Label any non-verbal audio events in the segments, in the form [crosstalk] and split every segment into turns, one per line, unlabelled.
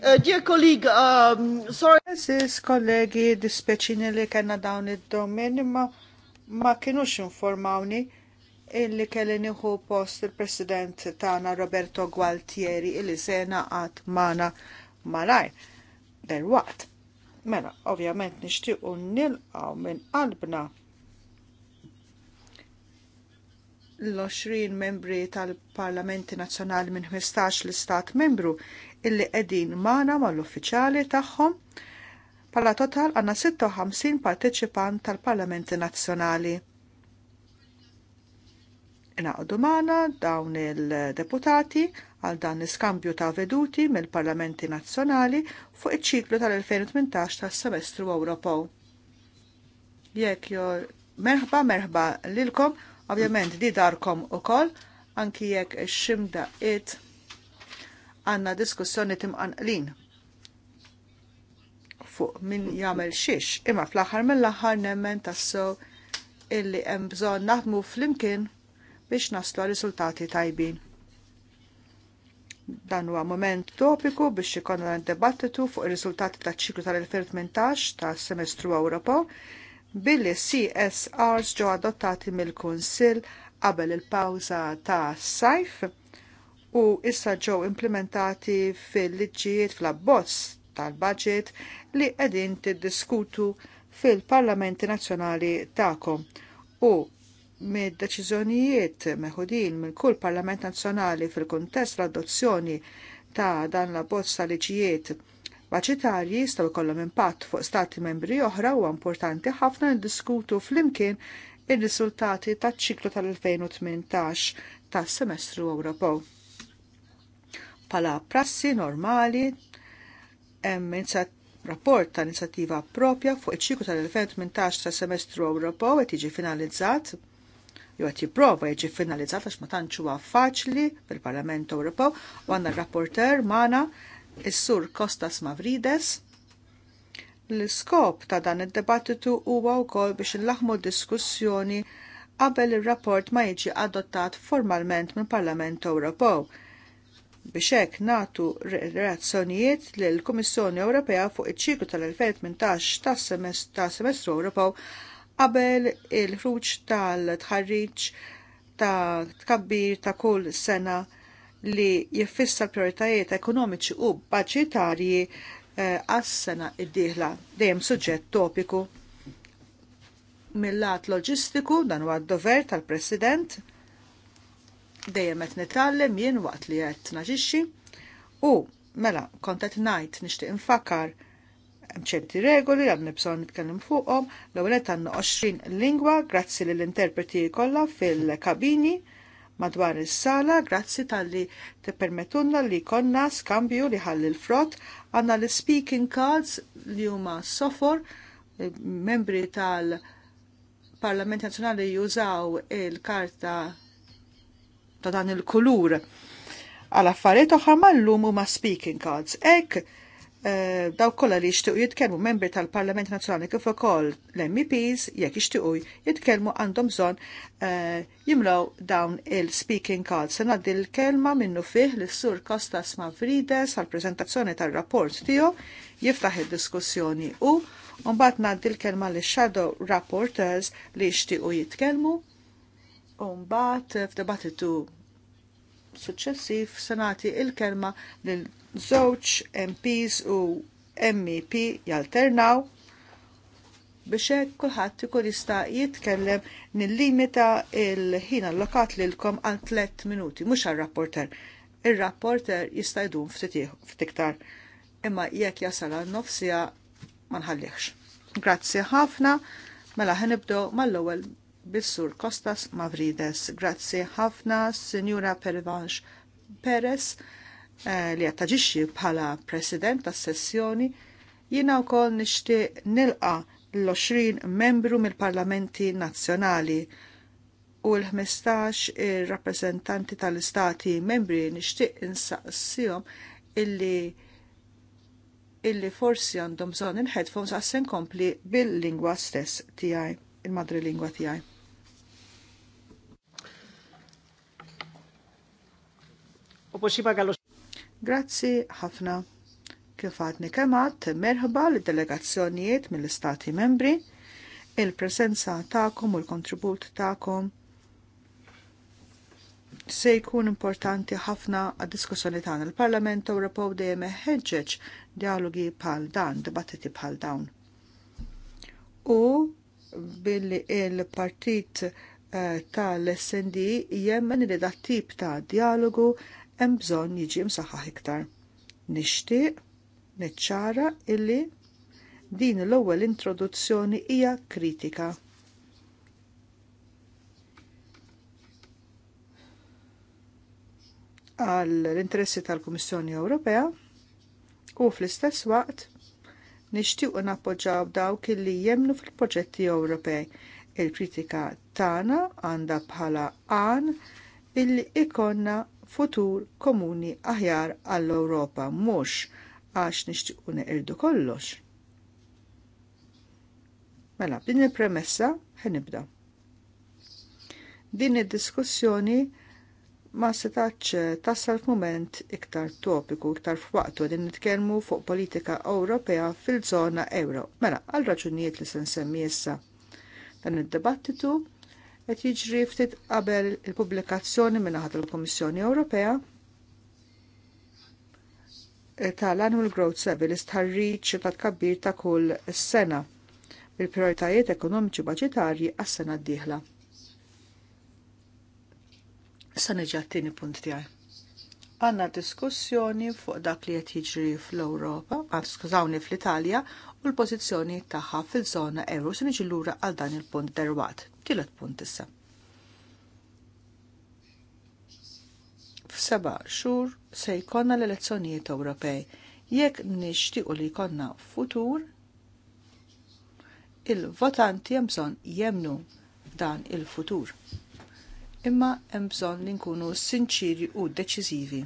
Uh, dear colleague, um, sorry. is kollegi, dispeċini li kena dawn id-domen, ma, ma kienux informawni illi kelli nieħu post il-president tagħna Roberto Gualtieri illi sena għad mana malaj. Derwaqt. Mela, ovvjament nixtiequ għaw minn qalbna l-20 membri tal-Parlamenti Nazzjonali minn 15 l-Istat membru illi qegħdin magħna mal-uffiċjali tagħhom. Pala total għandna 56 parteċipant tal-Parlamenti Nazzjonali. Inaqdu magħna dawn il-deputati għal dan l-iskambju ta' veduti mill-Parlamenti Nazzjonali fuq iċ-ċiklu tal-2018 tas-Semestru Ewropew. Jekk jo merħba merħba lilkom, ovvjament di darkom ukoll anki jekk ximda it għanna diskussjoni timqanqlin fuq min jagħmel xiex, imma fl-aħħar mill-aħħar nemmen tassew illi hemm bżonn naħdmu flimkien biex naslu riżultati tajbin. Dan huwa moment topiku biex ikonna dibattitu fuq ir-riżultati taċ-ċiklu tal-2018 tas-semestru Ewropew billi CSRs ġo adottati mill-Kunsill qabel il-pawża ta' sajf u issa ġew implementati fil-liġijiet fl-abbozz tal-budget li qegħdin tiddiskutu fil-Parlamenti Nazzjonali tagħkom u mid-deċiżjonijiet meħudin minn kull Parlament Nazzjonali fil-kuntest l-adozzjoni ta' dan l-abbozz tal-liġijiet Baċitarji jistaw kollom impatt fuq stati membri oħra u importanti ħafna ndiskutu fl-imkien ir-risultati taċ-ċiklu tal-2018 tas-semestru Ewropew. Pala prassi normali hemm rapport ta' inizjattiva propja fuq iċ-ċiklu tal-2018 ta' semestru Ewropew qed jiġi finalizzat jew qed jipprova jiġi finalizzat għax ma tantx huwa faċli fil-Parlament Ewropew u għandna r-rapporter Mana is-Sur Kostas Mavrides. L-iskop ta' dan id-debattitu huwa wkoll biex inlaħmu diskussjoni qabel ir-rapport ma jiġi adottat formalment mill-Parlament Ewropew biex hekk nagħtu reazzjonijiet lill kummissjoni Ewropea fuq iċ-ċiklu tal-2018 tas semestru Ewropew qabel il-ħruġ tal-tħarriġ ta' tkabbir ta' kull sena li jiffissa prioritajiet ekonomiċi u budġetarji eh, għas-sena id-dieħla dejjem suġġett topiku mill-lat loġistiku dan huwa d-dover tal-President dejjem qed nitgħallem jien waqt li qed naġixxi u mela kont qed ngħid nixtieq infakkar hemm ċerti regoli li għandna bżonn nitkellem fuqhom, l-ewwel qed għandna 20 lingwa grazzi lill interpreti kollha fil-kabini madwar is-sala, grazzi tal-li tippermettunna li konna skambju li ħalli l-frott, għandna l-speaking cards li huma sofor, membri tal- Parlament Nazzjonali jużaw il-karta ta' dan il-kulur. Għal affarijiet oħra mallum huma speaking cards. Ek e, eh, daw kollha li jixtiequ jitkellmu membri tal-Parlament Nazzjonali kif ukoll l-MEPs jekk jixtiequ jitkellmu għandhom bżonn e, eh, jimlaw dawn il-speaking cards. Se ngħaddi l-kelma minnu fih lis sur Kostas Mavrides għall preżentazzjoni tar-rapport tiegħu jiftaħ id-diskussjoni u mbagħad ngħaddi l-kelma li shadow rapporters li jixtiequ jitkellmu u mbagħad f'debattitu suċċessiv senati il-kelma lil żewġ MPs u MEP jalternaw biex hekk kulħadd ikun jista' jitkellem nillimita il-ħin allokat lilkom għal tliet minuti, mhux għar-rapporter. Ir-rapporter jista' jdum ftit f'tiktar. Imma jekk jasal għal nofsija ma nħallihx. Grazzi ħafna, mela ħanibdew mal-ewwel bissur Kostas Mavrides. Grazzi ħafna, Sinjura Pervanx Perez, eh, li attaġixxi bħala President tas sessjoni jiena wkoll nixtieq nilqa l-20 membru mill-Parlamenti Nazzjonali u l-15 ir-rappreżentanti tal-istati membri nixtieq insaqsijom illi illi forsi għandhom bżonn il-headphones għassen kompli bil-lingwa stess tiegħi il-madrelingwa tiegħi. Grazzi ħafna. Kif għadni kemat, merħba l-delegazzjonijiet mill-Istati membri, il-presenza ta'kom u l-kontribut ta'kom se jkun importanti ħafna għad diskussjoni tagħna il-Parlament Ewropew dejjem ħeġġeġ dialogi bħal dan, dibattiti bħal dawn. U billi il-partit eh, tal-SND jemmen li da' tip ta' dialogu hemm bżonn jiġi msaħħaħ iktar. Nixtieq niċċara illi din l-ewwel introduzzjoni hija kritika. għal l-interessi tal-Kummissjoni Ewropea u fl-istess waqt nixtiequ nappoġġaw dawk li jemnu fil-proġetti Ewropej. Il-kritika tagħna għandha bħala għan illi ikonna futur komuni aħjar għall-Ewropa mhux għax nixtiequ neqirdu kollox. Mela, din il-premessa ħenibda. Din id-diskussjoni ma setax tassal f-moment iktar topiku, iktar f'waqtu din nitkellmu fuq politika Ewropea fil-żona euro. Mela, għal raġunijiet li se nsemmi issa dan id debattitu qed jiġri ftit qabel il-pubblikazzjoni minn naħat il-Kummissjoni Ewropea tal-Annual Growth Service tar-riċ ta' tkabbir ta' kull sena bil-prioritajiet ekonomiċi baġitarji għas-sena d-dieħla. Sa niġi għat-tieni punt tiegħi għanna diskussjoni fuq dak li qed jiġri fl-Ewropa, ah, skużawni fl-Italja, u l-pożizzjoni tagħha fil-żona euro se niġi lura għal dan il-punt derwat. Tielet punt issa. F'seba' xhur se jkollna l-elezzjonijiet Ewropej jekk nixtiequ li jkollna futur, il-votanti hemm bżonn jemnu dan il-futur imma hemm bżonn li nkunu sinċiri u deċiżivi.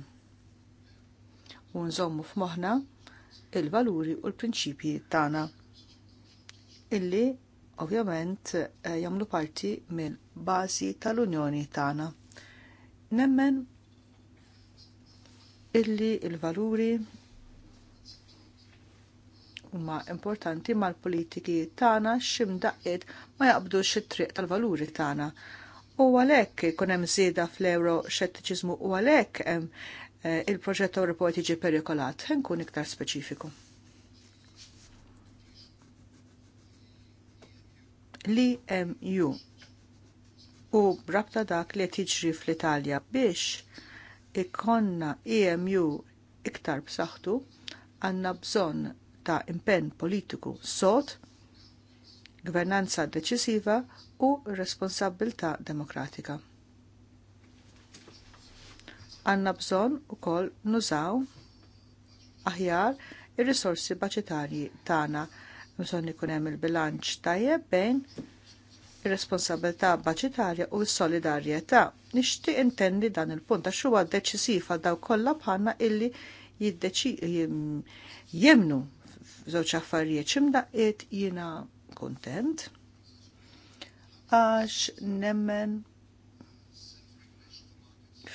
U nżommu f'moħħna il-valuri u l-prinċipji tagħna illi ovvjament eh, jagħmlu parti mill-bażi tal-Unjoni tagħna. Nemmen illi il-valuri huma importanti mal-politiki tagħna x'imdaqqiet ma jaqbdux it-triq tal-valuri tagħna U għalhekk ikun hemm żieda fl-euro xettiċiżmu u għalhekk hemm eh, il-proġett Ewropew tiġi perikolat. Ħenkun iktar speċifiku. L-EMU u brabta dak li tiġri fl-Italja biex ikonna EMU iktar b'saħħtu għandna bżonn ta' impenn politiku sot, gvernanza deċisiva u responsabilta demokratika. Għanna bżon u kol nużaw aħjar ir-risorsi baċitarji tagħna bżonn ikun hemm il-bilanċ tajjeb bejn ir responsabilta baċitarja u s-solidarjetà. Nixtieq intendi dan il-punt għax huwa deċisiv għal daw kollha bħalna illi jemnu f'żewġ affarijiet x'imdaqqiet jiena kuntent għax nemmen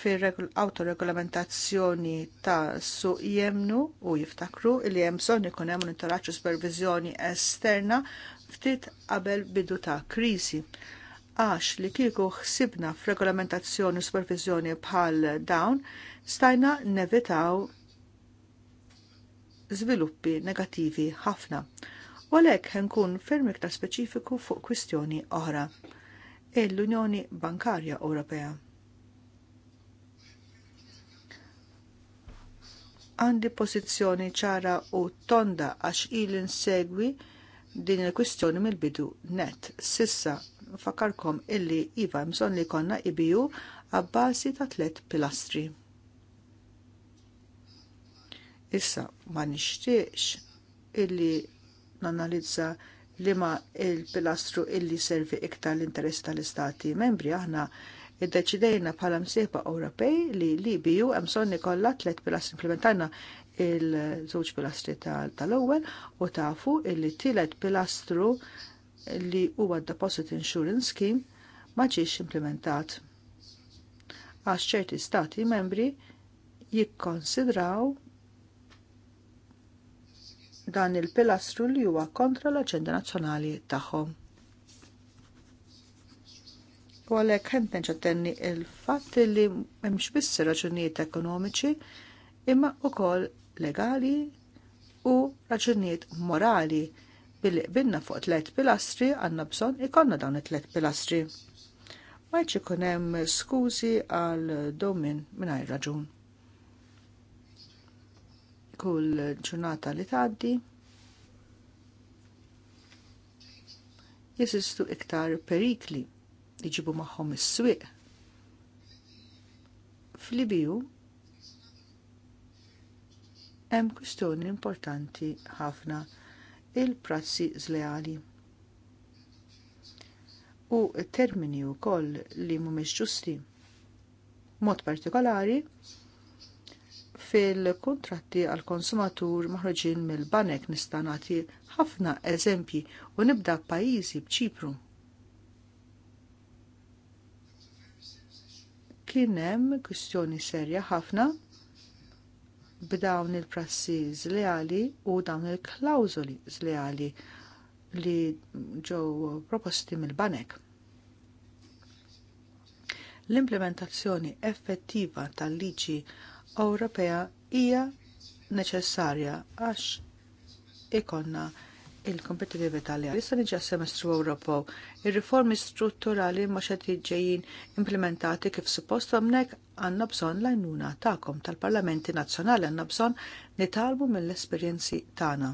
fil-autoregolamentazzjoni ta' suq jemnu u jiftakru li hemm bżonn ikun hemm interaċu supervizjoni esterna ftit qabel bidu ta' kriżi. Għax li kieku ħsibna f'regolamentazzjoni u supervizjoni bħal dawn stajna nevitaw żviluppi negattivi ħafna u għalhekk ħenkun ferm iktar speċifiku fuq kwistjoni oħra e l-Unjoni Bankarja Ewropea. Għandi pożizzjoni ċara u tonda għax il insegwi din il-kwistjoni mill-bidu net. Sissa fakarkom illi iva mżon li konna ibiju għabbasi ta' tlet pilastri. Issa ma nishtiex illi nanalizza liema il-pilastru illi servi iktar l-interess tal-istati membri aħna iddeċidejna bħala msieħba Ewropej li li biju hemm bżonn tliet pilastri implementajna il-żewġ pilastri tal-ewwel u tafu illi tielet pilastru li huwa Deposit Insurance Scheme ma ġiex implementat. Għax ċerti stati membri jikkonsidraw dan il-pilastru li huwa kontra l-aġenda nazzjonali tagħhom. U għalhekk hemm tenni il-fatt li hemmx biss raġunijiet ekonomiċi imma wkoll legali u raġunijiet morali billi qbilna fuq tliet pilastri għandna bżonn ikollna dawn it-tliet pilastri. Ma jkun hemm skużi għal domin mingħajr raġun kull ġurnata li tgħaddi jesistu iktar perikli iġibu magħhom is-swieq. Flibiju hemm kwistjoni importanti ħafna il-prassi żleali. U termini wkoll li mhumiex ġusti. Mod partikolari fil-kontratti għal konsumatur maħroġin mill-banek nista' nagħti ħafna eżempji u nibda pajjiżi b'ċipru. Kien hemm kwistjoni serja ħafna b'dawn il-prassi żleali u dawn il klawzoli żleali li ġew proposti mill-banek l-implementazzjoni effettiva tal-liġi Ewropea hija neċessarja għax ikonna il-kompetitività li Issa nġa semestru Ewropew. il riformi strutturali ma xed jiġejjin implementati kif suppost għamnek għandna bżonn l-għajnuna tagħkom tal-Parlamenti Nazzjonali għandna bżonn nitalbu mill-esperjenzi tagħna.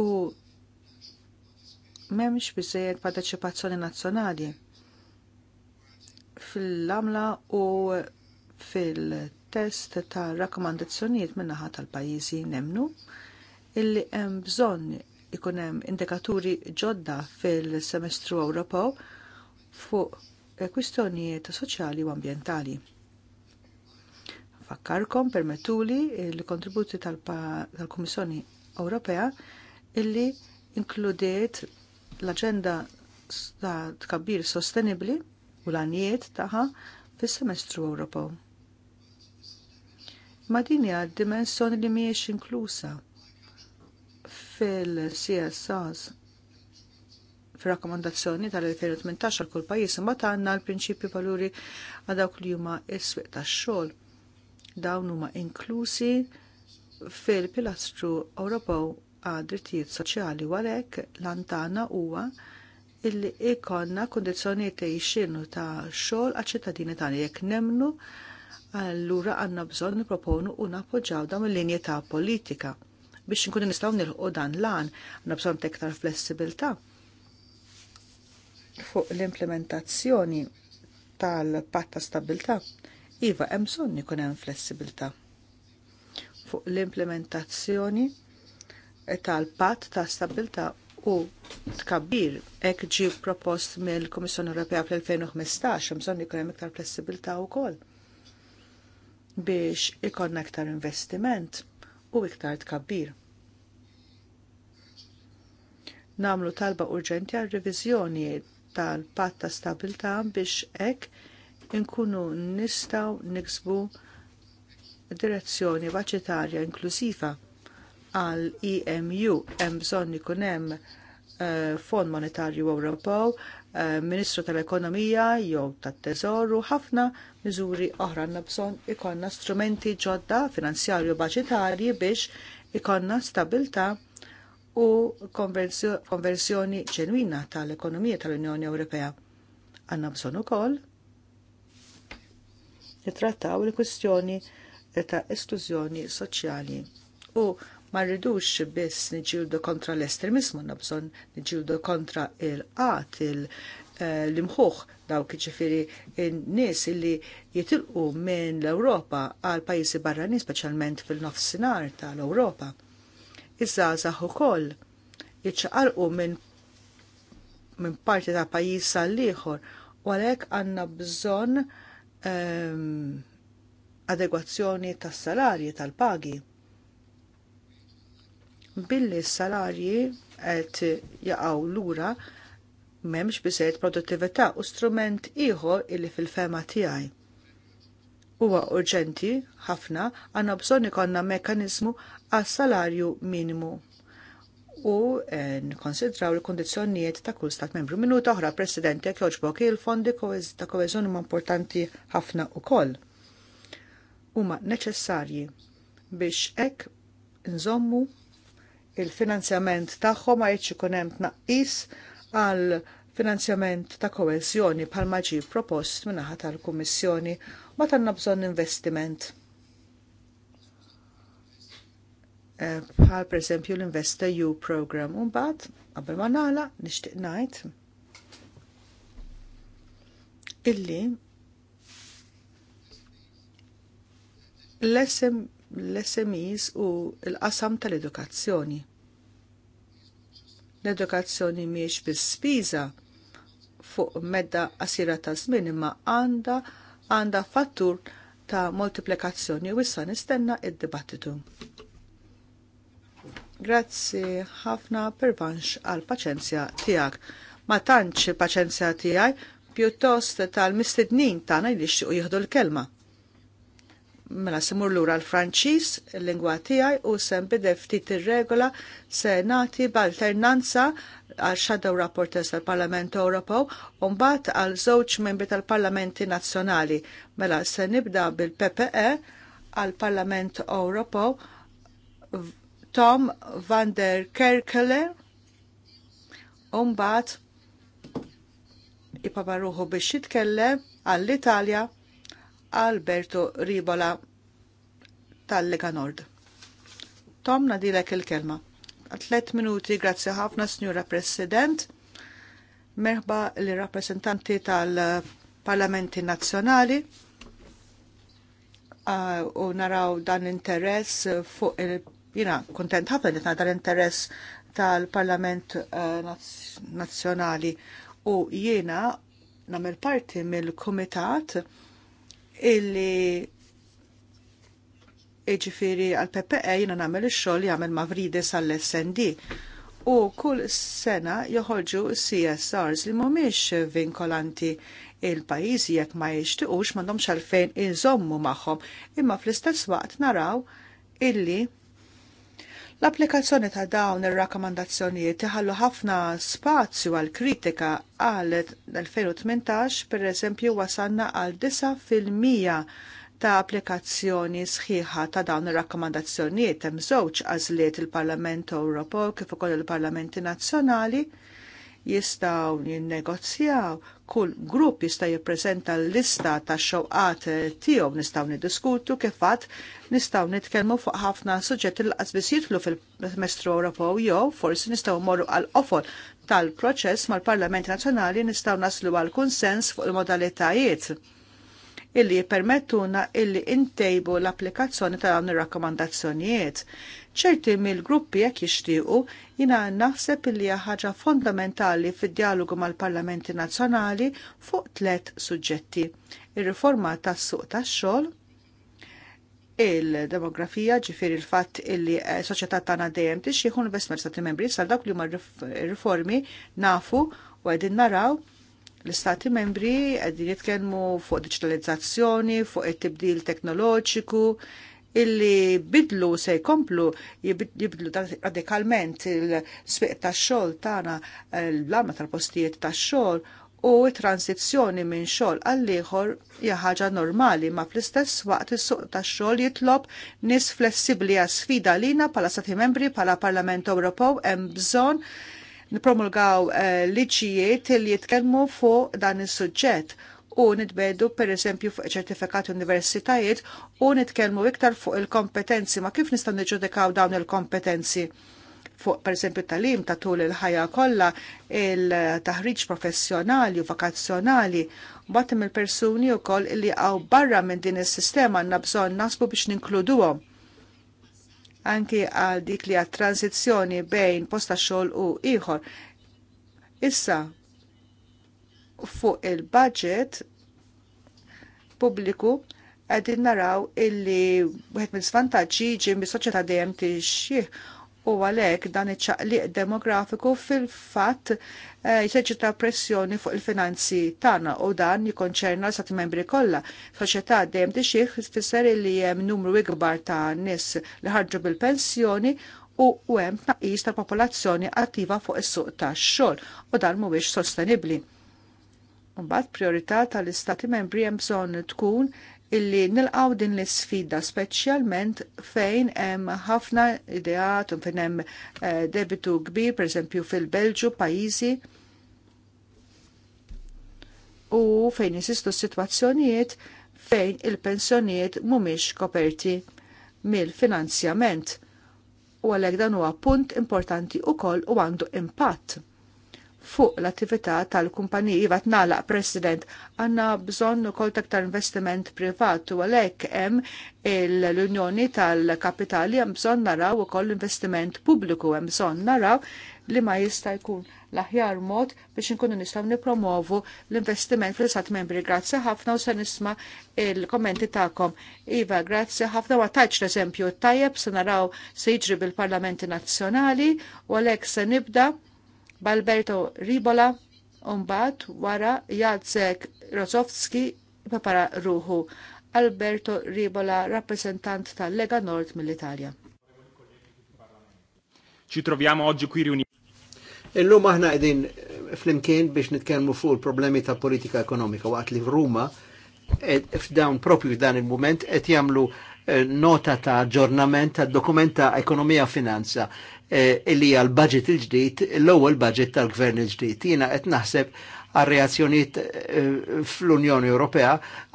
U m'hemmx pa' parteċipazzjoni nazzjonali fil-lamla u fil-test ta' rakkomandazzjonijiet min-naħa tal-pajjiżi nemnu illi hemm bżonn ikun hemm indikaturi ġodda fil-semestru Ewropew fuq kwistjonijiet soċjali u ambjentali. Fakkarkom permettuli il-kontributi tal-Kummissjoni tal Ewropea illi inkludiet l-Aġenda ta' tkabbir sostenibli u l-għanijiet taħħa fis-semestru Ewropew. Ma din hija dimensjoni li mhijiex inklusa fil-CSRs fir-rakkomandazzjoni tal-2018 għal kull pajjiż imbagħad għandna l-prinċipju valuri għal dawk li huma s-swieq tax-xogħol. Dawn huma inklusi fil-pilastru Ewropew għad drittijiet soċjali u għalhekk l-antana huwa illi ikonna kondizjoni tejxin ta' xogħol għal ċittadini tagħna jekk nemnu allura għandna bżonn nipproponu u nappoġġaw dawn il-linji ta' politika biex nkunu nistgħu nilħu dan lan għanna bżonn tektar flessibilità fuq l-implementazzjoni tal-patt ta' stabilità iva hemm bżonn ikun hemm flessibilità fuq l-implementazzjoni tal-patt ta' stabilità u tkabbir hekk ġie propost mill-Kummissjoni Ewropea fl-2015 bżonn ikun hemm iktar flessibilità wkoll biex ikonna iktar investiment u iktar tkabbir. Namlu talba urġenti għal riviżjoni tal-patt ta' stabilità biex hekk inkunu nistgħu niksbu direzzjoni baċitarja inklusiva għal EMU hemm bżonn ikun hemm eh, Fond Monetarju Ewropew, eh, Ministru tal-Ekonomija jew tat-Teżoru, ħafna miżuri oħra għandna bżonn ikonna strumenti ġodda finanzjarju baġitarji biex ikonna stabilta u konversjoni ġenwina tal-ekonomija tal-Unjoni Ewropea. Għandna bżonn ukoll nittrattaw il-kwistjoni ta' esklużjoni soċjali u ma rridux biss niġildu kontra l estremismu nabżon niġildu kontra il-qat, eh, l-imħuħ dawk ġifiri n-nis illi jitilqu minn l-Europa għal pajjiżi barrani, speċjalment fil-nofsinar tal-Europa. iż zaħu ukoll jiċċaqalqu minn minn parti ta' pajjiż għal ieħor u għalhekk għandna bżonn ehm, adegwazzjoni tas-salarji tal-pagi billi s-salarji qed jaqgħu lura m'hemmx biżejjed produttività u strument ieħor illi fil-fema tiegħi. Huwa urġenti ħafna għandna bżonn ikollna mekkaniżmu għas salarju minimu u eh, nkonsidraw il kundizzjonijiet ta' kull stat membru. Minuta oħra, President, jekk joġbok il-fondi ta' koeżjoni huma importanti ħafna ukoll. Huma neċessarji biex hekk nżommu il-finanzjament tagħhom ma jitx ikun hemm tnaqqis għal finanzjament ta' koeżjoni bħalma ġie propost min-naħa tal-Kummissjoni ma tanna bżonn investiment. Eh, bħal pereżempju l U program. U mbagħad qabel ma nala nixtieq ngħid illi l-SM l-SMEs u l-qasam tal-edukazzjoni. L-edukazzjoni miex bis-spiża fuq medda qasira ta' żmien imma għandha għandha fattur ta' moltiplikazzjoni u issa nistenna id-dibattitu. Grazzi ħafna per vanx għal paċenzja tiegħek. Ma tantx paċenzja tiegħi pjuttost tal-mistednin tagħna li xtiqu jieħdu l-kelma mela simur lura l-Franċis, il-lingwa tiegħi u sem bidef ftit ir-regola se nagħti b'alternanza għal shadow rapporters tal-Parlament Ewropew u mbagħad għal żewġ membri tal-Parlamenti Nazzjonali. Mela se nibda bil-PPE għal-Parlament Ewropew Tom van der Kerkele u mbagħad ipabaruħu biex jitkellem għall-Italja Alberto Ribola tal-Lega Nord. Tom nadilek il-kelma. Tlet minuti, grazzi ħafna, Signora President. Merħba li rappresentanti tal-Parlamenti Nazzjonali ah, u naraw dan interess fuq il- jina kontent ħafna li dan interess tal-Parlament eh, Nazzjonali u jiena namel parti mill-Komitat illi iġifiri għal PPE jina namel il-xol jgħamil mavridi sal-SND u kull sena joħolġu CSRs li mumiex vinkolanti il-pajizi jekk ma mandom xalfejn il iżommu maħħom imma fl-istess waqt naraw illi L-applikazzjoni ta' dawn ir-rakkomandazzjonijiet iħallu ħafna spazju għal kritika għal 2018 per eżempju wasanna għal 9% ta' applikazzjoni sħiħa ta' dawn ir-rakkomandazzjonijiet hemm żewġ għażliet il-Parlament Ewropew kif ukoll il-Parlamenti Nazzjonali jistgħu jinnegozjaw kull grupp jista' jippreżenta l-lista ta' xewqat tiegħu nistgħu niddiskutu kif fatt nistgħu nitkellmu fuq ħafna suġġetti li qasbis jidħlu fil mestru Ewropew jew forsi nistgħu mmorru għal qofol tal-proċess mal-Parlament Nazzjonali nistgħu naslu għal kunsens fuq il-modalitajiet illi jippermettuna illi intejbu l-applikazzjoni ta' dawn ir-rakkomandazzjonijiet ċerti mill-gruppi jekk jixtiequ jina naħseb li ħaġa fondamentali fid-dialogu mal-Parlamenti Nazzjonali fuq tlet suġġetti. Ir-riforma tas-suq tax-xogħol, il-demografija ġifir il-fatt illi eh, soċjetà tagħna dejjem tixjieħu investment stati membri sal dawk li huma riformi nafu u qegħdin naraw l-istati membri qegħdin jitkellmu fuq digitalizzazzjoni, fuq it-tibdil teknoloġiku, illi bidlu se jkomplu jibidlu radikalment il-sbiq tax-xogħol tagħna l-alma tal-postijiet tax-xogħol u transizzjoni minn xogħol għall ieħor hija ħaġa normali ma fl-istess waqt is-suq tax-xogħol jitlob nies flessibbli għas sfida lina bħala stati membri bħala Parlament Ewropew hemm bżonn nipromulgaw eh, liċijiet li jitkellmu fuq dan is-suġġett u nitbedu per eżempju fuq ċertifikat universitajiet u nitkellmu iktar fuq il-kompetenzi ma kif nistgħu niġudikaw dawn il-kompetenzi fuq per esempio talim ta' tul il-ħajja kollha il-taħriġ professjonali u vakazzjonali batim il-persuni u koll li għaw barra minn din is-sistema għandna bżonn nasbu biex ninkluduhom anki għal dik li għat tranzizjoni bejn posta xogħol u ieħor. Issa fuq il-budget pubbliku għedin naraw illi wieħed mill svantaġġi ġim bi soċjetà dejjem tixjih u għalhekk dan iċ-ċaqliq demografiku fil-fatt eh, jseġġita pressjoni fuq il-finanzi tagħna u dan jikkonċerna s-sati membri kollha. Soċjetà dejjem tixjih fisser li hemm numru ikbar ta' nies li ħarġu bil-pensjoni u hemm tnaqqis tal-popolazzjoni attiva fuq is-suq tax-xogħol u dan mhuwiex sostenibbli Mbagħad priorità tal-Istati membri hemm bżonn tkun illi nilqaw din l-sfida speċjalment fejn hemm ħafna ideat u fejn hemm eh, debitu kbir, pereżempju fil-Belġu pajjiżi u fejn insistu sitwazzjonijiet fejn il-pensjonijiet mhumiex koperti mill-finanzjament u għalhekk dan huwa punt importanti wkoll u għandu impatt fuq l-attività tal-kumpaniji va tnalaq President għanna bżonn ukoll taktar investiment privat u għalhekk hemm l-Unjoni tal-Kapitali hemm bżonn naraw ukoll investiment pubbliku hemm bżonn naraw li ma jista' jkun l-aħjar mod biex inkunu nistgħu nipromovu l-investiment fl sat membri. Grazie ħafna u se nisma' il-kommenti tagħkom. Iva, grazie ħafna wa taċ l-eżempju tajjeb se naraw se jiġri bil-Parlamenti Nazzjonali u għalhekk se nibda Balberto Ribola umbat wara Jacek Rosowski prepara ruħu. Alberto Ribola, rappresentant tal-Lega Nord mill-Italja.
Ci troviamo oggi qui riuniti. Illum aħna qegħdin flimkien biex nitkellmu fuq il-problemi ta' politika ekonomika waqt li Ruma e, f'dawn propju f'dan il-moment qed jagħmlu Eh, nota ta' aġġornament ta' dokumenta ekonomija finanza eh, illi għal budget tal-gvern il-ġdid. Jiena qed naħseb għal reazzjoniet eh, fl-Unjoni Ewropea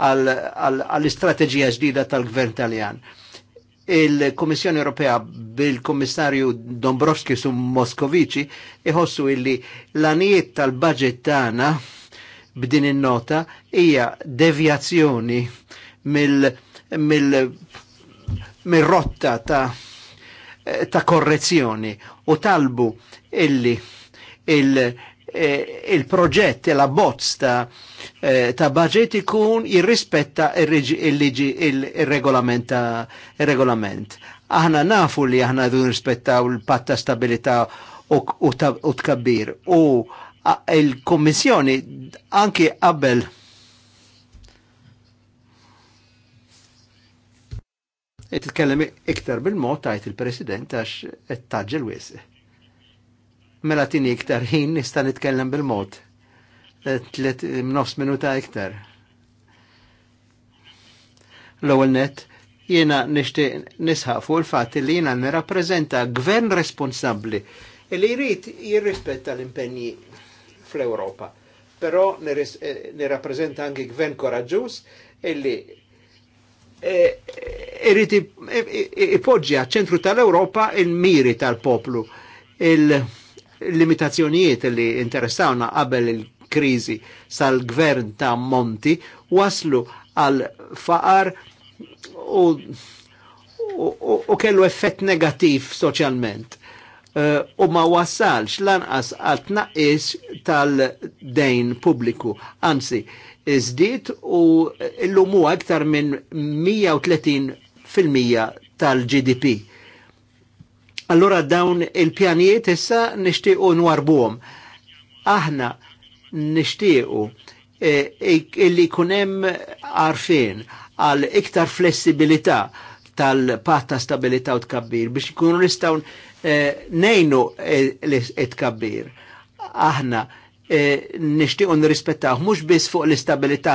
għall-istrateġija ġdida tal-Gvern Taljan. Il-Komissjoni Ewropea bil-Komissarju Dombrovski su Moskovici iħossu illi l-anijiet tal-budget tagħna b'din in-nota hija devjazzjoni mill- mill-rotta mil ta' ta' korrezzjoni u talbu illi il-proġett, il, eh, il ta', eh, ta budget ikun jirrispetta il il-regolament. Il Aħna nafu li aħna dun rispettaw il-patta stabilita u, u, u tkabbir. U il-Kommissjoni anki qabel qed iktar bil-mod tajt il-President għax qed taġġel wisq. Mela tini iktar ħin nista' nitkellem bil-mod. E, Tlet nofs minuta iktar. L-ewwel net jiena nixtieq nisħaq fuq il-fatt li jiena nirrappreżenta gvern responsabbli li jrid jirrispetta l-impenji fl-Ewropa. Però eh, nirrappreżenta anki gvern koraġġuż illi E, irrid e, e, għal ċentru tal-Ewropa il-miri tal-poplu, il-limitazzjonijiet li interessawna qabel il-kriżi sal-gvern ta' Monti waslu għal faqar u, u, u kellu effett negativ soċjalment. u ma wassalx lanqas għal tnaqqis tal-dejn pubbliku. Anzi, iżdiet u illum huwa iktar minn 130% tal-GDP. Allora dawn il-pjanijiet issa nixtiequ nwarbuhom. Aħna nixtiequ eh, illi kunem arfin għal iktar flessibilità tal-patta stabilità u tkabbir biex ikunu nistgħu eh, nejnu eh, it-tkabbir. Aħna E, nixtiequ nirrispettaw mhux biss fuq l-istabilità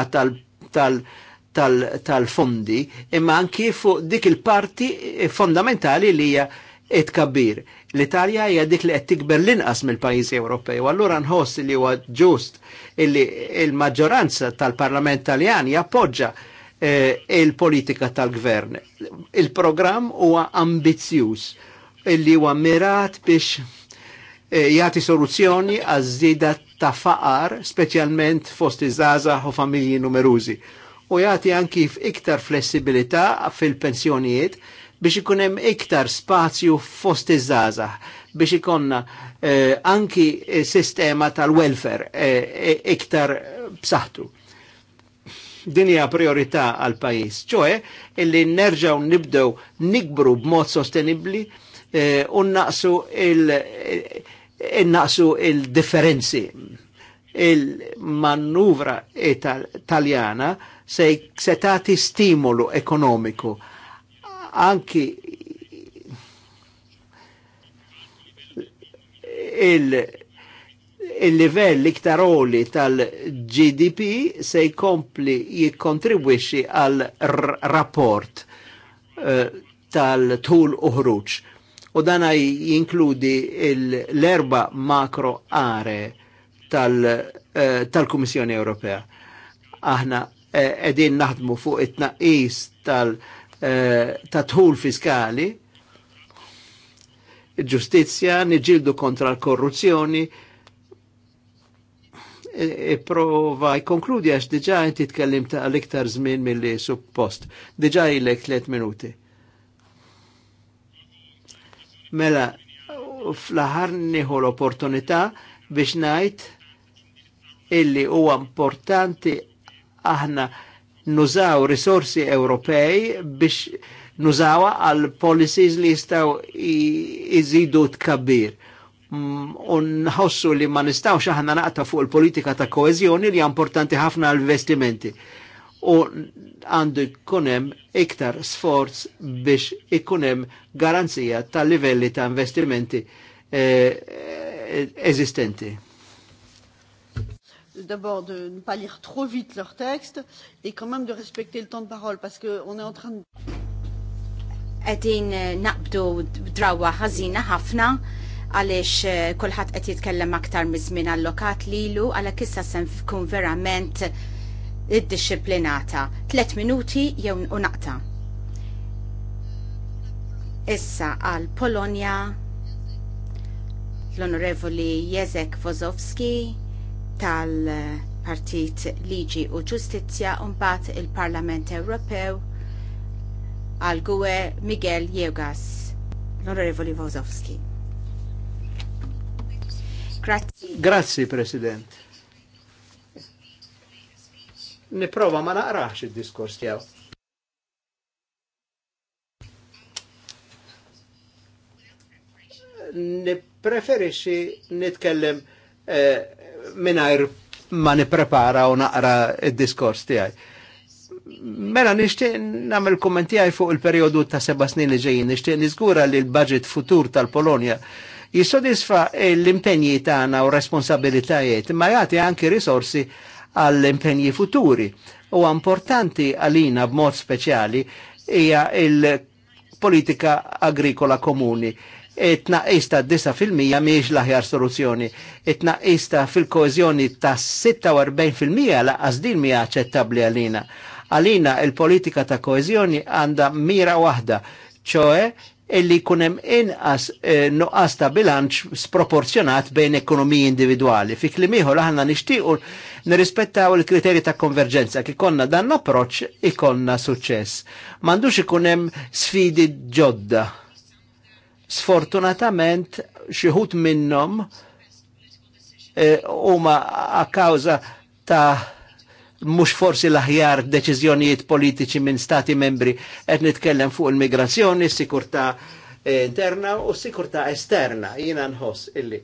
tal-fondi, imma anki fuq dik il-parti e, fondamentali li hija it-kabbir. L-Italja hija dik li qed tikber l-inqas mill-pajjiżi Ewropej, u allura nħoss li huwa ġust li l maġġoranza tal-Parlament Taljan jappoġġa e, il-politika tal-gvern. Il-programm huwa ambizzjuż illi huwa mirat biex Eh, jati soluzzjoni għazzida ta' faqar, speċjalment fost iż u familji numerużi. U jagħti anki iktar flessibilità fil-pensjonijiet biex ikun hemm iktar spazju fost iż biex ikonna eh, anki eh, sistema tal-welfare eh, eh iktar Din dinja priorità għal pajis, ċoe illi nerġaw nibdew nikbru b'mod sostenibli eh, u naqsu il, innaqsu il-differenzi. il manuvra italjana se setati stimolu ekonomiku anki il- il-livell iktaroli tal-GDP se jkompli jikontribwixi għal rapport eh, tal-tul uħruċ u dana jinkludi l-erba makro are eh, tal-Kummissjoni tal Ewropea. Aħna eh, edin naħdmu fuq it-naqis tal-tħul eh, fiskali, ġustizja, nġildu kontra l-korruzzjoni, e, e prova jkonkludi e għax diġa inti tkellim ta' l-iktar żmien mill-li suppost. Diġa jilek 3 minuti. Mela, fl-aħar nieħu l-opportunità biex ngħid illi huwa importanti aħna nużaw risorsi Ewropej biex nużawa għal policies li jistaw iżidu tkabbir. Mm, Unħossu li ma nistawx aħna naqta fuq il-politika ta' koezjoni li importanti ħafna għall investimenti u għandu jkunem iktar sforz biex ikunem garanzija tal livelli ta' investimenti eh, eżistenti.
D'abord de ne pas lire trop vite leur texte et quand même de respecter le temps de parole parce qu'on est en train de...
Għedin eh, naqbdu drawa ħazina ħafna għalix eh, kullħat qed jitkellem aktar mizmin allokat lilu għalek issa sem kun verament id-disciplinata. Tlet minuti jew unaqta. Issa għal Polonja l-Onorevoli Jezek Wozowski tal-Partit Liġi u Ġustizzja unbat il-Parlament Ewropew għal Gwe Miguel Jegas l-Onorevoli Wozowski. Grazzi.
Grazzi, President niprova ma naqraħx id-diskors tiegħu. Nipreferixi nitkellem eh, mingħajr ma nipprepara u naqra d diskors tiegħi. Mela nishtiq nagħmel kommenti fuq il-periodu ta' seba snin li ġejjin, nishtiq nizgura li l-budget futur tal-Polonja jissodisfa eh, l-impenji tagħna u responsabilitajiet, ma jagħti anki risorsi għall-impenji futuri. U importanti għalina b'mod speċjali hija il-politika agrikola komuni it-naqis fil-mija miex laħjar soluzzjoni. it ista fil-koezjoni ta' 46% laqqas din mija aċċettabli għalina. Għalina il-politika ta' koezjoni għanda mira waħda, ċoe illi kunem inqas eh, nuqqas ta' bilanċ sproporzjonat bejn ekonomiji individuali. Fi klimiħu laħna nishtiqur nirrispettaw il-kriterji ta' konverġenza. konna dan l-approċ ikonna suċċess. Mandux ikunem sfidi ġodda. Sfortunatament xieħut minnom eh, huma e, a kawza ta' mux forsi l-aħjar deċizjonijiet politiċi minn stati membri qed nitkellem fuq il-migrazzjoni, s-sikurta eh, interna u s-sikurta esterna. Jina nħoss illi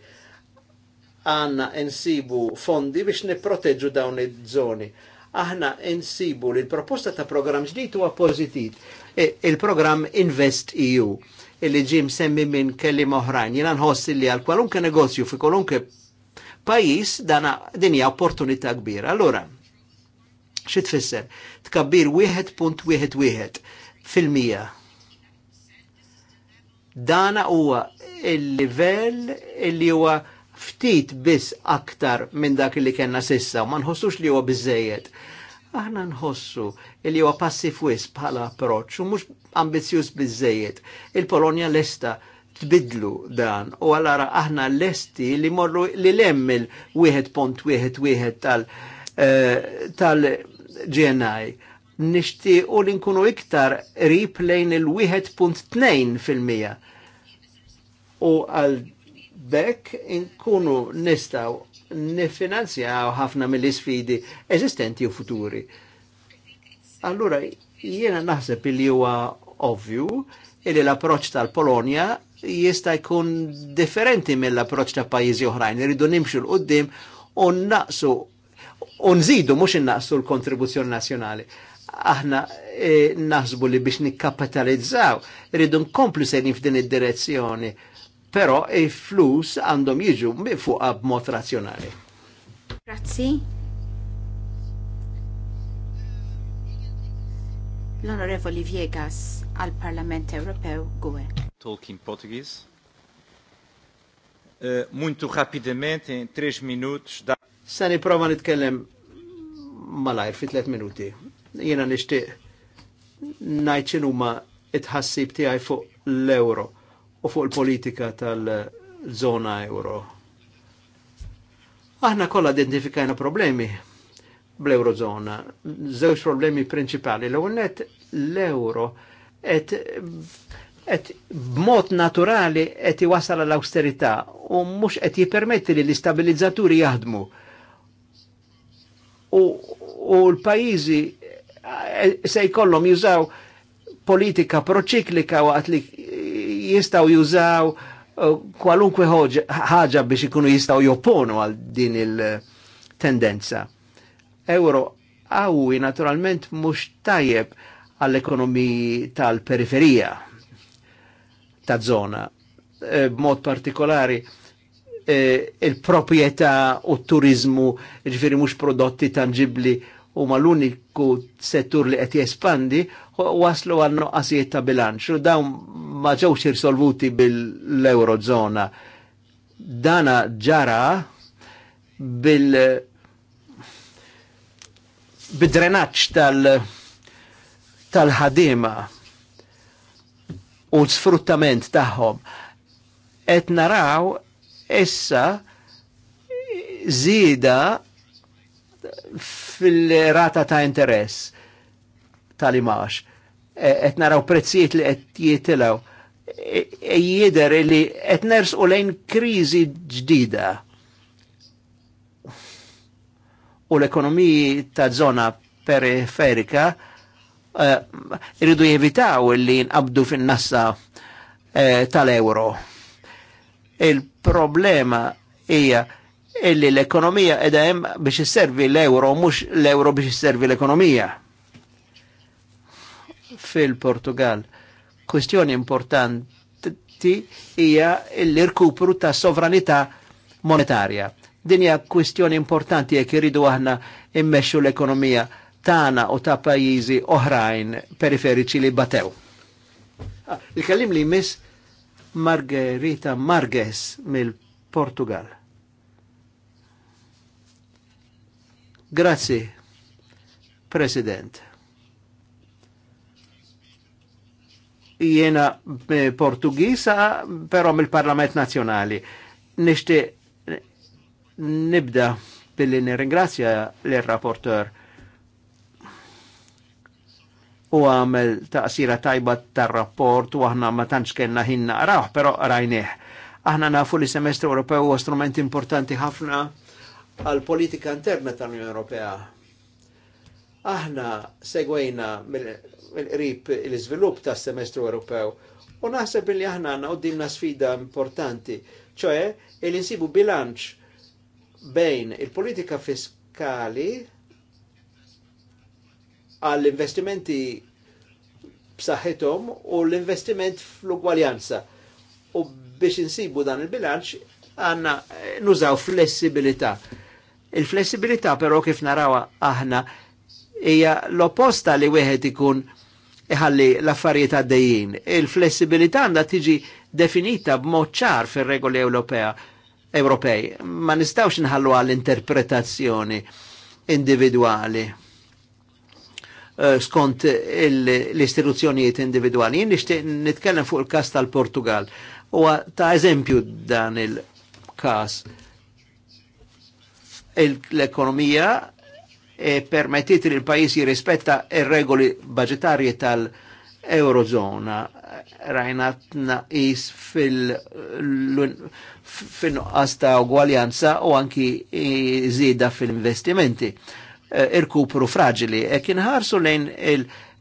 għanna insibu fondi biex niproteġu dawn id żoni Aħna insibu li l-proposta ta' programm ġdid huwa pożitiv. Il-programm Invest EU illi ġim semmi minn kellim oħrajn. Jena nħoss li għal kwalunke negozju fi kwalunke pajis dana dinja opportunità kbira. Allora, xi tfisser? Tkabbir 1.11 fil-mija. Dana huwa il-livell illi huwa ftit biss aktar minn dak li kena sissa, ma nħossux li huwa biżejjed. Aħna nħossu li huwa passi fwis bħala approċċ u mhux ambizzjuż biżejjed. Il-Polonja lesta tbidlu dan u għallara aħna lesti li morru li lemm il wieħed tal- eh, tal-GNI nishti u li nkunu iktar rip lejn il-1.2 fil-mija. U għal bekk inkunu nistaw nifinanzjaw ħafna mill-isfidi eżistenti u futuri. Allura, jiena naħseb li huwa ovvju li l-approċ tal-Polonja jista' jkun differenti mill-approċ ta' pajjiżi oħrajn. Irridu nimxu l-qoddim u naqsu u nżidu mhux innaqsu l-kontribuzzjoni nazzjonali aħna eh, naħsbu li biex nikkapitalizzaw, rridu nkomplu sejnin f'din id-direzzjoni però il-flus għandhom jiġu fuq b'mod razzjonali.
Grazzi. l-Onorevoli Viegas għal Parlament Ewropew Gwe.
Talking Portuguese. Uh, eh, Muntu rapidement in 3 minuti. Da... Sani prova nitkellem malajr fi 3 minuti. Jena nishtiq najċinu ma itħassib tiegħi fuq l-euro u fuq il-politika tal-zona euro. Aħna kollha identifikajna problemi bl-eurozona. Żewġ problemi prinċipali. l net l-euro qed et b'mod naturali qed iwasal l austerità u mhux qed jippermetti li l-istabilizzaturi jaħdmu. U, u l-pajjiżi eh, se jkollhom jużaw politika proċiklika waqt li jistaw jużaw uh, kwalunkwe ħaġa biex ikunu jistaw jopponu għal din il-tendenza. Euro għawi naturalment mux tajjeb għall-ekonomi tal-periferija ta' zona. E, b'mod partikolari e, il-propieta u t-turizmu ġifiri mux prodotti tangibli u ma l-uniku settur li qed jespandi waslu għal noqqasijiet ta' bilanċ u dawn ma ġewx irsolvuti bil-Eurozona. Dana ġara bil bidrenaċ tal tal-ħadima u sfruttament tagħhom. Et naraw issa zida fil-rata ta' interess tal-imax. E, et naraw prezzijiet li qed jitilaw. E, e jider li qed ners u lejn krizi ġdida. U l-ekonomiji ta' zona periferika irridu jevitaw li nqabdu fin-nassa tal-euro. Il-problema hija illi l-ekonomija edha jem biex isservi l-euro mux l-euro biex isservi l-ekonomija. Fil-Portugal, kwestjoni importanti hija l-irkupru ta' sovranità monetarja. Dinja hija kwestjoni importanti jek iridu aħna immexxu l-ekonomija tana u ta' pajjiżi oħrajn periferiċi li batew. Ah, il-kellim li miss Margherita Marges mill-Portugal. Grazie, President. Jena eh, Portugisa, però mill-Parlament Nazjonali. Nishti nibda billi nirringrazzja l-rapporteur u għamel taqsira tajba tar-rapport u aħna ma tantx kellna ħin naqraħ, però rajnieh. Aħna nafu li semestru Ewropew u strumenti importanti ħafna għal politika interna tal-Unjoni Ewropea. Aħna segwejna mill-qrib il iżvilupp tas semestru Ewropew u naħseb li aħna għandna qoddimna sfida importanti, ċoe il insibu bilanċ bejn il-politika fiskali għall-investimenti b'saħħithom u l-investiment fl-ugwaljanza. U biex insibu dan il-bilanċ għanna nużaw flessibilità Il-flessibilità però kif narawa aħna hija l-opposta li wieħed ikun iħalli l-affarijiet għaddejjin. Il-flessibilità għandha tiġi definita b'mod ċar fir-regoli Ewropea Ewropej. Ma nistawx nħallu għall-interpretazzjoni individuali eh, skont l-istituzzjonijiet individuali. Jien nixtieq nitkellem fuq il-każ tal-Portugal. Huwa ta' eżempju dan il-każ l-ekonomija e permettit li l-pajis jirrispetta il-regoli budgetarji tal-Eurozona Rajnatna is fil-nuqqas ta' ugwaljanza u anki zida fil-investimenti. E, irkupru fragili. E kien ħarsu lejn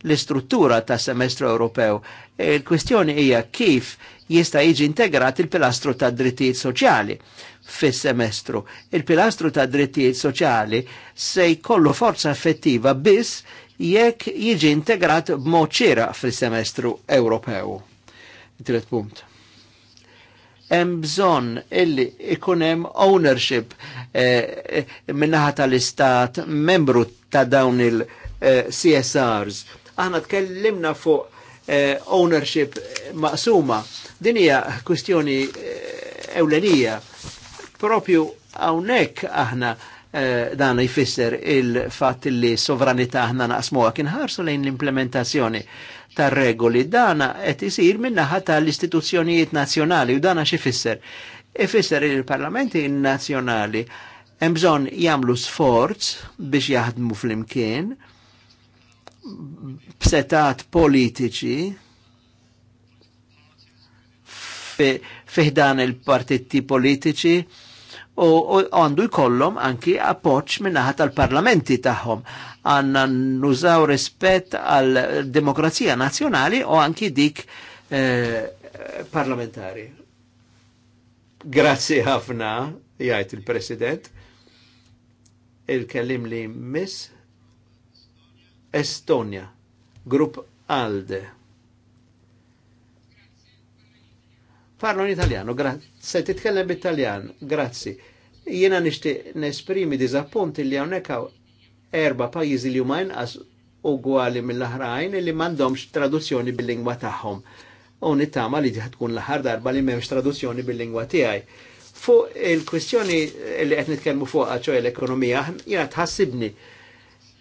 l-istruttura ta' semestru Ewropew. E, il-kwestjoni hija kif jista' jiġi integrat il-pilastru ta' drittijiet soċjali fis-semestru. Il-pilastru ta' drittijiet soċjali se jkollu forza effettiva biss jekk jiġi integrat b'mod fis-semestru Ewropew. Tret punt hemm bżonn illi ikun hemm ownership eh, minnaħa tal-istat membru ta' dawn il-CSRs. Eh, Aħna tkellimna fuq eh, ownership maqsuma. Din hija kwistjoni eh, ewlenija propju hawnhekk aħna eh, dan jfisser il-fatt li sovranità aħna naqsmuha kien ħarsu lejn l-implementazzjoni tar regoli dana qed isir minnaħa tal-istituzzjonijiet nazzjonali u dana xifisser. Ifisser il-parlamenti nazzjonali hemm bżonn jagħmlu sforz biex jaħdmu flimkien b'setat politiċi fiħdan il-partitti politiċi u għandu jkollhom anki appoġġ minnaħat tal-parlamenti tagħhom. għanna nużaw rispett għal demokrazija nazjonali u anki dik eh, parlamentari. Grazzi ħafna, jgħid il-President. Il-kellim li miss Estonia, grupp ALDE. Parlo in italiano, grazie. Se titkellem bit-Taljan, grazie. Jiena nixtieq nesprimi diżappunt li hawnhekk erba' pajjiżi li huma inqas ugwali mill-aħrajn li m'għandhomx traduzzjoni bil-lingwa tagħhom. U nittama li tkun l-aħħar darba li m'hemmx traduzzjoni bil-lingwa tiegħi. Fuq il-kwistjoni li qed nitkellmu fuqha ċoj l-ekonomija, jiena tħassibni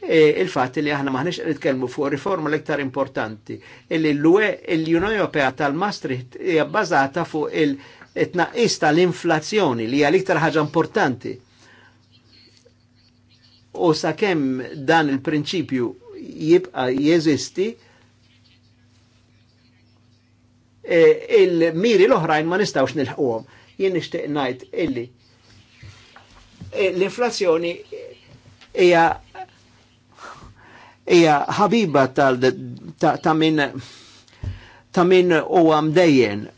e, il-fatt li aħna maħniex nitkellmu fuq riforma l-iktar importanti. Illi l-UE, l-Unjoni Ewropea tal-Maastricht hija bbażata fuq il- it-naqis tal-inflazzjoni li hija l-iktar ħaġa importanti. U sakemm dan il-prinċipju jibqa jeżisti, e, il-miri l-oħrajn ma nistawx nilħquhom. Jien nixtieq ngħid illi e, l-inflazzjoni hija hija ħabiba tal ta' min ta' min huwa mdejjen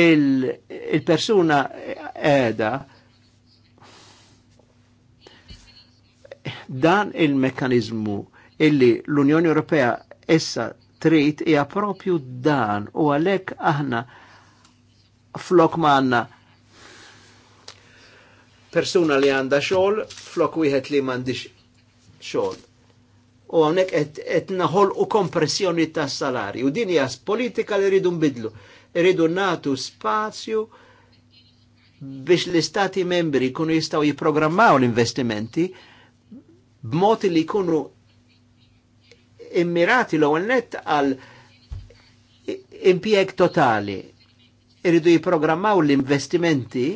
il-persuna edha dan il-mekanizmu illi l-Unjoni Ewropea essa trid hija propju dan u għalhekk aħna flok ma persuna li għandha xogħol flok wieħed li m'għandix xogħol u għonek et, et naħol u kompressjoni ta' salari. U din hija politika li rridu nbidlu irridu natu spazju biex l-istati membri kunu jistaw jiprogrammaw l-investimenti b'mod li kunu immirati l net għal impieg totali. Irridu jiprogrammaw l-investimenti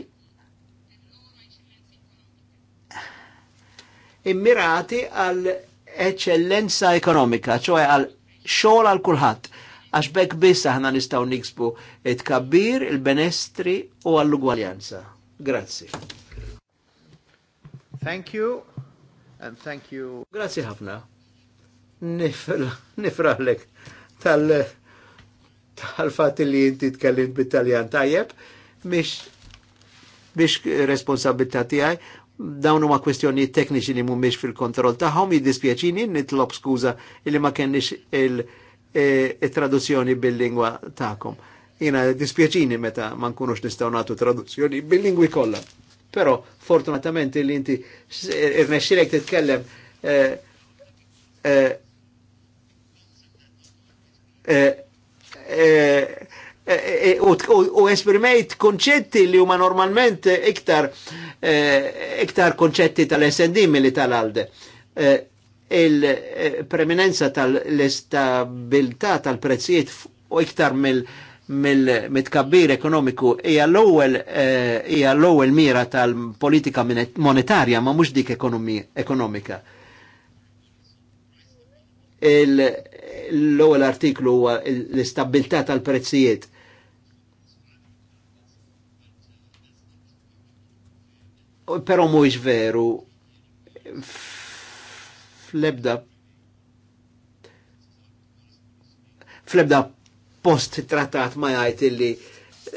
immirati għal eccellenza ekonomika, ċoħe għal xogħol għal kulħat għax bekk biss aħna nistgħu niksbu it-kabbir, il-benestri u għall-ugwaljanza. Grazzi. Thank you and thank you. Grazzi ħafna. Nifraħlek tal tal-fat li inti tkellim bit-Taljan tajjeb, biex responsabilità tiegħi dawn huma kwestjonijiet tekniċi li mhumiex fil-kontroll tagħhom jiddispjaċini nitlob skuża li ma kenniex il- E, e traduzzjoni bil-lingwa ta'kom. Jina dispieċini meta ma nkunux nistgħu nagħtu traduzzjoni bil-lingwi kollha. Però fortunatament li inti irnexxilek titkellem e, u esprimejt konċetti li huma normalment iktar iktar konċetti tal-SND milli tal-ALDE il-preminenza tal-istabilità tal-prezzijiet u iktar mill- mill-mitkabbir ekonomiku eh, hija l-ewwel mira tal-politika monetarja ma mhux dik ekonomika. L-ewwel artiklu huwa l-istabilità tal-prezzijiet. Però mhuwiex veru fl-ebda fl-ebda post trattat ma jgħid illi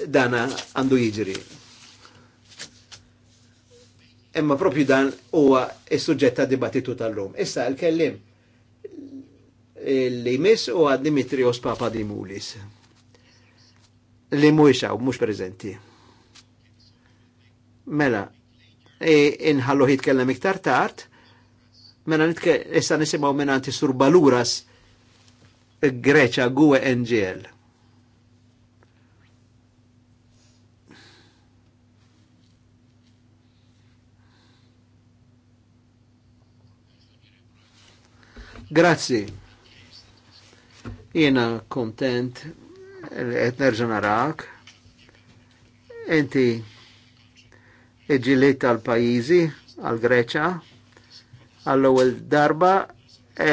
dana għandu jiġri. Emma propju dan huwa is-suġġett ta' dibattitu tal-lum. Issa l-kellim li jmiss u għad Dimitrios Dimulis li mhuwiex hawn mhux preżenti. Mela, e, inħallu jitkellem iktar tard Mena nitke issa nisimaw minanti sur Baluras Greċa guwe NGL. Grazzi. Jena kontent li qed nerġa' Enti iġiliet tal pajizi għal Greċa għall-ewwel darba e,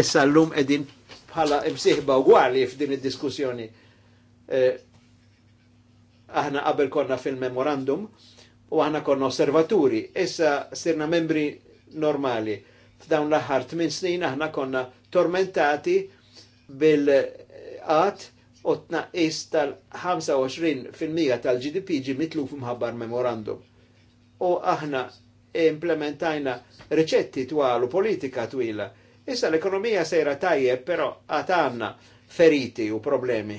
issa llum qegħdin bħala msieħba ugwali f'din id-diskussjoni. E, aħna qabel konna fil-memorandum u aħna konna osservaturi, issa sirna membri normali. F'dawn l-aħħar tmien snin aħna konna tormentati bil-qat u tnaqqis tal-25% tal-GDP ġi mitluf mħabbar memorandum. U aħna implementajna twal u politika twila. Issa l-ekonomija sejra tajjeb, però għatanna feriti u problemi.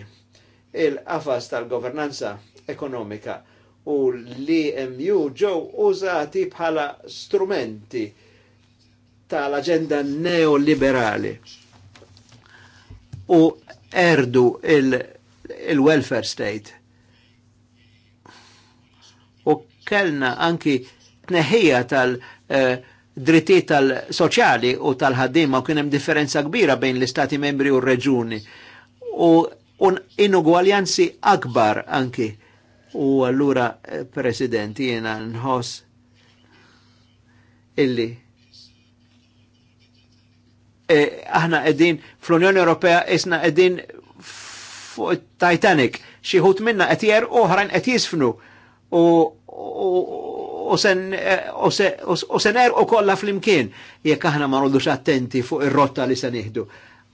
Il-qafas tal-governanza ekonomika u l-EMU ġew użati bħala strumenti tal-agenda neoliberali u erdu il-welfare il state. U kellna anki tneħħija tal-drittijiet eh, tal-soċjali u tal-ħaddiema u kien hemm differenza kbira bejn l-istati membri u r-reġuni. U inugwaljanzi akbar anki. U allura, eh, President, jiena nħoss illi eh, aħna qegħdin fl-Unjoni Ewropea isna qegħdin Titanic xi minna qed jer oħrajn qed jisfnu u sen eh, er kolla kollha flimkien jekk aħna ma nuddux attenti fuq ir-rotta li se nieħdu.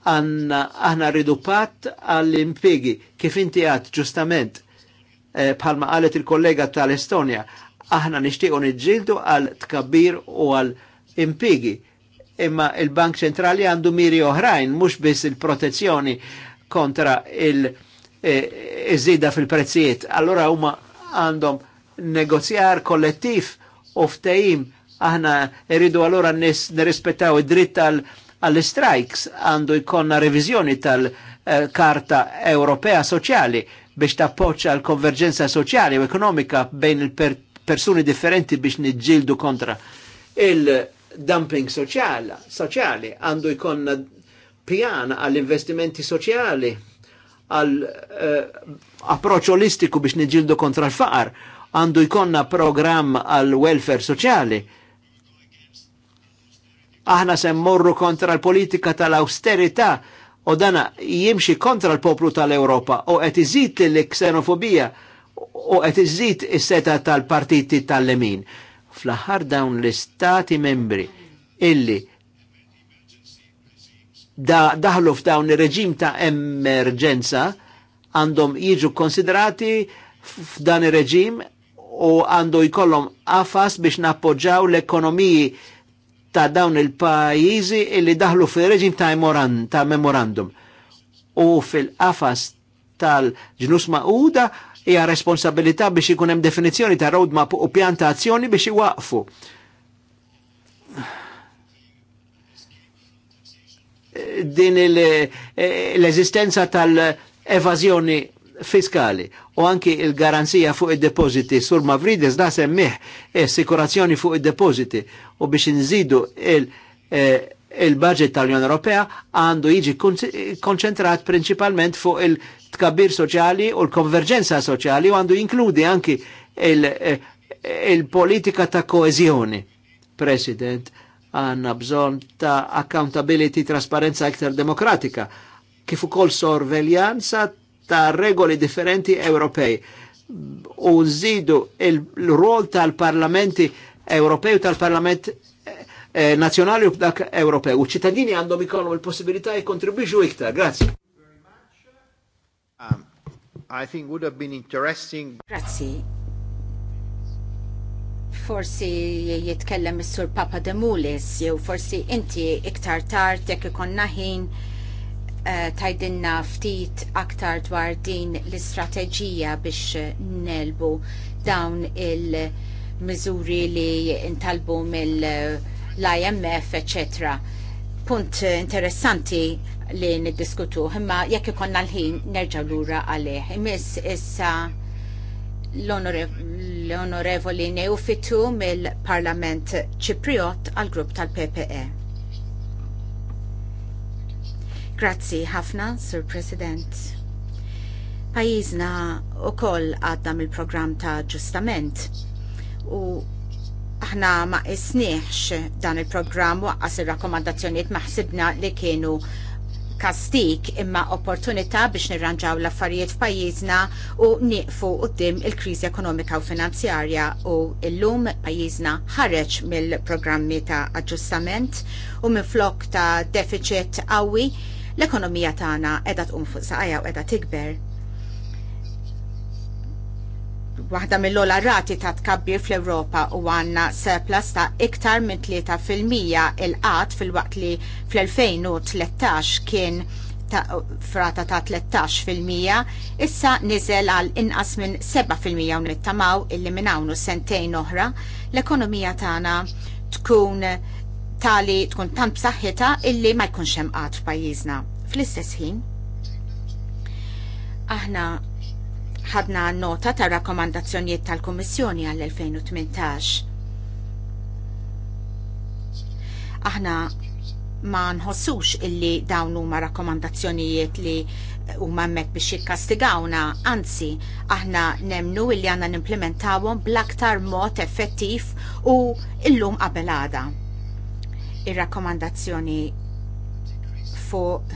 Aħna rridu pat għall-impjegi kif inti għad ġustament eh, bħalma qalet il-kollega tal-Estonja, aħna nixtiequ niġġieldu għal tkabbir u għal impjegi. Imma il-Bank Ċentrali għandu miri oħrajn, mhux biss il-protezzjoni kontra il-żida eh, fil-prezzijiet. Allora huma għandhom negozjar kollettiv u ftejim aħna rridu allura nirrispettaw id-dritt għall-strikes għandu jkonna revizjoni tal-Karta Ewropea Soċjali biex tappoċċa l-konverġenza soċjali u ekonomika bejn il-persuni differenti biex nidġildu kontra il-dumping soċjali għandu jkonna pjan għall-investimenti soċjali għall eh, approċċ olistiku biex nidġildu kontra l-faqar għandu jkonna program għal welfare soċjali. Aħna se morru kontra l-politika tal-austerità u dana jimxi kontra l-poplu tal-Europa u qed iżid l-ksenofobija u qed iżid is-seta tal-partiti tal-lemin. Fl-aħħar dawn l-istati membri illi da, daħlu f'dawn ir-reġim ta' emerġenza għandhom jiġu konsiderati f'dan ir-reġim u għandu jkollhom qafas biex nappoġġaw l-ekonomiji ta' dawn il-pajjiżi illi daħlu fil reġim ta', ta memorandum. U fil-qafas tal-ġnus ma'uda hija responsabilità biex ikun hemm definizzjoni ta' roadmap u pjan ta' azzjoni biex iwaqfu. din l-eżistenza tal-evażjoni fiskali u anki il-garanzija fuq id-depositi. Sur mavridis da semmiħ assikurazzjoni fuq id-depositi u biex nżidu il- eh, il-budget tal-Unjoni Ewropea għandu jiġi konċentrat principalment fuq il-tkabbir soċjali u l-konverġenza soċjali u għandu jinkludi anki eh, il-politika il ta' koezjoni. President, għanna bżon ta' accountability, trasparenza iktar demokratika, kif ukoll sorveljanza ta' regoli differenti Ewropej u nżidu il-rol tal-parlamenti Ewropej u tal-parlament eh, eh nazjonali u dak Ewropej. U ċittadini għandhom ikollhom il-possibilità jikkontribwixxu e iktar. Grazzi. Um, I think would have been interesting. Grazzi. Forsi
jitkellem is-Sur Papa Demulis, jew forsi inti iktar tard jekk ikonna ħin Eh, tajdinna ftit aktar dwar din l-istrateġija biex nelbu dawn il-miżuri li intalbu mill-IMF, etc. Punt interessanti li niddiskutu, imma jekk ikonna l-ħin nerġaw lura għalih. Imiss issa l-onorevoli Neufitu mill-Parlament Ċipriot għal-grupp tal-PPE. Grazzi ħafna, Sur President. Pajjiżna wkoll għadda mill-programm ta' ġustament u aħna ma isniħx dan il-programm waqqas ir-rakkomandazzjonijiet maħsibna li kienu kastik imma opportunità biex nirranġaw l-affarijiet f'pajjiżna u nieqfu qudiem il-kriżi ekonomika u finanzjarja u llum pajjiżna ħareġ mill-programmi ta' aġġustament u minflok ta' deficit qawwi L-ekonomija tagħna qiegħda tqum fuq saqajja u qiegħda tikber. Waħda mill-ola rati ta' tkabbir fl-Ewropa u għanna surplus ta' iktar minn 3% il-qat fil-waqt li fl-2013 kien ta' frata ta' 13% issa niżel għal inqas minn 7% u nittamaw illi minn hawn sentejn oħra l-ekonomija tagħna tkun tali tkun tant b'saħħitha illi ma jkunx hemm qatt f'pajjiżna. Fl-istess ħin, aħna ħadna nota ta' rakkomandazzjonijiet tal-Kummissjoni għall-2018. Aħna ma nħossux illi dawn huma rakkomandazzjonijiet li huma hemmhekk biex jikkastigawna, anzi aħna nemnu illi għandna nimplementawhom bl-aktar mod effettiv u illum qabel għada ir-rakkomandazzjoni fuq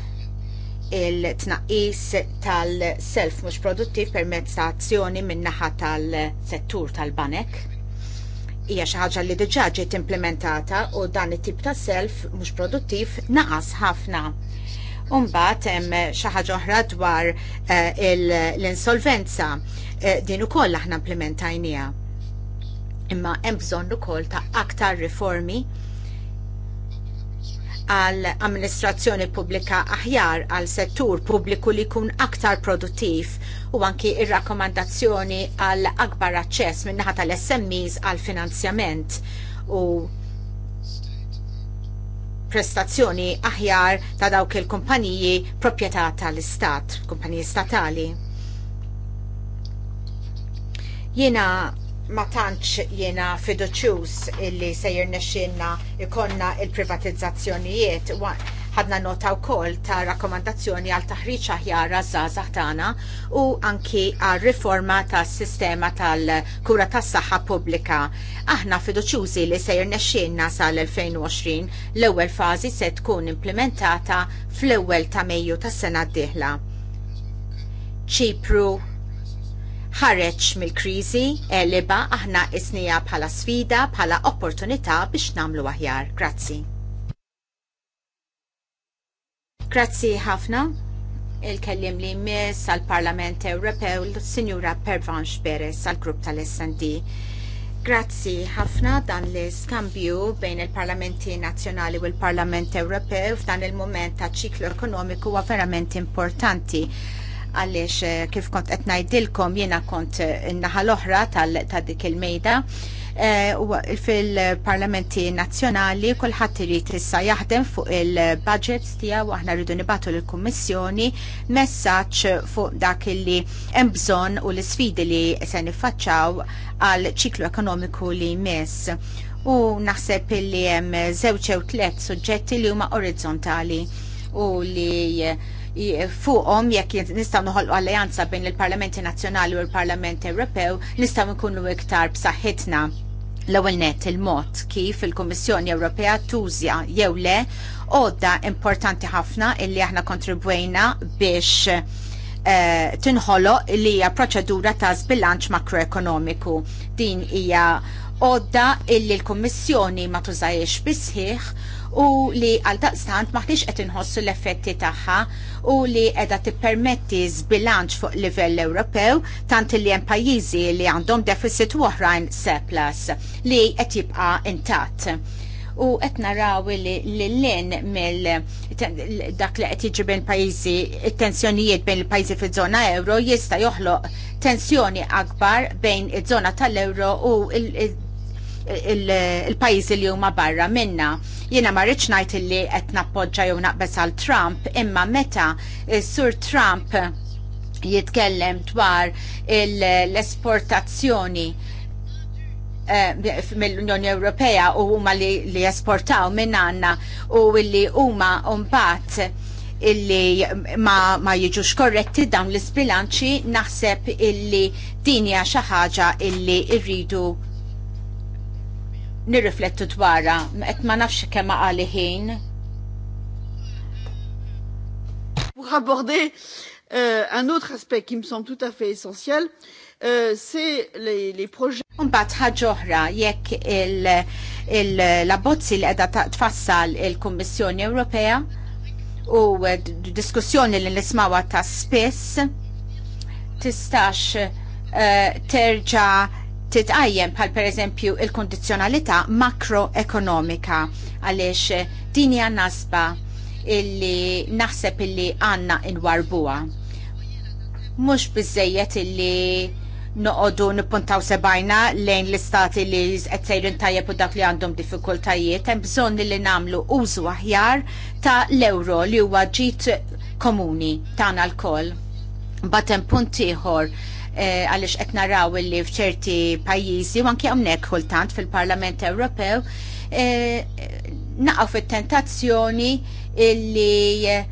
il-tnaqis tal-self mhux produttiv permezz ta' azzjoni min-naħa tal-settur tal-banek hija xi ħaġa li diġà ġiet implementata u dan it-tip ta' self mhux produttiv naqas ħafna. Umbat hemm xi ħaġa oħra dwar uh, l-insolvenza uh, din ukoll aħna implementajnija. Imma hemm bżonn ukoll ta' aktar riformi għal amministrazzjoni pubblika aħjar għal settur pubbliku li jkun aktar produttiv u anki ir-rakkomandazzjoni għal akbar aċċess min-naħa tal-SMEs għal finanzjament u prestazzjoni aħjar ta' dawk il-kumpaniji proprjetà tal-istat, kumpaniji statali. Jiena ma tantx jiena fiduċjuż illi sejjer jirnexxinna ikonna il-privatizzazzjonijiet ħadna nota wkoll ta' rakkomandazzjoni għal taħriġ aħjar żgħażagħ tagħna u anki għal riforma tas sistema tal-kura tas-saħħa pubblika. Aħna fiduċjużi li sejjer nexxinna sal-2020 l-ewwel fażi se tkun implementata fl-ewwel ta' Mejju tas-sena d-dieħla. Ċipru ħareġ mill-kriżi, eliba aħna isnija bħala sfida, bħala opportunità biex namlu aħjar. Grazzi. Grazzi ħafna il-kellim li mis għal-Parlament Ewropew l-Sinjura Pervanx Beres għal-Grupp tal-SND. Grazzi ħafna dan l skambju bejn il-Parlamenti Nazzjonali u l-Parlament Ewropew f'dan il-moment ta' ċiklu ekonomiku huwa verament importanti għaliex eh, kif kont qed ngħidilkom jiena kont eh, in-naħa l-oħra ta' dik il-mejda. Eh, fil-parlamenti nazzjonali kulħadd irid issa jaħdem fuq il-budgets tiegħu aħna rridu nibatu lill-Kummissjoni messaġġ fuq dak li hemm bżonn u l-isfidi li se nifacċaw għal ċiklu ekonomiku li jmiss. U naħseb li hemm żewġ jew tliet suġġetti li huma orizzontali u li fuqhom jekk nistgħu noħolqu alleanza bejn il-Parlamenti Nazzjonali u l-Parlament Ewropew nistgħu nkunu iktar b'saħħitna l-ewwel net il-mod kif il-Kummissjoni Ewropea tużja jew le għodda importanti ħafna illi aħna kontribwejna biex tinħoloq eh, tinħolo li hija proċedura ta' żbilanċ makroekonomiku. Din hija għodda illi l-Kummissjoni ma tużajiex bisħiħ u li għal daqstant maħtix qed inħossu l-effetti tagħha u li qiegħda tippermetti żbilanċ fuq livell Ewropew tant li hemm pajjiżi li għandhom deficit oħrajn surplus li qed jibqa' intatt u qed naraw li l-lin mill dak li qed jiġi bejn pajjiżi it-tensjonijiet bejn il-pajjiżi fiż-żona euro jista' joħloq tensjoni akbar bejn iż-żona tal-euro u il il-pajjiżi li huma barra minna. Jiena ma rridx ngħid illi qed nappoġġa jew naqbes għal Trump, imma meta sur Trump jitkellem dwar l-esportazzjoni eh, mill-Unjoni Ewropea u huma li jesportaw minn għandna u illi huma mbagħad illi ma, ma jiġux korretti dawn l isbilanċi naħseb illi dinja xi ħaġa illi rridu nirriflettu dwarha qed ma nafx kemm għali ħin. Pour aborder euh, un autre aspect qui me semble tout à fait essentiel, euh, c'est les, les projets. Mbagħad ħaġa oħra jekk il bozzi li qiegħda tfassal il-Kummissjoni Ewropea u diskussjoni li nismawha ta' spiss tistax euh, terġa' titqajjem bħal pereżempju il kundizzjonalità makroekonomika għaliex eh, din hija illi naħseb illi għanna inwarbuha. Mhux biżejjed illi noqogħdu nippuntaw sebajna lejn l-istati li qed sejrin tajjeb u dak li għandhom diffikultajiet, hemm bżonn li nagħmlu użu aħjar ta' l-euro li huwa ġit komuni tagħna lkoll. Batem punt ieħor Eh, għaliex qed naraw li f'ċerti pajjiżi u anke hawnhekk kultant fil-Parlament Ewropew eh, naqgħu fit-tentazzjoni illi eh,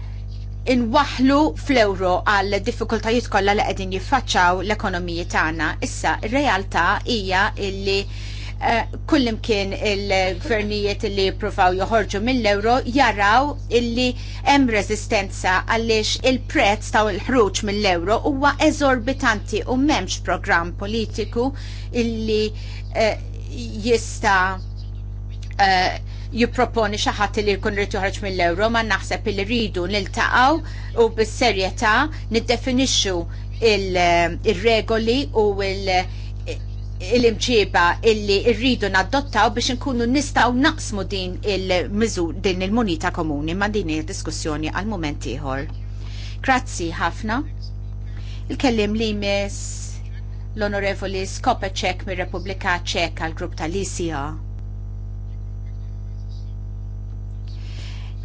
inwaħlu fl-euro għal diffikultajiet kollha li qegħdin jiffaċċaw l-ekonomiji tagħna. Issa, ir-realtà hija illi Eh, kullimkien il-gvernijiet li jippruvaw joħorġu mill-euro jaraw illi hemm resistenza għaliex il-prezz taw il-ħruġ mill-euro huwa eżorbitanti u m'hemmx programm politiku illi eh, jista' eh, jipproponi xi ħadd li jkun rrid joħroġ mill-ewro ma naħseb li rridu niltaqgħu u bis-serjetà niddefinixxu il-regoli u il- il-imġieba illi rridu nadottaw biex nkunu nistaw naqsmu din il-mizur din il-munita komuni ma din il-diskussjoni għal moment ieħor. Grazzi ħafna. Il-kellim li mis l-onorevoli Skopeċek mir-Repubblika Ċek għal grupp tal-ICA.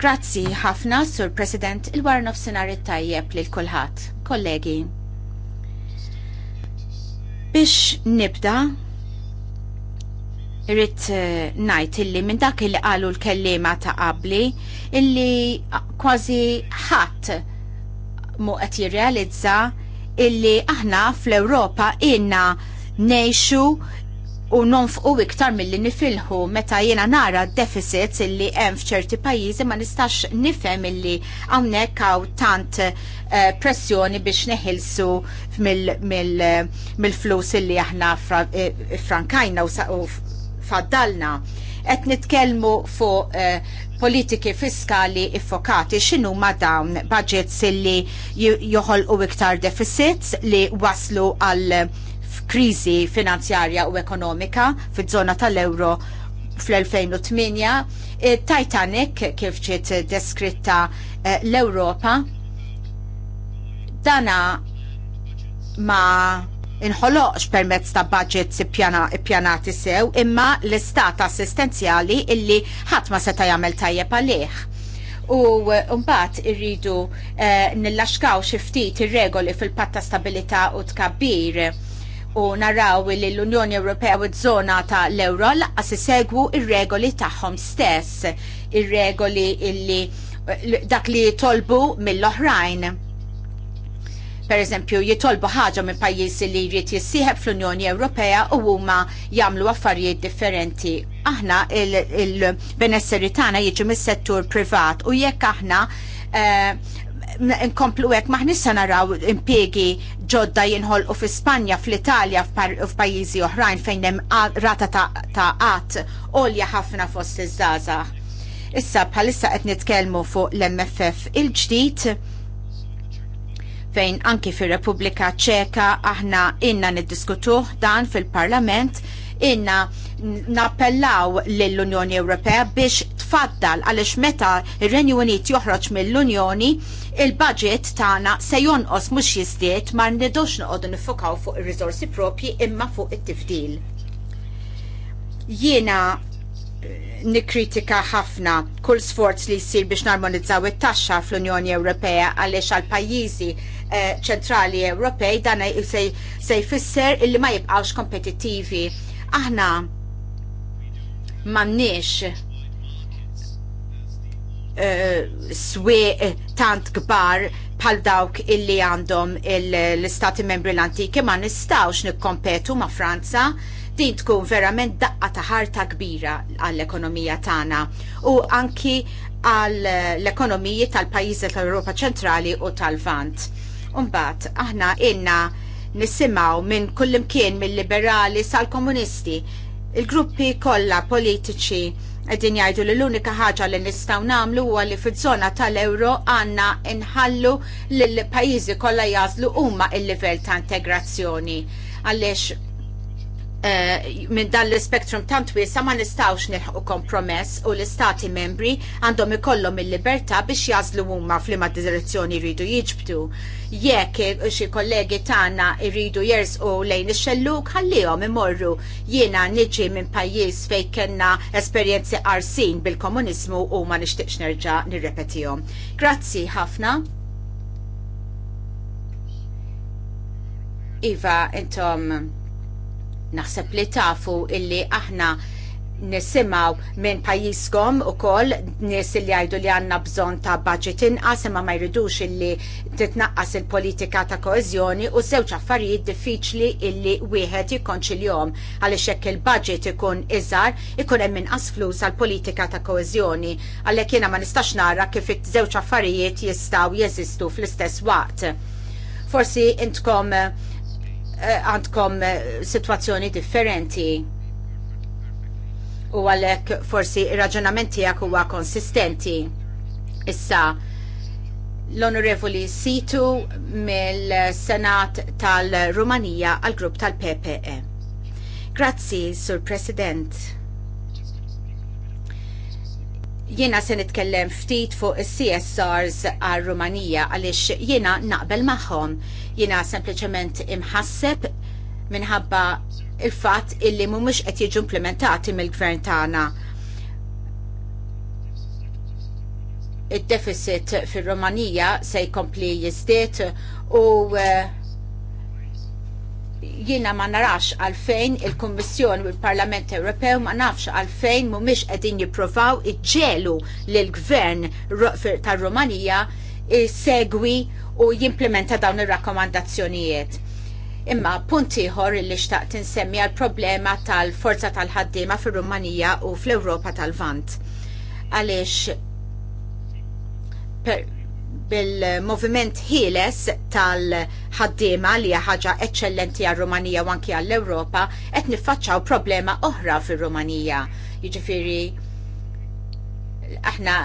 Grazzi ħafna, Sur President, il-warnof senari tajjeb lil kulħadd. Kollegi, Biex nibda, rrit eh, najt illi minn dak illi qalu l-kellima ta' qabli illi kważi ħadd mu qed jirrealizza illi aħna fl-Ewropa inna nejxu u nonfqu iktar milli nifilħu meta jiena nara deficits illi hemm f'ċerti pajjiżi ma nistax nifhem illi hawnhekk hawn tant eh, pressjoni biex neħilsu mill-flus illi aħna eh, frankajna u faddalna qed nitkellmu fuq eh, politiki fiskali iffokati x'inhu ma dawn budgets li joħolqu iktar deficits li waslu għal f'kriżi finanzjarja u ekonomika fiż-żona tal-euro fl-2008, eh, Titanic kif ġiet deskritta eh, l-Ewropa, dana ma inħoloqx permezz ta' budgets ippjanati sew imma l-istat assistenzjali illi ħadd ma seta' jagħmel tajjeb għalih. U eh, mbagħad irridu nillaxkaw xi ftit ir-regoli fil-patta stabilità u tkabbir u naraw li l-Unjoni Ewropea u zona ta' l-Euro laqqas isegwu ir-regoli tagħhom stess, ir-regoli illi dak li jitolbu mill-oħrajn. Per eżempju, jitolbu ħaġa minn pajjiż li jrid jissieħeb fl-Unjoni Ewropea u huma jagħmlu affarijiet differenti. Aħna il-benesseri il tagħna jiġu mis-settur privat u jekk aħna uh, nkomplu hekk maħnissa naraw impiegi ġodda jinħolqu fi Spanja, fl-Italja, f'pajjiżi oħrajn fejn hemm rata ta' qatt għolja ħafna fost iż-żgħażagħ. Issa bħalissa qed nitkellmu fuq l-MFF il-ġdid fejn anki fir-Repubblika Ċeka aħna inna niddiskutuh dan fil-Parlament inna nappellaw lill-Unjoni Ewropea biex tfaddal għaliex meta il renju Unit joħroġ mill-Unjoni il-budget tagħna se jonqos mhux jiżdied ma rnidux noqogħdu nifukaw fuq ir-riżorsi propji imma fuq it-tifdil. Jiena eh, nikritika ħafna kull sforz li jsir biex narmonizzaw it-taxxa fl-Unjoni Ewropea għaliex għal pajjiżi eh, ċentrali Ewropej dan se jfisser illi ma jibqgħux kompetittivi Aħna m'għandniex uh, swieq tant kbar bħal dawk illi għandhom l-istati membri l-antiki ma nistawx nikkompetu ma' Franza din tkun verament daqqa ta' ħarta kbira għall-ekonomija tagħna u anki għall-ekonomiji tal-pajjiżi tal Ewropa ċentrali u tal-Vant. Umbat, aħna inna nisimgħu minn kullimkien mill-liberali sal-komunisti il-gruppi kollha politiċi għedin jgħidu li l-unika ħaġa li nistgħu nagħmlu huwa li fiż-żona tal-Ewro għandna inħallu l pajjiżi kollha jazlu huma il-livell ta' integrazzjoni għaliex Eh, minn dan l-spektrum tant wiesa ma nistawx nilħu kompromess u l-istati membri għandhom ikollhom il-libertà biex jażlu huma f'liema direzzjoni jridu jiġbdu. Jekk xi kollegi tagħna jridu jersqu lejn ix-xelluk ħallihom imorru jiena niġi minn pajjiż fejn kellna esperjenzi qarsin bil-komuniżmu u ma nixtieqx nerġa' nirrepetihom. Grazzi ħafna. Iva, intom Naħseb li tafu illi aħna nisimaw minn pajjiżkom ukoll nis li jgħidu li għandna bżonn ta' budget inqas imma ma jridux illi titnaqqas il-politika ta' koeżjoni u żewġ affarijiet diffiċli illi wieħed jikkonċiljhom għaliex hekk il-budget ikun iżgħar ikun hemm inqas flus għall politika ta' koeżjoni għalhekk jiena ma nistax nara kif iż-żewġ affarijiet jistgħu jeżistu fl-istess waqt. Forsi intkom uh, Eh, għandkom eh, situazzjoni differenti u għalek forsi raġunamenti għak huwa konsistenti. Issa, l-Onorevoli Situ mill-Senat tal-Rumanija għal-Grupp tal-PPE. Grazzi, Sur President. Jiena se nitkellem ftit fuq is-CSRs għal Rumanija għaliex jiena naqbel magħhom. Jiena sempliċement imħasseb minħabba il-fatt illi mhumiex qed jiġu implementati mill-gvern tagħna. Id-deficit fir-Rumanija se jkompli jiżdied u uh, jiena ma narax għalfejn il kummissjoni u l-Parlament Ewropew ma nafx għalfejn mhumiex qegħdin jipprovaw iġġelu lil gvern tar-Rumanija e, segwi u jimplementa dawn ir-rakkomandazzjonijiet. Imma punt ieħor li xtaqt insemmi għal problema tal-forza tal-ħaddiema fir-Rumanija u fl-Ewropa tal-Vant. Għaliex bil-moviment ħieles tal-ħaddiema li hija ħaġa eċċellenti għal rumanija u anki għall ewropa qed niffaċċaw problema oħra fir-Rumanija. Jiġifieri aħna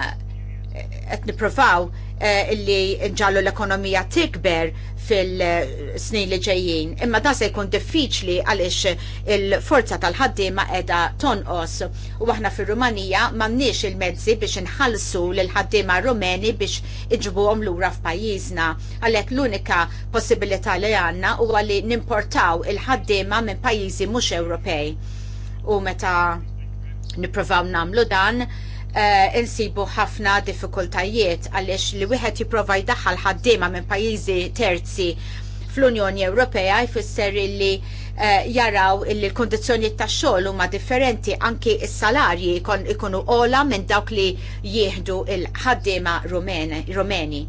qed nippruvaw Eh, li ġallu l-ekonomija tikber fil-snin li ġejjin. Imma da se jkun diffiċli għaliex il-forza tal-ħaddiema qiegħda tonqos. U aħna fir-Rumanija m'għandniex il-mezzi biex inħallsu l ħaddiema Rumeni biex iġbuhom lura f'pajjiżna. Għalhekk l-unika possibilità li għandna huwa li nimportaw il-ħaddiema minn pajjiżi mhux Ewropej. U meta nipprovaw namlu dan, Eh, insibu ħafna diffikultajiet għaliex li wieħed jipprova jdaħħal ħaddiema minn pajjiżi terzi fl-Unjoni Ewropea jfisser li eh, jaraw illi l kundizzjonijiet tax xogħol huma differenti anki s-salarji ikunu ola minn dawk li jieħdu il-ħaddiema Rumeni.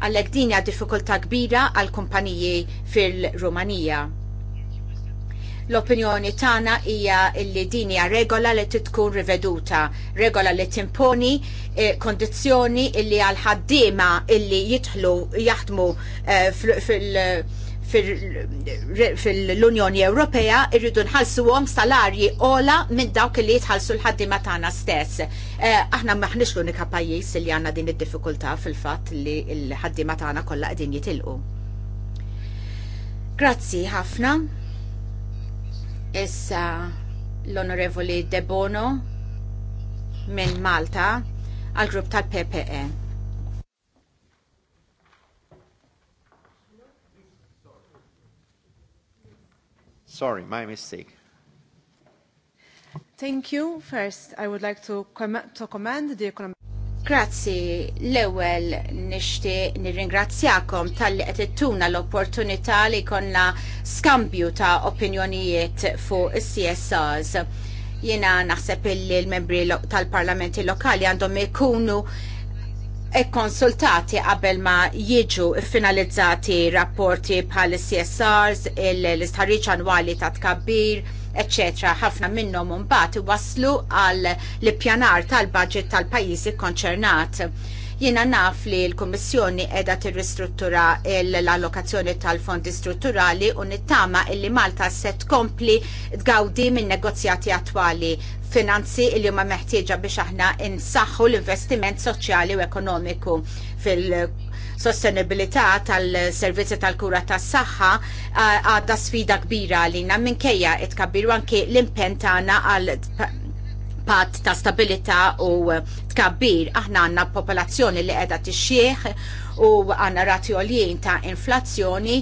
Għalhekk din hija diffikultà kbira għall kumpaniji fil-Rumanija L-opinjoni tagħna hija li din hija regola li tkun riveduta, regola li timponi eh, kondizzjoni li għal ħaddiema illi jidħlu jaħdmu eh, fil fil-Unjoni Ewropea irridu nħalsu għom salarji ola minn dawk li jitħallsu l-ħaddima tagħna stess. Eh, aħna maħniex l-unika pajjiż li għandna din id-diffikultà fil-fatt li l-ħaddima tagħna kollha qegħdin jitilqu. Grazzi ħafna. Issa l-Onorevoli De Bono minn Malta għal grupp tal-PPE.
Sorry, my mistake.
Thank you. First, I would like to, com to commend the economic... Grazzi, l-ewel nishti nirringrazzjakom tal-li għetittuna l-opportunità li konna skambju ta' opinjonijiet fuq CSRs. Jena naħseb illi l-membri tal-parlamenti lokali għandhom ikunu e konsultati qabel ma jiġu finalizzati rapporti bħal CSRs, l-istħarriċ annwali ta' tkabbir, eccetera. Ħafna minnhom mbagħad waslu għal l-ippjanar tal-budget tal-pajjiżi konċernat. Jiena naf li l kummissjoni qiegħda tirristruttura l-allokazzjoni tal-fondi strutturali u nittama illi Malta se tkompli tgawdi minn negozjati attwali finanzi li huma meħtieġa biex aħna insaħħu l-investiment soċjali u ekonomiku fil sostenibilità tal-servizzi tal-kura tas-saħħa għadha sfida kbira għalina minkejja itkabbiru anke l-impenn tagħna għal pat ta' stabilità u tkabbir. Aħna għandna popolazzjoni li qiegħda tixjieħ u għandna għoljin ta' inflazzjoni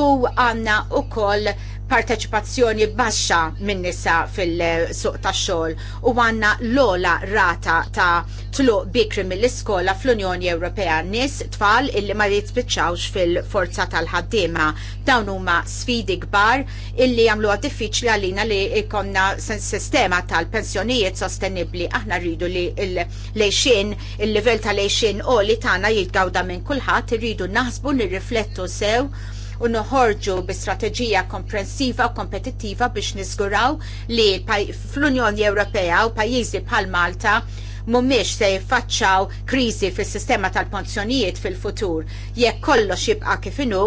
u għandna wkoll parteċipazzjoni baxxa minn nisa fil-suq tax-xogħol u għandna l-ola rata ta' tluq bikri mill-iskola fl-Unjoni Ewropea nies tfal illi ma jitspiċċawx fil-forza tal-ħaddiema. Dawn huma sfidi kbar illi jagħmluha diffiċli għalina li jkollna sistema tal-pensjonijiet sostenibbli. Aħna rridu li l-lejxin, il-livell tal-lejxin u li tagħna jitgawda minn kulħadd irridu naħsbu nirriflettu sew u noħorġu bi strateġija komprensiva u kompetittiva biex niżguraw li fl-Unjoni Ewropea u pajjiżi bħal Malta mumiex se jiffaċċaw kriżi fis-sistema tal-pensjonijiet fil-futur. Jekk kollox jibqa' kif inhu,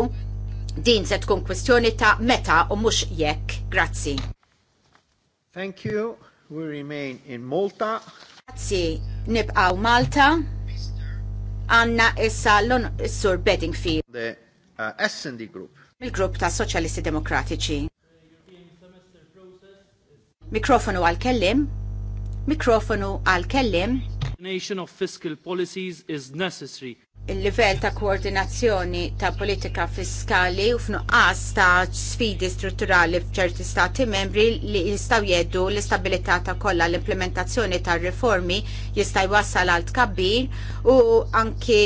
din se tkun kwistjoni ta' meta u mhux jekk. Grazzi.
Thank you. We remain in
Malta. Grazzi, nibqaw Malta. Għanna issa l-sur Bedingfield uh, S&D Group. Il-grupp ta' Soċjalisti Demokratiċi. Mikrofonu għal-kellim. Mikrofonu għal-kellim. of fiscal policies is necessary il-livell ta' koordinazzjoni ta' politika fiskali u f'nuqqas ta' sfidi strutturali f'ċerti stati membri li jistaw jeddu l-istabilità ta' kollha l-implementazzjoni ta' riformi jista' jwassal għal tkabbir u anki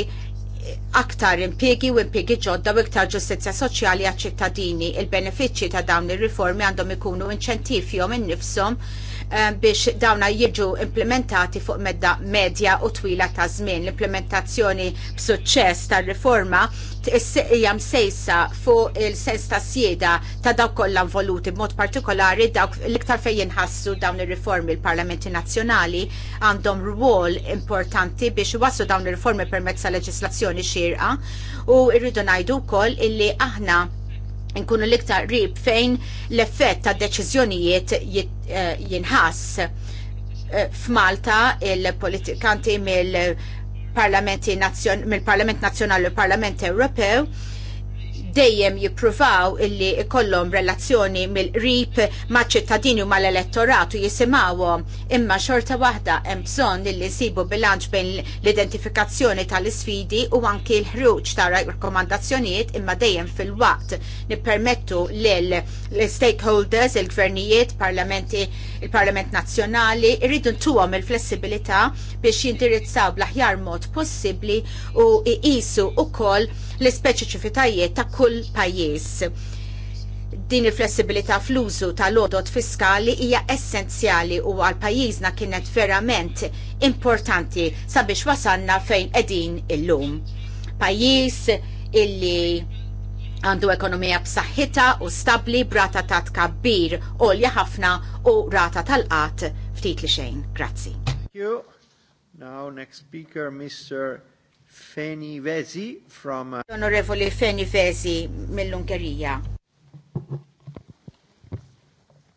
aktar impiegi u impiegi ġodda u iktar ġustizzja soċjali għaċ ċittadini. Il-benefiċċji ta' dawn ir-riformi għandhom ikunu inċentifjom fihom innifshom Eh, biex dawna jiġu implementati fuq medda medja u twila ta' żmien. L-implementazzjoni b'suċċess tar-riforma hija msejsa fuq il-sens ta' sjeda ta' dawk kollha involuti b'mod partikolari dawk l-iktar fejn jinħassu dawn ir-riformi l-Parlamenti Nazzjonali għandhom rwol importanti biex waslu dawn ir-riformi permezz ta' leġislazzjoni xierqa u rridu ngħidu wkoll illi aħna nkunu l-iktar rib fejn l-effett ta' deċiżjonijiet eh, jinħass. Eh, F'Malta il-politikanti mill-Parlament Nazzjonali u l-Parlament Ewropew dejjem jippruvaw illi kollom relazzjoni mill-qrib maċ-ċittadini u mal-elettorat u jisimgħuhom imma xorta waħda hemm bżonn illi jsibu bilanċ bejn l-identifikazzjoni tal-isfidi u anki l-ħruġ ta' rakkomandazzjonijiet imma dejjem fil-waqt nippermettu lil stakeholders il-gvernijiet, parlamenti, il-Parlament Nazzjonali irridu ntuhom il-flessibilità biex jindirizzaw bl-aħjar mod possibbli u jqisu wkoll l-ispeċifitajiet ta' Kull pajjiż. Din il-flessibilità fl-użu tal-odot fiskali hija essenzjali u għal pajjiżna kienet verament importanti sabiex wasanna fejn qegħdin illum. Pajjiż illi għandu ekonomija b'saħħitha u stabbli brata ta' tkabbir għolja ħafna u rata tal-qat ftit li xejn.
Grazzi. Now next speaker Mr. Feni Vesi from... Uh, Onorevoli Feni
Vesi mill-Ungerija.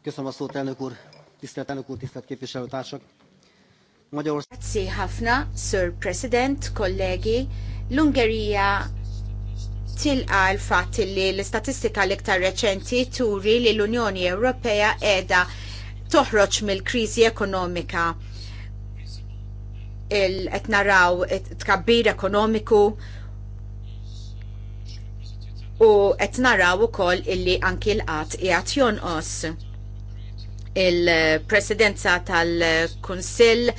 Köszönöm a szót, elnök úr. Tisztelt elnök úr, tisztelt képviselőtársak.
Grazie ħafna, Sir President, kollegi. L-Ungerija tilqa l-fatt li l-istatistika l-iktar reċenti turi li l-Unjoni Ewropea edha toħroġ mill-kriżi ekonomika qed naraw tkabbir ekonomiku u qed naraw ukoll illi anki l-qatt qiegħed jonqos. Il-presidenza tal-Kunsill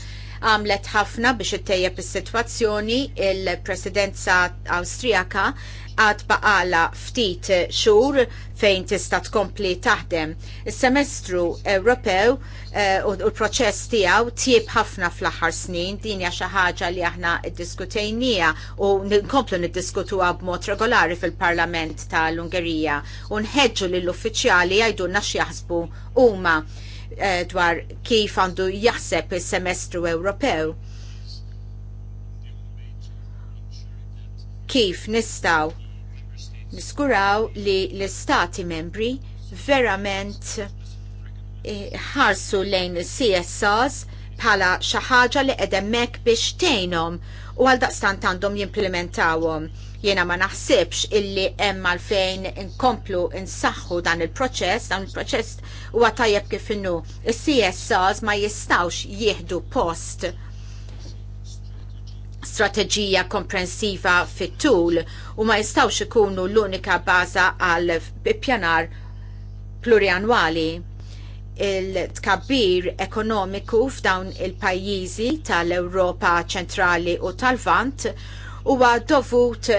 għamlet ħafna biex ittejjeb is-sitwazzjoni, il-presidenza Awstrijaka għad baqala ftit xhur fejn tista' tkompli taħdem. Is-semestru Ewropew eh, u l-proċess tiegħu tieb ħafna fl-aħħar snin din hija xi ħaġa li aħna ddiskutejnija u nkomplu niddiskutuha b'mod regolari fil-Parlament tal-Ungerija u nħeġġu lill-uffiċjali jgħidulna x'jaħsbu huma eh, dwar kif għandu jaħseb is-semestru Ewropew. Kif nistgħu niskuraw li l-istati membri verament eh, ħarsu lejn CSRs bħala xi ħaġa li edemmek biex tgħinhom u għal daqstant għandhom jimplementawhom. Jiena ma naħsibx illi hemm għalfejn inkomplu insaħħu dan il-proċess, dan il-proċess huwa tajjeb kif innu Is-CSRs ma jistawx jieħdu post strateġija komprensiva fit-tul u ma jistawx ikunu l-unika baza għal pjanar plurianwali il-tkabbir ekonomiku f'dawn il-pajjiżi tal-Ewropa ċentrali u tal-Vant huwa dovut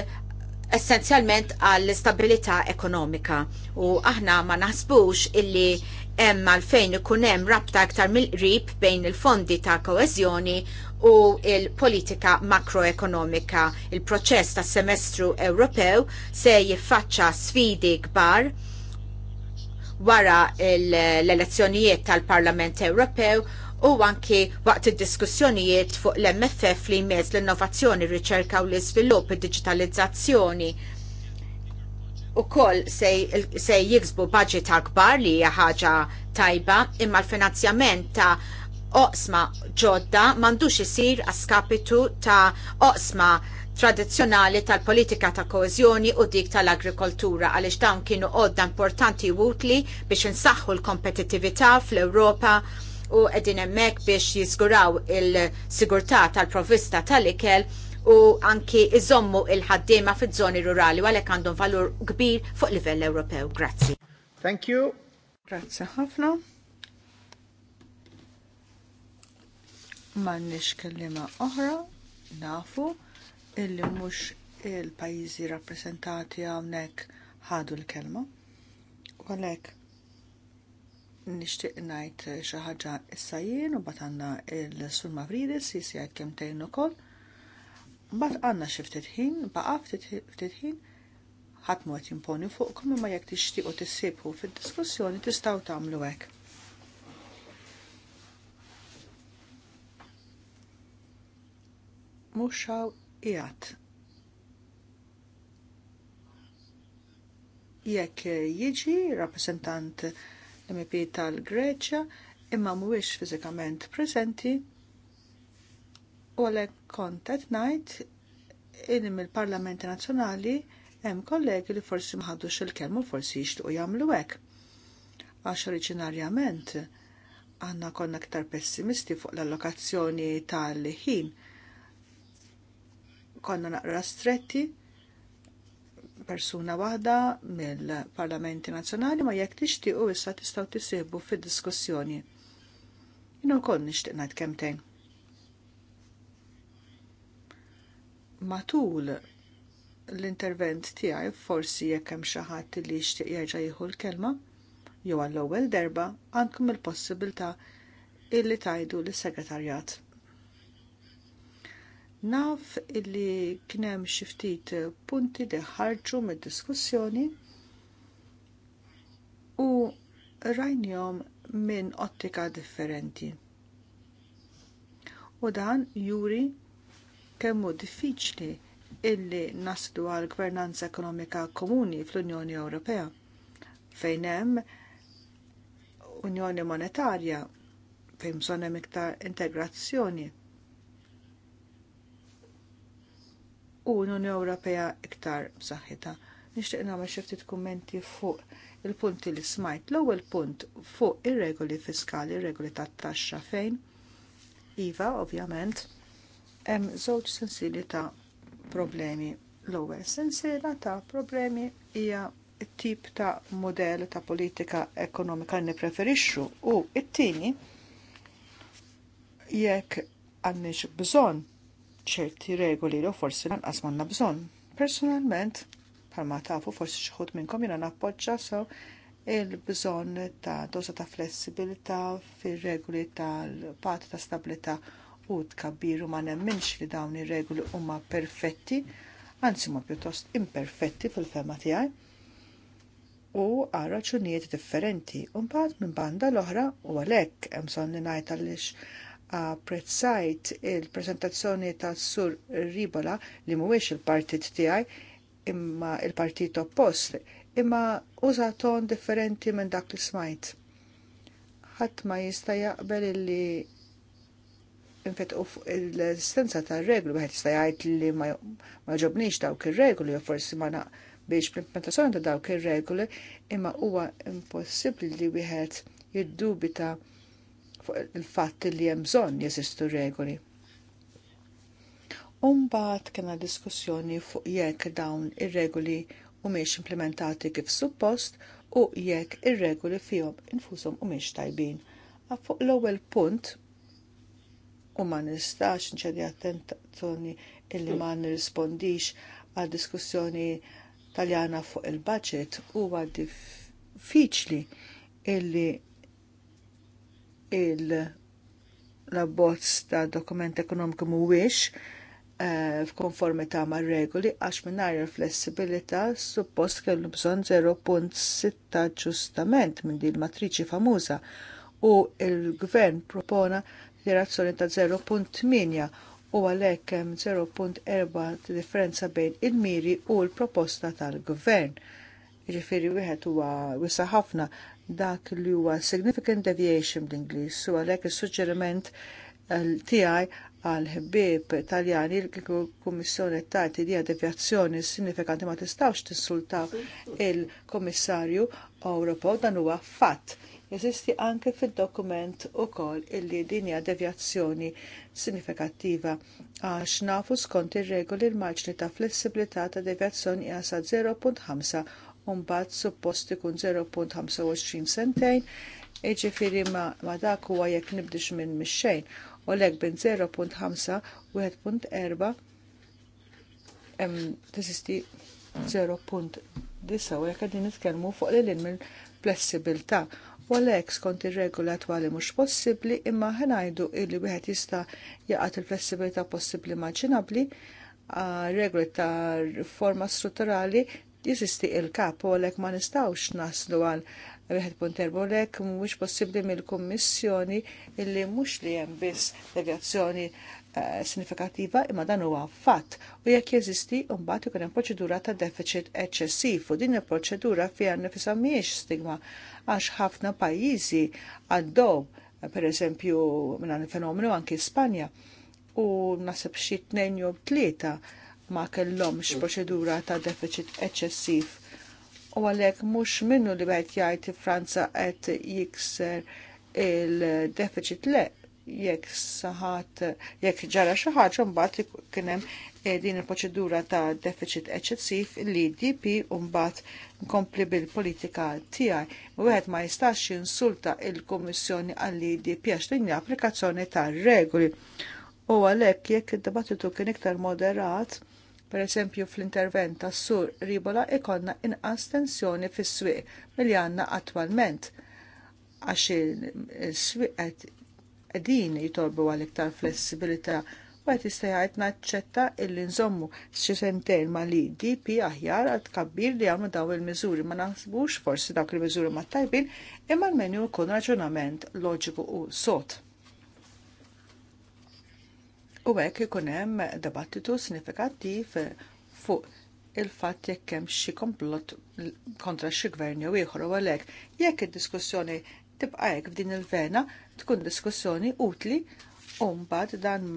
essenzjalment għall stabilità ekonomika u aħna ma naħsbux illi hemm għalfejn ikun hemm rabta aktar mill-qrib bejn il-fondi ta' koeżjoni u il-politika makroekonomika. Il-proċess tas semestru Ewropew se jiffaċċa sfidi kbar wara l-elezzjonijiet tal-Parlament Ewropew u anki waqt id-diskussjonijiet fuq l-MFF li jmez l-innovazzjoni, r-riċerka u l-iżvilupp, id-digitalizzazzjoni, u koll se, se jiksbu budget akbar li hija ħaġa tajba imma l-finanzjament ta' oqsma ġodda m'għandux isir għaskapitu ta' oqsma tradizzjonali tal-politika ta' koeżjoni u dik tal-agrikoltura għaliex dawn kienu għodda importanti u utli biex insaħħu l-kompetittività fl-Ewropa u qegħdin hemmhekk biex jiżguraw il-sigurtà tal-provista tal-ikel u anki iżommu il-ħaddiema fiż-żoni rurali u għalhekk għandhom valur kbir fuq livell Ewropew. Grazzi. Thank you. Grazzi ħafna.
M'għandniex kelliema oħra, nafu, illi mhux il-pajjiżi rappreżentati hawnhekk ħadu l-kelma. U għalhekk nixtieq ngħid xi ħaġa issa jien u mbagħad għandna l-Sur Mavridis jisjed kemm tgħin ukoll. Mbagħad għandna xi ftit ħin, baqa' ftit ħin ħadd mod jimponi fuqkom imma jekk tixtiequ tissibħu fid-diskussjoni tistgħu tagħmlu hekk. muxaw jgħat. Jekk jiġi rappresentant MP tal-Greċja imma mhuwiex fiżikament preżenti u għalhekk kont qed ngħid in mill-Parlamenti Nazzjonali hemm kollegi li forsi ma ħadux il-kelm u forsi jixtiequ jagħmlu hekk. Għax oriġinarjament għandna konna aktar pessimisti fuq l-allokazzjoni tal-ħin konna naqra stretti persuna waħda mill-Parlamenti Nazzjonali ma jekk tixtiequ issa tistgħu tisibu fid-diskussjoni. Jien ukoll nixtieq ngħid kemmtejn. Matul l-intervent tiegħi forsi jekk hemm xi ħadd li jixtieq jerġa' jieħu l-kelma, jew għall-ewwel darba għandkom il-possibilità illi tajdu lis segretarjat Naf illi kienem xiftit punti li ħarġu mid-diskussjoni u rajnjom minn ottika differenti. U dan juri kemmu diffiċli illi naslu għal gvernanza ekonomika komuni fl-Unjoni Ewropea fejn hemm Unjoni Monetarja fejn bżonn hemm iktar integrazzjoni u l-Unjoni Ewropea iktar b'saħħitha. Nixtieq nagħmel xi ftit kummenti fuq il-punti li smajt. L-ewwel punt fuq ir-regoli fiskali, ir-regoli tat-taxxa fejn. Iva, ovvjament, hemm żewġ sensili ta' problemi. L-ewwel sensiela ta' problemi hija t-tip ta' modell ta' politika ekonomika li preferixxu u t tieni jekk għandniex bżonn ċerti regoli li forsi lanqas manna bżonn. Personalment, bħalma tafu forsi xħut minn minnkom nappoġġa so il-bżonn ta' doza ta' flessibilità fir-regoli tal-pat ta' stabilità u tkabbiru ma nemminx li dawn ir-regoli huma perfetti, anzi ma pjuttost imperfetti fil-fema tiegħi u għal differenti. differenti. Mbagħad minn banda l-oħra u għalhekk hemm bżonn li ngħid għaliex apprezzajt il-prezentazzjoni ta' Sur Ribola li mhuwiex il-partit tiegħi imma il-partit oppost imma uża ton differenti minn dak li smajt. Ħadd ma jista' jaqbel illi infett l-esistenza ta' reglu wieħed jista' jgħid li ma ġobniex dawk ir-regoli jew forsi ma naq biex bl-implementazzjoni ta' dawk ir-regoli imma huwa impossibbli li wieħed jiddubita fuq il-fatt li hemm bżonn jeżistu regoli. Umbagħad kena diskussjoni fuq jekk dawn ir-regoli mhumiex implementati kif suppost u jekk ir-regoli fihom infushom mhumiex tajbin. fuq l-ewwel punt u ma nistax nċedi attenzjoni illi ma nirrispondix għal diskussjoni taljana fuq il-budget huwa diffiċli illi il labbozz ta' dokument ekonomiku mhuwiex f'konformi eh, f'konformità mar regoli għax mingħajr il-flessibilità suppost kellu bżonn 0.6 ġustament minn din matriċi famuża u il-gvern propona direzzjoni ta' 0.8 u għalhekk hemm 0.4 differenza bejn il-miri u l-proposta tal-gvern. Ġifieri wieħed huwa wisa ħafna dak li huwa significant deviation bl-Ingliż u għalhekk is-suġġeriment eh, tiegħi għal ħbib Taljani il-Kummissjoni tagħti dija devjazzjoni sinifikanti ma tistgħux tinsultaw il-Kummissarju Ewropew dan huwa fatt. Jeżisti anke fid-dokument ukoll illi din hija devjazzjoni sinifikattiva għax nafu skont ir-regoli l-marġni ta' flessibilità ta' devjazzjoni hija sa 0.5 mbagħad suppost ikun 0.25 sentejn, iġifieri ma, ma dak huwa jekk nibdix minn mix-xejn, u lek bin 0.5 u 1.4 hemm tesisti 0.9 u jekk qegħdin nitkellmu fuq lil minn flessibilta u għalhekk skont ir-regola attwali mhux possibbli imma ħanajdu illi wieħed jista' jaqat il-flessibilità possibbli maġinabbli regoli ta' riforma strutturali jeżisti il-kap u ma nistawx naslu għal wieħed punt erba' lek mhuwiex possibbli mill-Kummissjoni illi mhux li hemm biss devjazzjoni uh, eh, imma dan huwa fatt u jekk jeżisti mbagħad ikun hemm proċedura ta' deficit eċċessiv u din il-proċedura fiha nifisha mhijiex stigma għax ħafna pajjiżi għaddew per eżempju minn fenomenu anki Spanja u nasib xi tnejn jew tlieta ma kellhomx proċedura ta' deficit eċċessiv. U għalhekk mhux minnu li wieħed jgħid Franza qed jikser il-deficit le jekk saħat jekk ġara xi ħaġa mbagħad kien hemm eh, din il-proċedura ta' deficit eċċessiv li DP u mbagħad nkompli bil-politika tiegħi. Wieħed ma jistax jinsulta il-Kummissjoni għall DP għax din applikazzjoni tar regoli. U għalhekk jekk id-dibattitu kien iktar moderat, Per eżempju fl-intervent tas sur ribola ikonna inqas tensjoni fis-swieq milli għandna attwalment għax il-swieq qegħdin jitolbu għal iktar flessibilità u qed jista' jgħid naċċetta illi nżommu xi sentejn ma' li DP aħjar għal tkabbir li għamlu daw il-miżuri ma naħsbux forsi dawk il-miżuri ma' tajbin imma l-menu jkun raġunament loġiku u sot U hekk ikun hemm dibattitu sinifikattiv fuq il-fatt jekk hemm xi komplott kontra xi gvern jew ieħor u għalhekk jekk id-diskussjoni tibqa' hekk f'din il-vena tkun diskussjoni utli u mbagħad dan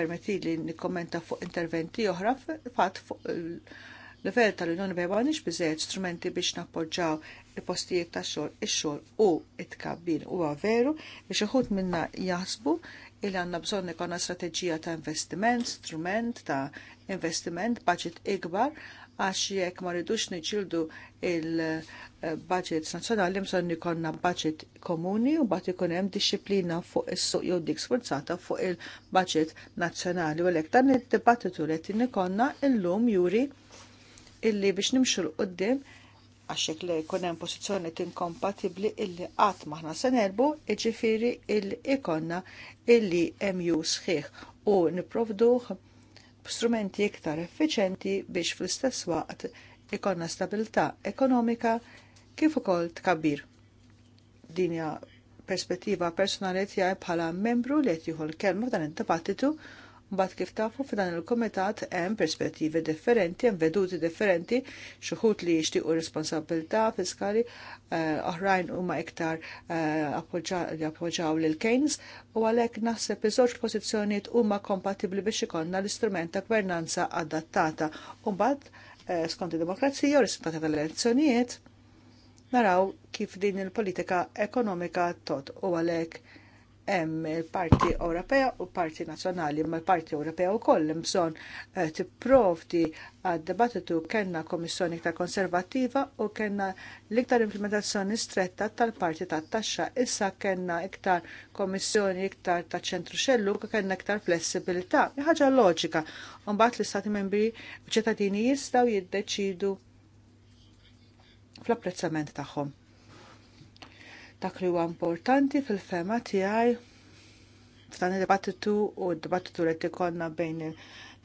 permettili nikkommenta fuq interventi oħra fatt fuq l-level tal-Unjoni Ewropea m'għandix biżejjed strumenti biex nappoġġaw il-postijiet tax-xogħol, ix-xogħol u t tkabbin huwa veru biex xi minna jaħsbu il għanna bżonn ikonna strateġija ta' investiment, strument ta' investiment, budget ikbar, għax jekk ma rridux niġildu il-budget nazzjonali bżonn ikonna budget komuni u bat ikun hemm disciplina fuq is-suq jew dik sforzata fuq il-budget nazzjonali u għalhekk dan id-dibattitu li qed ikonna illum juri illi biex nimxu l-qoddim għaxek li jkun hemm pożizzjoni tinkompatibbli illi qatt maħna se nerbu jiġifieri illi ikonna illi hemm ju sħiħ u nipprovduh b'strumenti iktar effiċenti biex fl-istess waqt ikonna stabilità ekonomika kif ukoll tkabbir. Dinja perspettiva personali tiegħi bħala membru li qed jieħu l-kelma f'dan Mbagħad kif tafu f'dan il-kumitat hemm perspettivi differenti, hemm veduti differenti, xi li jixtiequ responsabilità fiskali, eh, oħrajn huma iktar uh, appoġġaw lil Keynes u għalhekk naħseb iż-żewġ pożizzjonijiet huma kompatibbli biex ikollna l-istrument ta' gvernanza adattata. U mbagħad eh, skont id-demokrazija u rispetta tal-elezzjonijiet naraw kif din il-politika ekonomika tot u għalhekk hemm il-Parti Ewropea u parti nazzjonali, ma l-Parti Ewropea wkoll hemm bżonn eh, tipprovdi għad-dibattitu kellna Komissjoni ta' Konservattiva u kellna l-iktar implementazzjoni stretta tal-Parti tat-Taxxa. Issa kellna iktar Komissjoni iktar ta' ċentru xellu u kellna iktar flessibilità. Ħaġa loġika. Mbagħad l-Istati Membri u ċittadini jistgħu jiddeċidu fl-apprezzament tagħhom. Dak li huwa importanti fil-fema tiegħi f'dan id-dibattitu u d-dibattitu li tikonna bejn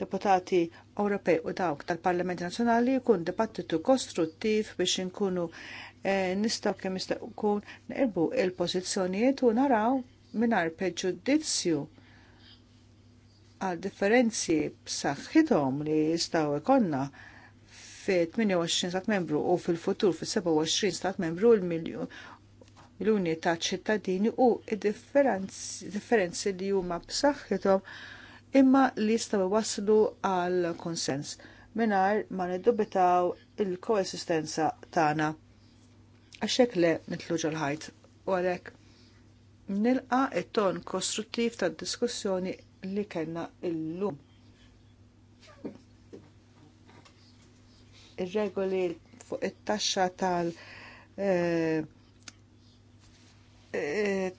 deputati Ewropej u dawk tal-Parlament Nazzjonali jkun dibattitu kostruttiv biex inkunu eh, nistgħu kemm jista' jkun nerbu il-pożizzjonijiet u naraw mingħajr preġudizzju għal differenzi b'saħħithom li jistgħu jkollna fi 28 stat membru u fil-futur fi 27 stat membru l-miljon l ta' ċittadini u differenzi li huma b'saħħithom imma li jistgħu waslu għal konsens mingħajr ma niddubitaw il-koesistenza tagħna. Għaxek le nitlu ġolħajt u għalhekk nilqa it-ton kostruttiv tad-diskussjoni li kellna llum. ir regoli fuq it-taxxa tal- eh,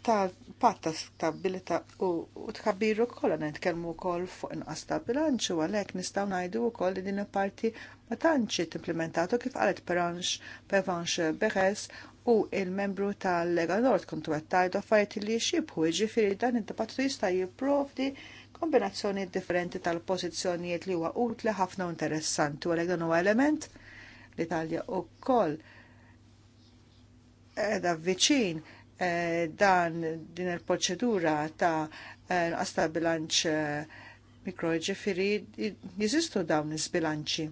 ta' patta stabilita u tħabbiru kolla netkelmu kol fuq inqas ta' bilanċu għalek nistaw najdu u koll li din parti ma tanċi t-implementato kif għalet peranx pevanx beħes u il-membru tal-Lega Nord kontu għattajdu għaffariet li xibħu ġifiri dan il dibattu jista' jipprovdi kombinazzjoni differenti tal-pozizjonijiet li huwa utli ħafna interessanti u għalek dan huwa element l-Italja u koll edha viċin Eh, dan din il-proċedura ta' eh, nuqqas bilanċ eh, mikro ġifiri jizistu dawn iż-bilanċi.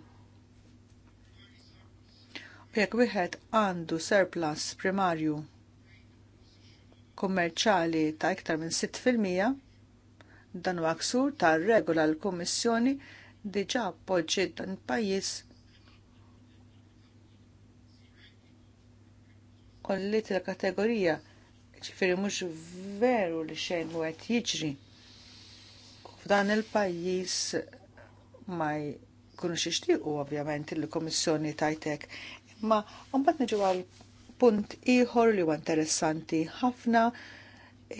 U jekk wieħed għandu surplus primarju kummerċali ta' iktar minn 6% dan huwa ta' regola l-Kummissjoni diġa' appoġġiet dan il-pajjiż kollit il-kategorija ċifiri mux veru li xejn u għet jiġri. F'dan il-pajis ma jkunux ixtiqu ovvjament il-Komissjoni tajtek, Ma mbagħad niġu għal punt ieħor li huwa interessanti ħafna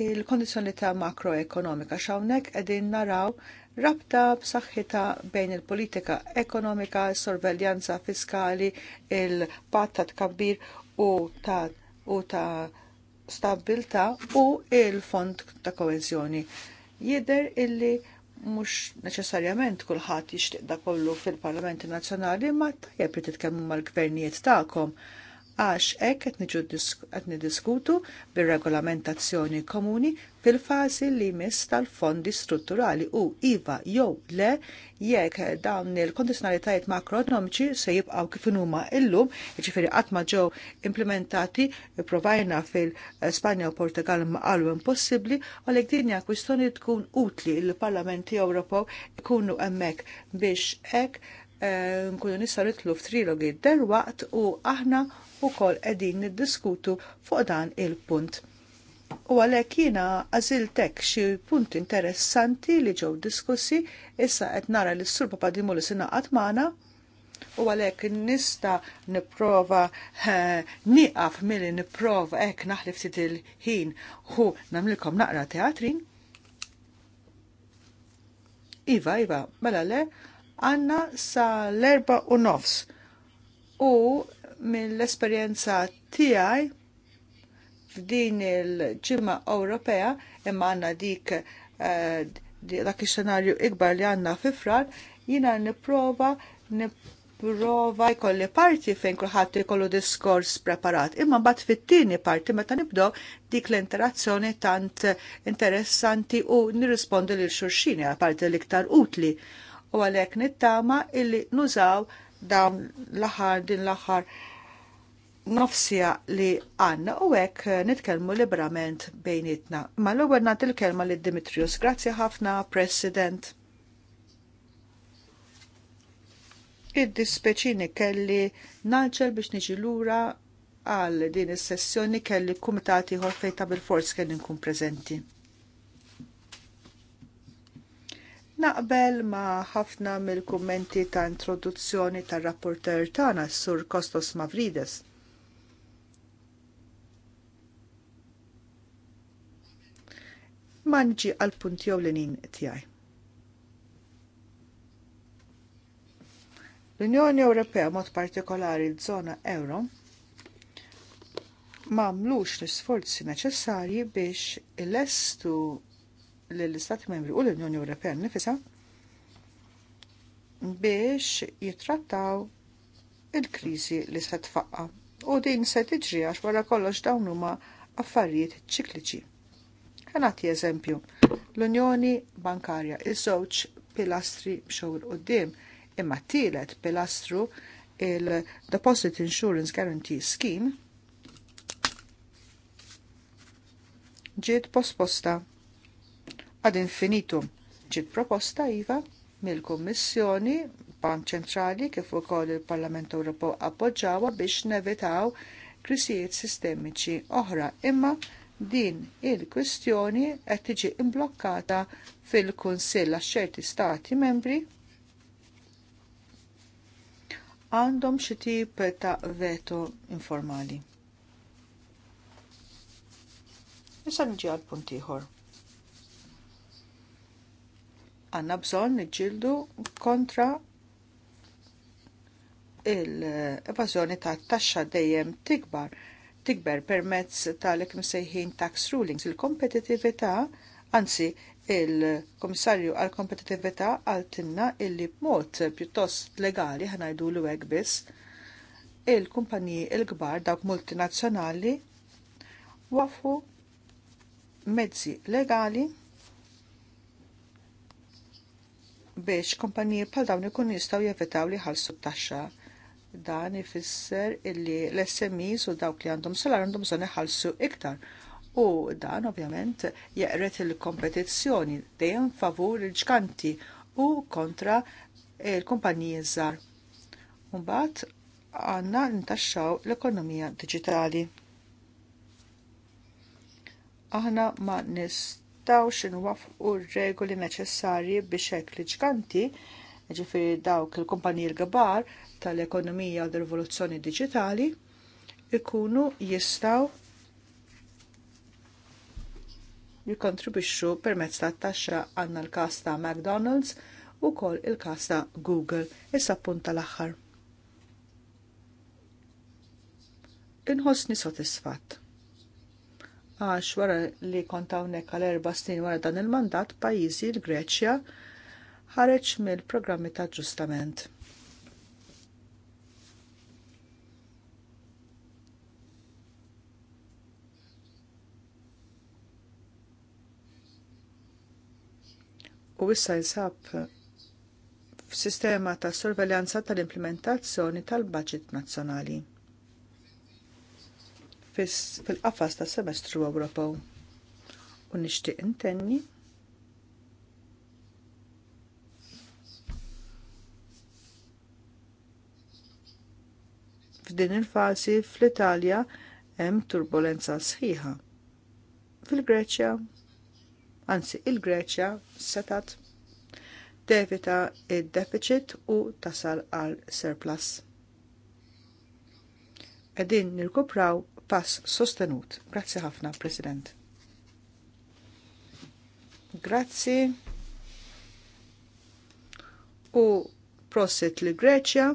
il-kondizjoni ta' makroekonomika xawnek qegħdin naraw rabta b'saħħitha bejn il-politika ekonomika, sorveljanza fiskali, il patat ta' u ta' u ta' stabilta u il-fond ta' koezjoni. Jider illi mux neċessarjament kullħat jixtieq da kollu fil-Parlamenti Nazzjonali, ma tajjeb li titkellmu mal-gvernijiet tagħkom għax hekk għet niddiskutu bir-regolamentazzjoni komuni fil-fażi li mis tal-fondi strutturali u iva jew le jekk dawn il-kondizjonalitajiet makroekonomiċi se jibqgħu kif huma illum, jiġifieri qatt ma ġew implementati provajna fil-Spanja u Portugal maqalu qalu u għalhekk din kwistjoni tkun utli l-Parlamenti Ewropew ikunu hemmhekk biex hekk eh, nkunu nistgħu nitlu f'trilogi derwaqt u aħna ukoll qegħdin niddiskutu fuq dan il-punt. U għalhekk jiena għażiltek xi punt interessanti li ġew diskussi issa qed nara li s-sur Papadimulis sinaqat magħna u għalhekk nista nipprova nieqaf milli nipprova hekk naħlif ftit il-ħin u namlikom naqra teatrin. Iva, Iva, mela le, għanna sa l-erba u nofs. U mill-esperjenza tiegħi f'din il ġimma Ewropea imma għandna dik eh, dak ix senarju ikbar li għandna fifran, jina jiena nipprova nipprova jkolli parti fejn kulħadd ikollu diskors preparat. Imma mbagħad fit-tieni parti meta nibdew dik l-interazzjoni tant interessanti u nirrispondi lil xurxini għal parti l-iktar utli u għalhekk nittama illi nużaw dawn l-aħħar din l-aħħar nofsija li għanna u hekk eh, nitkellmu liberament bejnietna. Ma l-ewwel nagħti l-kelma lid Dimitrius. Grazzi ħafna, President. Id-dispeċini kelli naġel biex niġi lura għal din is-sessjoni kelli kumitati ħor fejta bil-fors kelli nkun preżenti. Naqbel ma ħafna mill-kummenti ta' introduzzjoni tar rapporter tagħna sur Kostos Mavrides. Manġi għal punt jew l tiegħi. L-Unjoni Ewropea mod partikolari l-żona euro ma mlux l-isforzi neċessarji biex il-estu l-Istati Membri u l-Unjoni Ewropea nifisa biex jitrattaw il-krizi li se tfaqqa. U din se tiġri għax wara kollox dawn huma affarijiet ċikliċi. Ħanati eżempju, l-Unjoni Bankarja iż-żewġ pilastri b'xogħol qudiem, imma tielet pilastru il-Deposit Insurance Guarantee Scheme ġiet posposta Ad infinitum Ġit proposta iva mill-Kummissjoni Bank Ċentrali kif ukoll il-Parlament Ewropew appoġġawha biex nevitaw krisijiet sistemiċi oħra imma din il-kwistjoni qed tiġi mblokkata fil-Kunsill għax ċerti stati membri għandhom xi tip ta' veto informali. Issa niġi għal punt ieħor għanna bżon nġildu kontra il-evażjoni ta' taxxa dejjem tikbar tikber permezz tal li msejħin tax rulings il-kompetitività anzi il-Komissarju għal kompetitività għal tinna illi b'mod pjuttost legali ħanajdu l hekk biss il-kumpaniji il-kbar dawk multinazzjonali wafu mezzi legali biex kumpaniji bħal dawn ikun jistgħu jevitaw li ħalsu t-taxxa. Dan ifisser illi l-SMEs u dawk li għandhom solar għandhom bżonn iħallsu iktar. U dan ovvjament jeqret il-kompetizzjoni dejjem favur il-ġkanti u kontra il-kumpaniji żgħar. Mbagħad għandna ntaxxaw l-ekonomija diġitali. Aħna ma nist Daw xinu wafqu regoli neċessarji biex hekk li ġganti, ġifiri dawk il-kumpaniji l tal-ekonomija u l-rivoluzzjoni digitali, ikunu jistaw jikontribixxu permezz ta' taxxa għandna l kasta McDonald's u kol il kasta Google issa punta l-aħħar. Inħossni sodisfatt għax wara li kont hawnhekk għal erba' snin wara dan il-mandat pajjiżi l-Greċja ħareġ mill-programmi ta' ġustament. U issa jisab f'sistema ta' sorveljanza tal-implementazzjoni tal-Baġit Nazzjonali fil-qafas ta' semestru Ewropew. U nixtieq intenni f'din il fasi fl-Italja hemm turbulenza sħiħa. Fil-Greċja, anzi il-Greċja setat tevita id-deficit u tasal għal surplus. Qegħdin nirkupraw pass sostenut. Grazzi ħafna, President. Grazzi. U prosit li Greċja.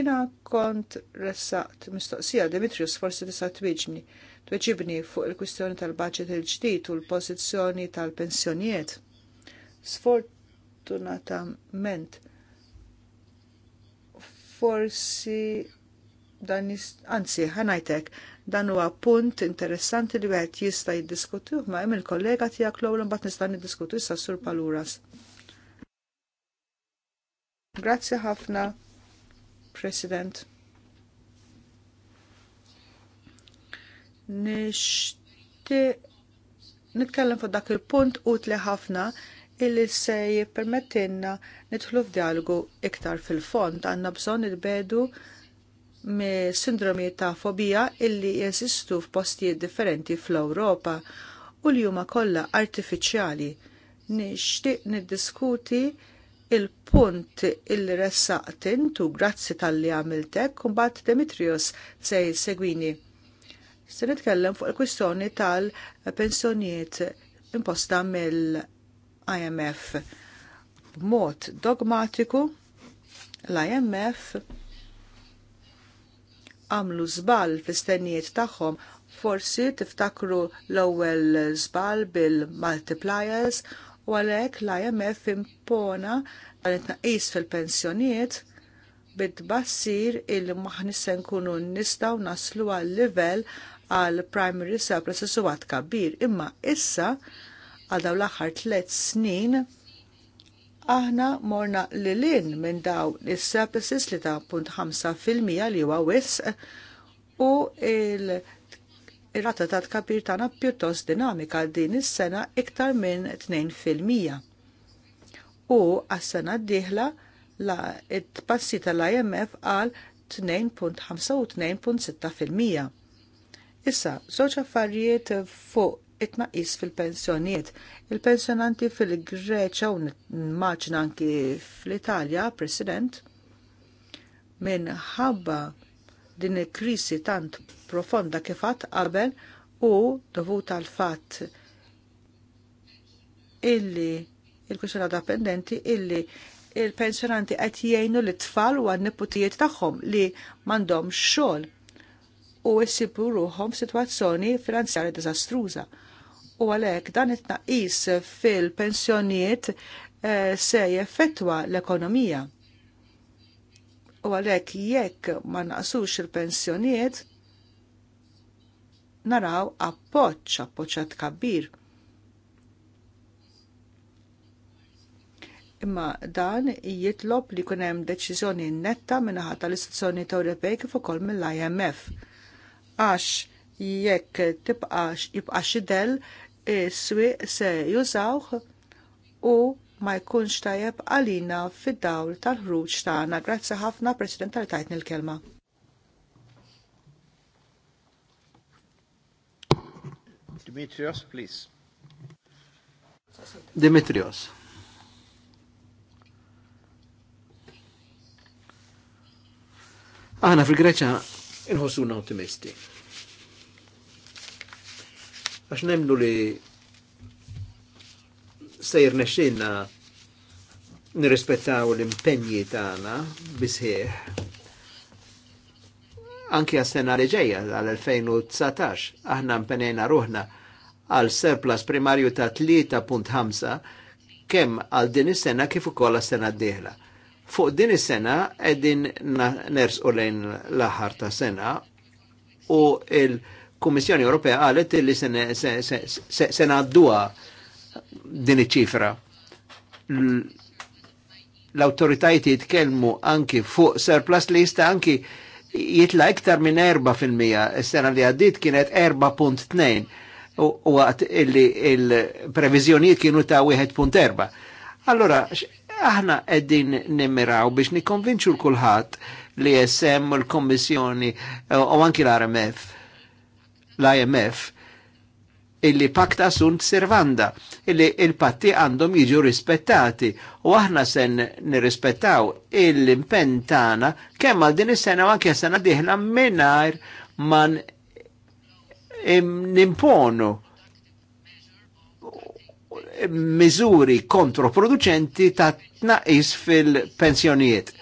Ina kont ressaqt mistoqsija Dimitrius forsi tista' twiġni tweġibni fuq il-kwistjoni tal baġet il-ġdid u l-pożizzjoni tal-pensjonijiet. Sfortunatament forsi dan anzi ħanajtek dan huwa punt interessanti li wieħed jista' jiddiskutu ma' hemm il-kollega tiegħek l għolum bat nista' niddiskutu issa sur Paluras. Grazzi ħafna, President. Nixtieq nitkellem fuq dak il-punt utli ħafna illi se jippermettilna nidħlu f'dialogu iktar fil-fond għandna bżonn il-bedu me sindromi ta' fobija illi jeżistu f'postijiet differenti fl-Ewropa u li huma kollha artifiċjali. Nixtieq niddiskuti il-punt illi ressaqt intu grazzi tal-li għamiltek u mbagħad Demetrios se jsegwini. Se nitkellem fuq il-kwistjoni tal-pensjonijiet imposta mill IMF b'mod dogmatiku l-IMF għamlu żball fl-istennijiet tagħhom forsi tiftakru l-ewwel żball bil-multipliers u għalhekk l-IMF impona għal it-tnaqqis fil-pensjonijiet bid-bassir il maħnissa nkunu nistgħu naslu għal livell għal primary surplus u għad kabbir imma issa għal dawn l-aħħar tliet snin aħna morna li lin minn dawn il services li ta' punt 5% li huwa wisq u il- ir-rata ta' tkabir tagħna pjuttost dinamika din is-sena iktar minn 2%. U għas-sena d-dieħla la t-passi tal-IMF għal 2.5 u 2.6%. Issa, żewġ affarijiet fuq it-naqis fil-pensjoniet. Il-pensjonanti fil-Greċa u maċna anki fl-Italja, President, minħabba din il-krisi tant profonda kifat qabel u dovut għal fatt illi il-kwistjoni dependenti illi il-pensjonanti qed jgħinu l-tfal u għan-niputijiet tagħhom li m'għandhomx xogħol u jsibu ruhom f'sitwazzjoni finanzjarja diżastruża. U għalhekk dan it-tnaqqis fil-pensjonijiet eh, se jeffettwa l-ekonomija. U għalhekk jekk ma naqsux il-pensjonijiet naraw appoġġ appoċat kabbir. imma dan jitlob li kunem hemm deċiżjoni netta minnaħat tal-istituzzjoni Ewropej kif ukoll mill-IMF. Għax jekk tibqax jibqa' xidel iswi se jużawh u ma jkunx tajjeb għalina fid-dawl tal-ħruġ tagħna. Grazzi ħafna President tal tajtni l-kelma.
Dimitrios, please. Dimitrios. Aħna fil-Greċa inħossuna ottimisti. Għax nemnu li sejr nexxinna nirrispettaw l-impenji tagħna bisħieħ anki għas-sena li ġejja għal-2019 aħna mpenjena ruħna għal surplus primarju ta' 3.5 kemm għal din is-sena kif ukoll għas-sena d-dieħla. Fuq din is-sena qegħdin nersqu lejn l-aħħar ta' sena u il- Kummissjoni Ewropea qalet li se ngħadduha din iċ-ċifra. L-awtoritajiet jitkelmu anki fuq surplus li jista' anki jitla iktar minn 4%, s-sena li għaddit kienet 4.2 u għat illi il-previżjonijiet kienu ta' 1.4. Allora, aħna qegħdin nimmiraw biex nikonvinċu l-kulħadd li jessem l-Kommissjoni eh, u anki l-RMF l-IMF illi pakta sunt servanda, illi il-patti għandhom jiġu rispettati u aħna sen nirrispettaw il tagħna kemm għal din is-sena u anke sena diħna minnajr man nimponu miżuri kontroproducenti ta' tnaqis fil-pensjonijiet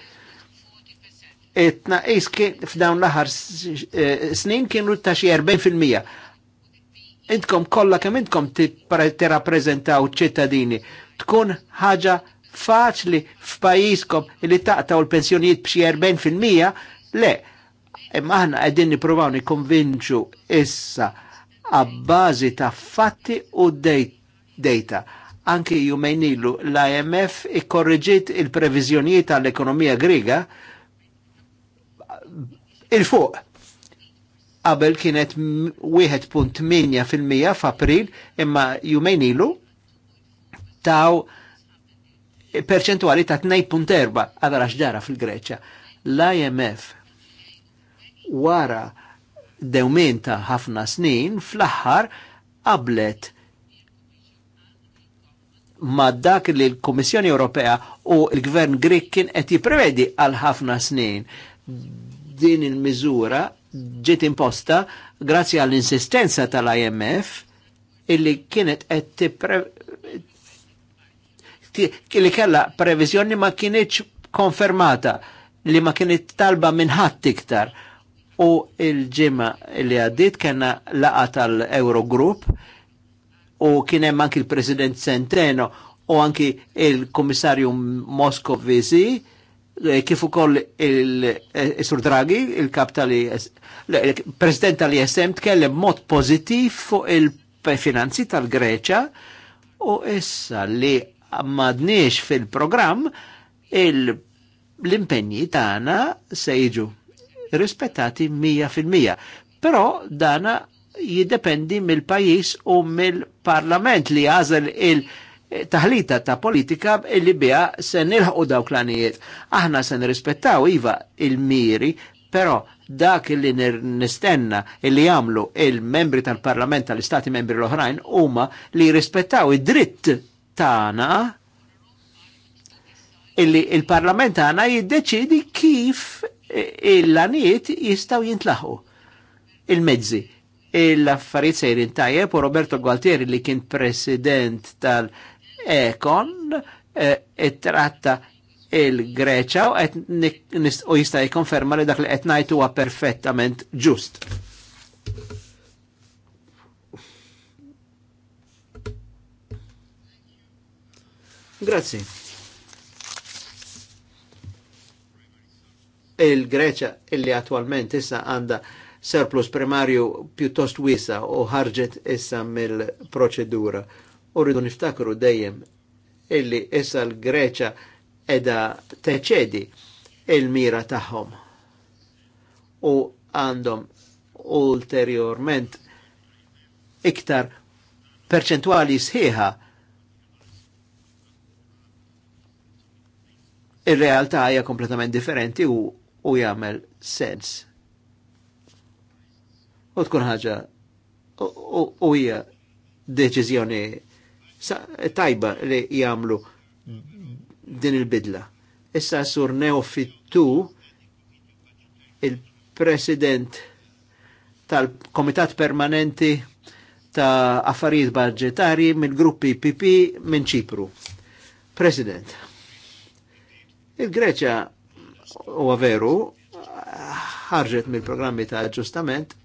it-naqis f'dawn l-aħar eh, snin kienu ta' xi 40%. Intkom kollha kemm intkom tirrappreżentaw ċittadini. Tkun ħaġa faċli f'pajjiżkom li taqtaw l-pensjonijiet b'xi 40%, le, imma aħna qegħdin nippruvaw nikkonvinċu issa għabbażi ta' fatti u data anki jumejnilu l-IMF ikkorriġiet il-previżjonijiet tal-ekonomija griga il-fuq. Qabel kienet 1.8% f'April imma jumejn ilu taw perċentuali ta' 2.4 għadra xġara fil-Greċja. L-IMF wara dewmin ta' ħafna snin fl-aħħar qablet ma dak li l komissjoni Ewropea u l-Gvern Grek kien qed jipprevedi għal ħafna snin din il-miżura ġiet imposta grazzi għall-insistenza tal-IMF illi kienet qed li kella previżjoni ma kienieċ konfermata li ma kienet talba minn ħadd iktar. U il-ġimma li għaddit kena laqa tal-Eurogroup u kienem anki il-President Centeno u anki il-Komissarju Moskovici Eh, kif ukoll il-Sur eh, Draghi, il-kap tal-President tal-ISM tkellem mod pozittiv fuq il-finanzi tal-Greċa u issa li madniex fil-programm l impegni tagħna se jiġu rispettati 100%. Però dana jiddependi mill-pajis u mill-parlament li għażel il-, -il taħlita ta' politika illi biha se nilħu dawk l-għanijiet. Aħna se nirrispettaw iva il-miri, però dak li nistenna li jamlu il-membri tal-Parlament tal-Istati membri l-oħrajn huma li rispettaw id-dritt tagħna illi il-Parlament tagħna jiddeċidi kif il lanijiet jistaw jintlaħu il-mezzi il affarijiet sejrin tajjeb u Roberto Gualtieri li kien president tal- ekon e, it-tratta il-Greċa u jista' jikkonferma li dak li qed ngħid huwa perfettament ġust. Grazzi. Il-Greċa illi attualment issa għanda surplus primarju pjuttost wisa u ħarġet issa mill-proċedura U niftakru dejjem illi issa l-Greċa edha teċedi il-mira tagħhom. U għandhom ulterjorment iktar perċentwali sħiħa ir-realtà hija kompletament differenti u, u jagħmel sens. U tkun ħaġa u hija deċiżjoni tajba li jamlu din il-bidla. Issa sur neofittu il-president tal-Komitat Permanenti ta' Affarijiet Budgetari mill-gruppi PP minn Ċipru. President, il greċja u veru ħarġet mill-programmi ta' ġustament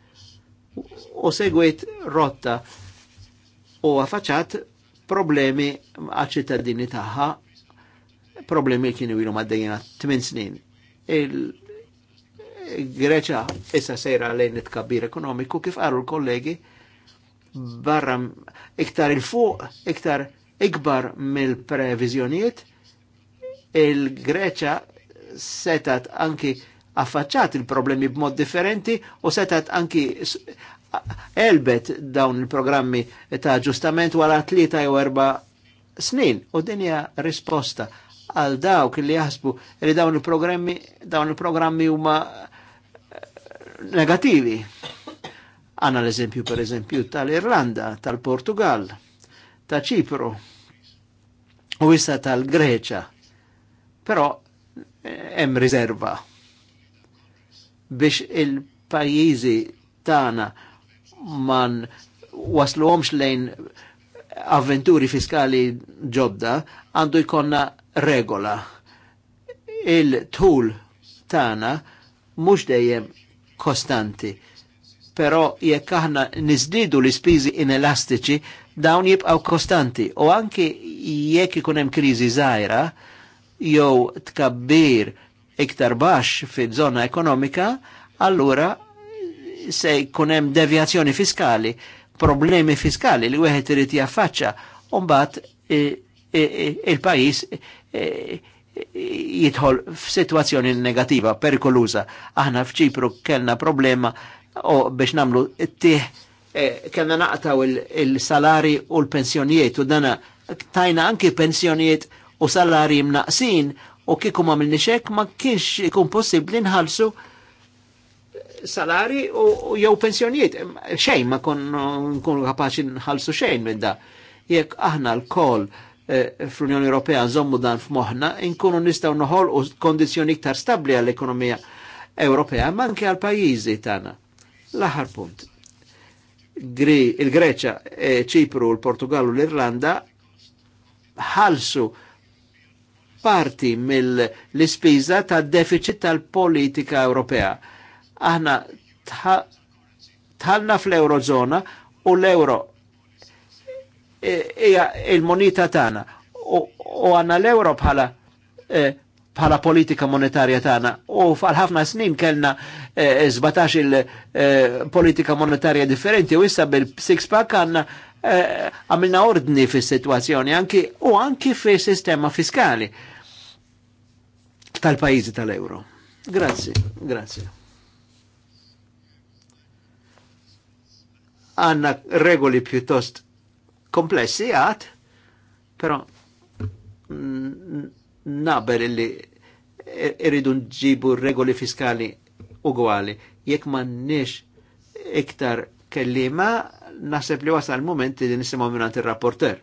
u segwit rotta u għafaċat problemi għal-ċittadini taħħa, problemi li kienu ilhom għaddejjin 8 snin. Il-Greċa issa sejra lejn it-kabbir ekonomiku kif għarru l-kollegi barra iktar il-fuq, iktar ikbar mill-previżjonijiet, il-Greċa setat anki affaċċat il-problemi b'mod differenti u setat anki elbet dawn il-programmi ta' ġustament wara tlieta jew erba' snin u dinja risposta għal dawk li jaħsbu li dawn il-programmi dawn il-programmi huma eh, negativi. Għanna l-eżempju per eżempju tal-Irlanda, tal-Portugal, ta' Ċipru u issa tal-Greċa. Però eh, hemm riserva biex il-pajjiżi tagħna man wasluhomx lejn avventuri fiskali ġodda, għandu jkonna regola. Il-tul tana mux dejjem kostanti, pero jekk aħna nizdidu l-ispiżi inelastiċi, dawn jibqaw kostanti. U anki jekk ikun hemm kriżi żgħira jew tkabbir iktar baxx fi żona ekonomika, allura se jkun hemm devjazzjoni fiskali, problemi fiskali li wieħed irid jaffaċċa, u mbagħad e, e, e, il-pajjiż jidħol f'sitwazzjoni negativa, perikoluża. Aħna f'Ċipru kellna problema u biex namlu tih kellna naqtaw il-salari u l-pensjonijiet u dana tajna anki pensjonijiet u salari mnaqsin u kikum għamil nixek ma kienx ikun possibli nħalsu salari u jew pensjonijiet. Xejn ma nkunu kapaċi nħallsu xejn minn da. Jekk aħna l-kol eh, fl-Unjoni Ewropea nżommu dan f'moħħna, nkunu nistgħu noħol u kondizzjoni iktar stabbli għall-ekonomija Ewropea, ma anke għal pajjiżi tagħna. L-aħħar punt. il greċja e, Ċipru, l portugal u l-Irlanda ħalsu parti mill-ispiża tad deficit tal-politika Ewropea Aħna tħalna fl-Eurozona u l-Euro hija il-monita tagħna u għanna l-Euro bħala e, bħala politika monetarja tagħna u għal ħafna snin kellna 17 e, il-politika e, monetarja differenti u issa bil-six pack għanna għamilna ordni fis-sitwazzjoni anki u anki fis-sistema fiskali tal-pajjiżi tal-Euro. Grazie. grazie. għanna regoli pjuttost komplessi għat, pero naber illi irridu nġibu regoli fiskali uguali. Jekk nix iktar kellima, naħseb li wasa l moment li nisimaw minnant il-rapporter.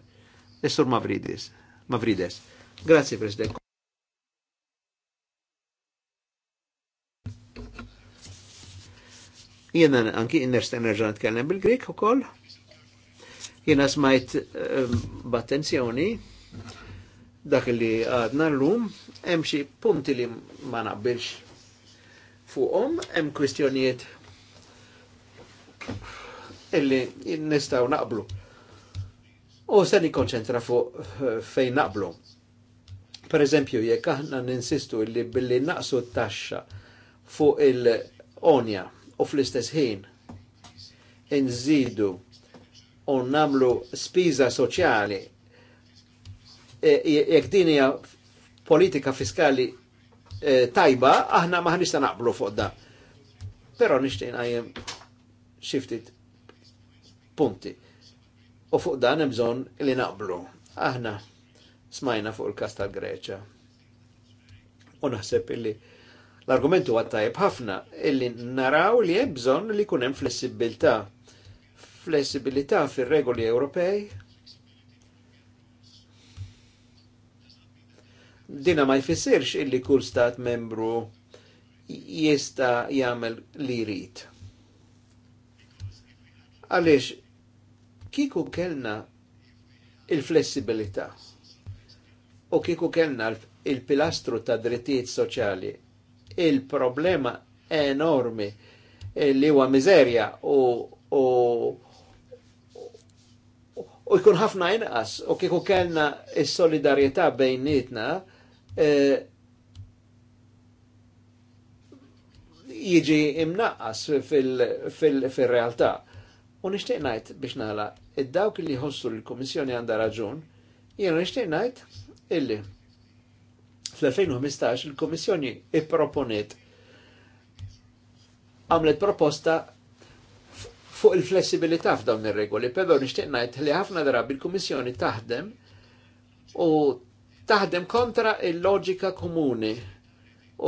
Is-sur Mavridis. Mavrides. Grazie, President. Jena anki enerġan t-kellem bil-Grik u koll. Jena smajt ehm, b'attenzjoni dak li għadna l-lum, hemm xi punti li ma naqbilx fuqhom, hemm kwistjonijiet illi nistaw naqblu. U se nikkonċentra fuq eh, fejn naqblu. Per eżempju, jekk aħna ninsistu illi billi naqsu t-taxxa fuq il-onja u fl-istess ħin nżidu u namlu spiża soċjali e, e, jekk din hija politika fiskali e, tajba, aħna ma ħanista naqblu fuq da. Però nixtieq ngħajjem xi punti. U fuq dan hemm bżonn li naqblu. Aħna smajna fuq il-kas tal-Greċja. U naħseb illi L-argumentu għattajb ħafna illi naraw li hemm bżonn li jkun hemm flessibilità. Flessibilità fir-regoli Ewropej dina ma jfissirx illi kull stat membru jista jagħmel li jrid. Għaliex kiku kellna il-flessibilità u kiku kellna il-pilastru ta' drittijiet soċjali il-problema enormi eh, li huwa miżerja u u u jkun ħafna inqas u kieku kellna is-solidarjetà bejnietna eh, jiġi imnaqqas fil-realtà. u nishtiq ngħid biex nagħla id-dawk li jħossu l-Kummissjoni għandha raġun, jiena nixtieq ngħid illi fl-2015 il-Komissjoni ipproponiet għamlet proposta fuq il-flessibilità f'dawn ir-regoli, però nixtieq ngħid li ħafna drabi il-Kummissjoni taħdem u taħdem kontra il-loġika komuni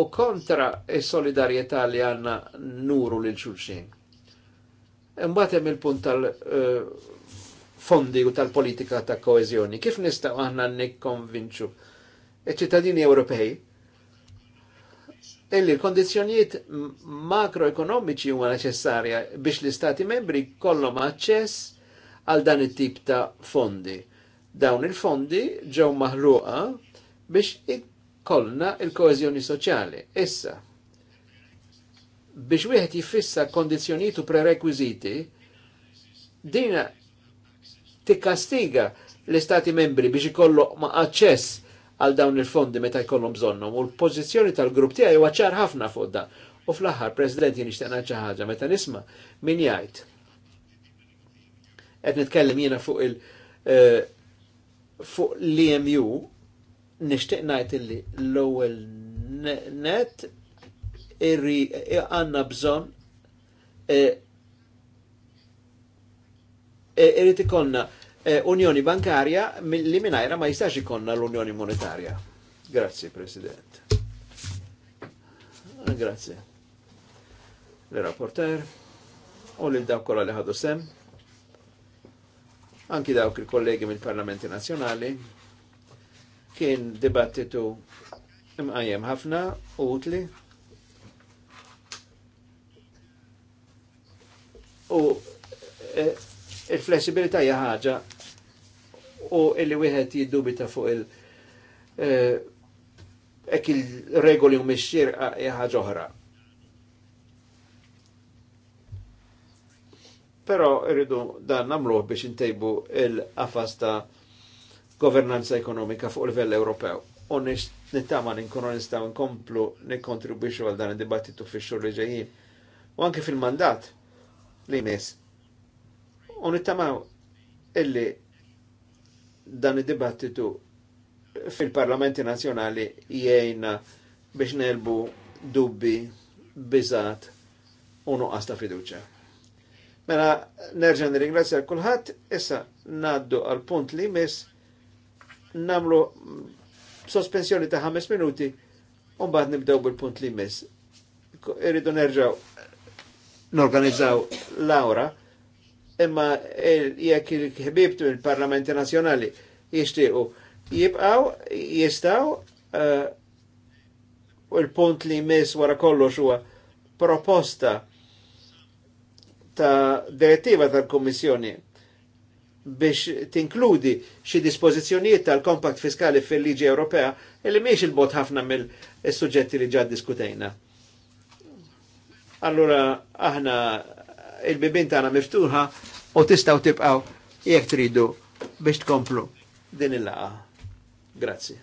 u kontra il-solidarjetà li għanna nuru lil xulxin. Imbagħad hemm il-punt tal-fondi eh, u tal-politika ta' koeżjoni. Kif nistgħu aħna nikkonvinċu? ċittadini Ewropej illi l-kondizjonijiet makroekonomiċi huma neċessarja biex l-istati membri kollhom aċċess għal dan it-tip ta' fondi. Dawn il-fondi ġew maħruqa biex ikollna il koezjoni soċjali. Issa, biex wieħed jifissa kondizjonijiet u prerekwiziti, dina tikkastiga l-istati membri biex ikollok ma' aċċess għal dawn il-fondi meta jkollhom bżonnhom u l-pożizzjoni tal-grupp tiegħi huwa ċar ħafna fuq dan. U fl-aħħar President jien nixtieq ngħid xi ħaġa meta nisma' min jgħid. Qed nitkellem jiena fuq il- e, fuq l-EMU nixtieq ngħid illi l-ewwel net irri e, għanna bżonn e, irrid ikollna Eh, unjoni Bankarja li minajra ma jistax ikonna l-Unjoni Monetarja. Grazie, President. Ah, grazie. Le rapporter u li dawk kolla li ħadu sem, anki dawk il-kollegi mill-Parlamenti Nazjonali, kien dibattitu imqajem ħafna u utli. U eh, Il-flessibilità hija ħaġa u illi wieħed jiddubita fuq il- eh, hekk il-regoli u mixxirqa hija ħaġa oħra. Però irridu dan nagħmluh biex intejbu il-qafas ta' governanza ekonomika fuq livell Ewropew. U nittama ninkunu nistgħu nkomplu nikkontribwixxu għal dan id-dibattitu fix-xhur li ġejjin. U anke fil-mandat li jmiss U tamaw illi dan id-dibattitu fil-parlamenti nazjonali jiejna biex nelbu dubbi, bizat u nuqqas ta' fiduċa. Mela, nerġa nirringrazzja kulħadd, issa naddu għal punt li mis namlu sospensjoni ta' 5 minuti u mbagħad nibdew bil-punt li mis. Irridu nerġaw norganizzaw l-awra imma jekk il-ħbib il-Parlamenti Nazzjonali jixtiequ jibqaw jistaw u eh, l-punt li jmiss wara kollox huwa proposta ta' direttiva tal-Kommissjoni biex tinkludi xi dispożizzjonijiet tal-kompakt fiskali fil-liġi Ewropea illi miex il-bot ħafna mill-suġġetti li ġad diskutejna. Allura aħna il-bibin tagħna miftuħa u tistaw tibqaw jek tridu biex tkomplu din il-laqa. Grazie.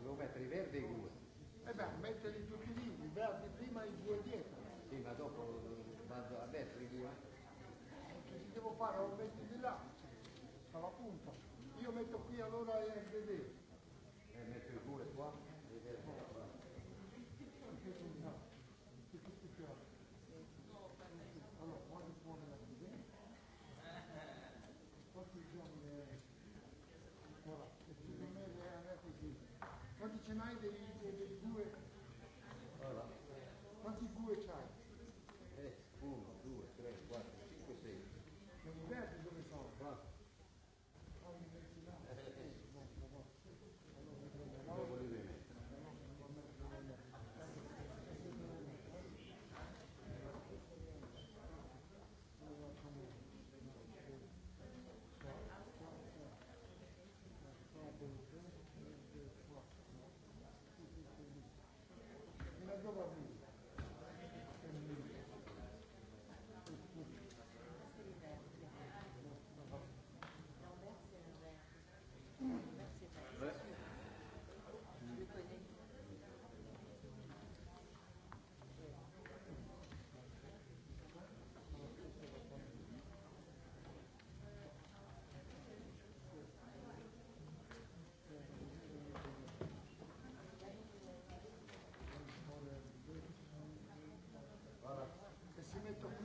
dovevo mettere i verdi e i due. E beh, metterli tutti lì, i verdi prima e i due dietro. Sì, ma dopo eh, vado a destra io. Che devo fare? Lo metti di là, alla punta. Io metto qui allora il eh,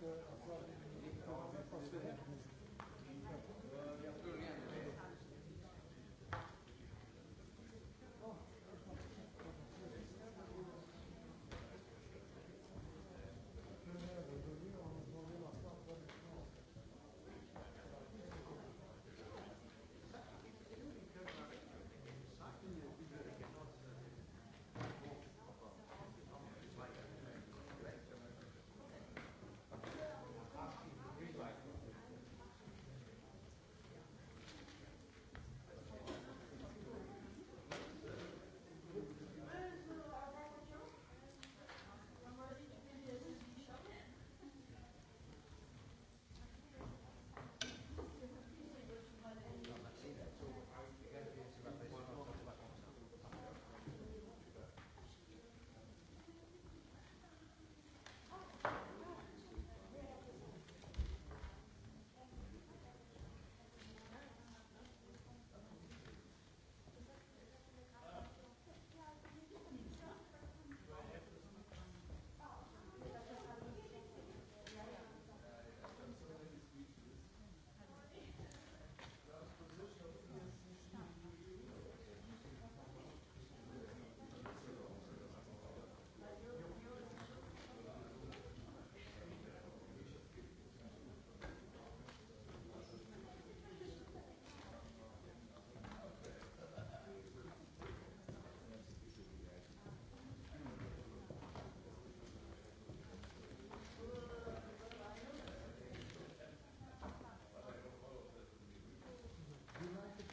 que,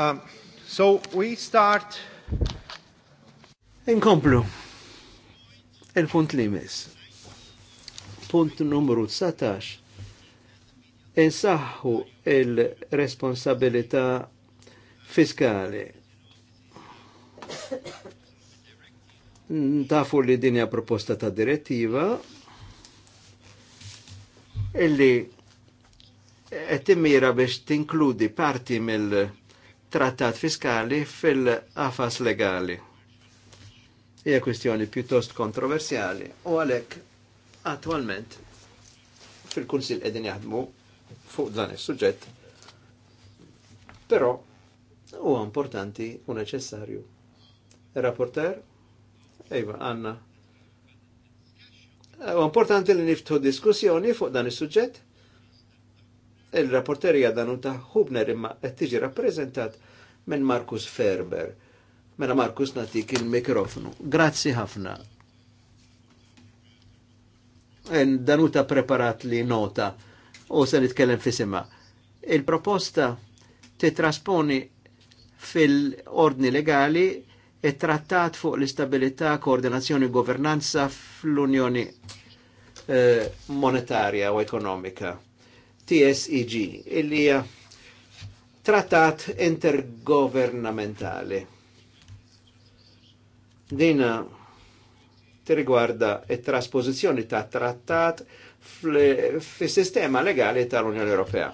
Um, so we start. in Inkomplu. Il-punt li Punt numru 19. Insaħħu il-responsabilità fiskali. Tafu li dinja proposta ta' direttiva illi qed biex tinkludi parti mill- trattat fiskali fil-qafas legali. Hija kwistjoni pjuttost kontroversjali u għalhekk attwalment fil-Kunsil qegħdin jaħdmu fuq dan is-suġġett. Però huwa importanti u neċessarju. Rapporter, ejva, Anna. U importanti li niftu diskussjoni fuq dan is-suġġett il-rapporterija Danuta Hubner imma qed tiġi rappreżentat minn Markus Ferber. Mela Markus natik il-mikrofonu. Grazzi ħafna. Danuta preparat li nota u se nitkellem fisima. Il-proposta titrasponi fil-ordni legali e trattat fuq l-istabilità, koordinazzjoni u governanza fl-Unjoni eh, monetarja u ekonomika TSEG, illi hija trattat intergovernamentali. Dina tirrigwarda it-trasposizjoni ta' trattat fis-sistema legali tal-Unjoni Ewropea.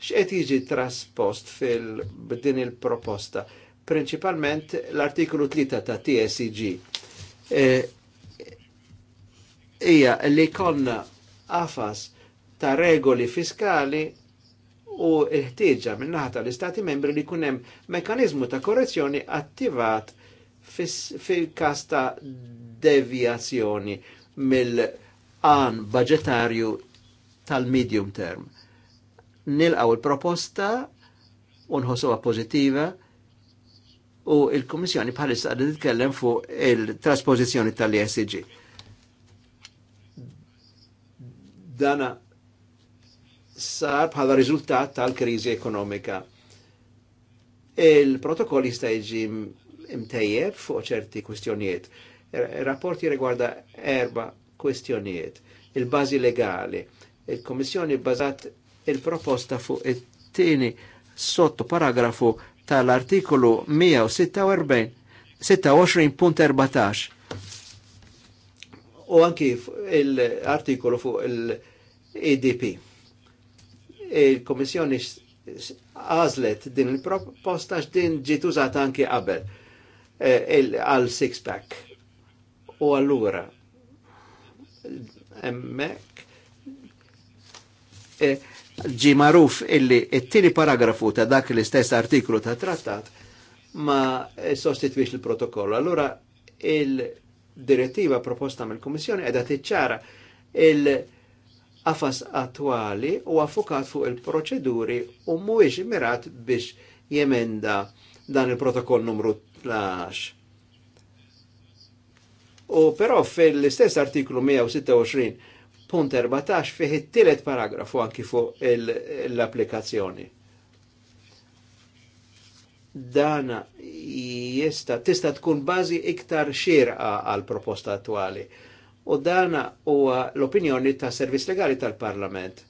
X'qed jiġi traspost fil-din il-proposta? Principalment l-artiklu 3 ta' TSEG. Ija, e, e, li konna għafas ta' regoli fiskali u ħtieġa minn naħta tal-Istati membri li kunem mekanizmu ta' korrezzjoni attivat fil-kas ta' devjazzjoni mill-għan budgetarju tal-medium term. Nilqaw il-proposta unħosuwa pozittiva u il-Komissjoni bħalissa għadda titkellem fuq il-trasposizjoni tal-ESG. Dana sar bħala riżultat tal-kriżi ekonomika. Il-protokoll jista' jiġi imtejjeb fuq ċerti kwistjonijiet. Rapporti rigwarda erba kwistjonijiet. Il-bażi legali. Il-Kommissjoni bbażat il-proposta fuq it-tieni sotto paragrafu tal-artikolu 126.14 u anki l artikolu fuq il-EDP il-Komissjoni għazlet din il-proposta x'din ġiet użata anki qabel eh, għal six pack. U allura emmek eh, ġi maruf illi it-tieni paragrafu ta' dak l-istess artiklu ta' trattat ma eh, sostitwix il-protokoll. Allura il-direttiva proposta mill komissjoni qiegħda tiċċara il-, -direttiva qafas attwali u affukat fuq il-proċeduri u mhuwiex mirat biex jemenda dan il-protokoll numru 12. U però fil-istess artiklu 126.14 fih it-tielet paragrafu anki fuq l-applikazzjoni. Dan jista tista' tkun bażi iktar xierqa għal proposta attwali u dana huwa l-opinjoni ta' servizz legali tal-Parlament.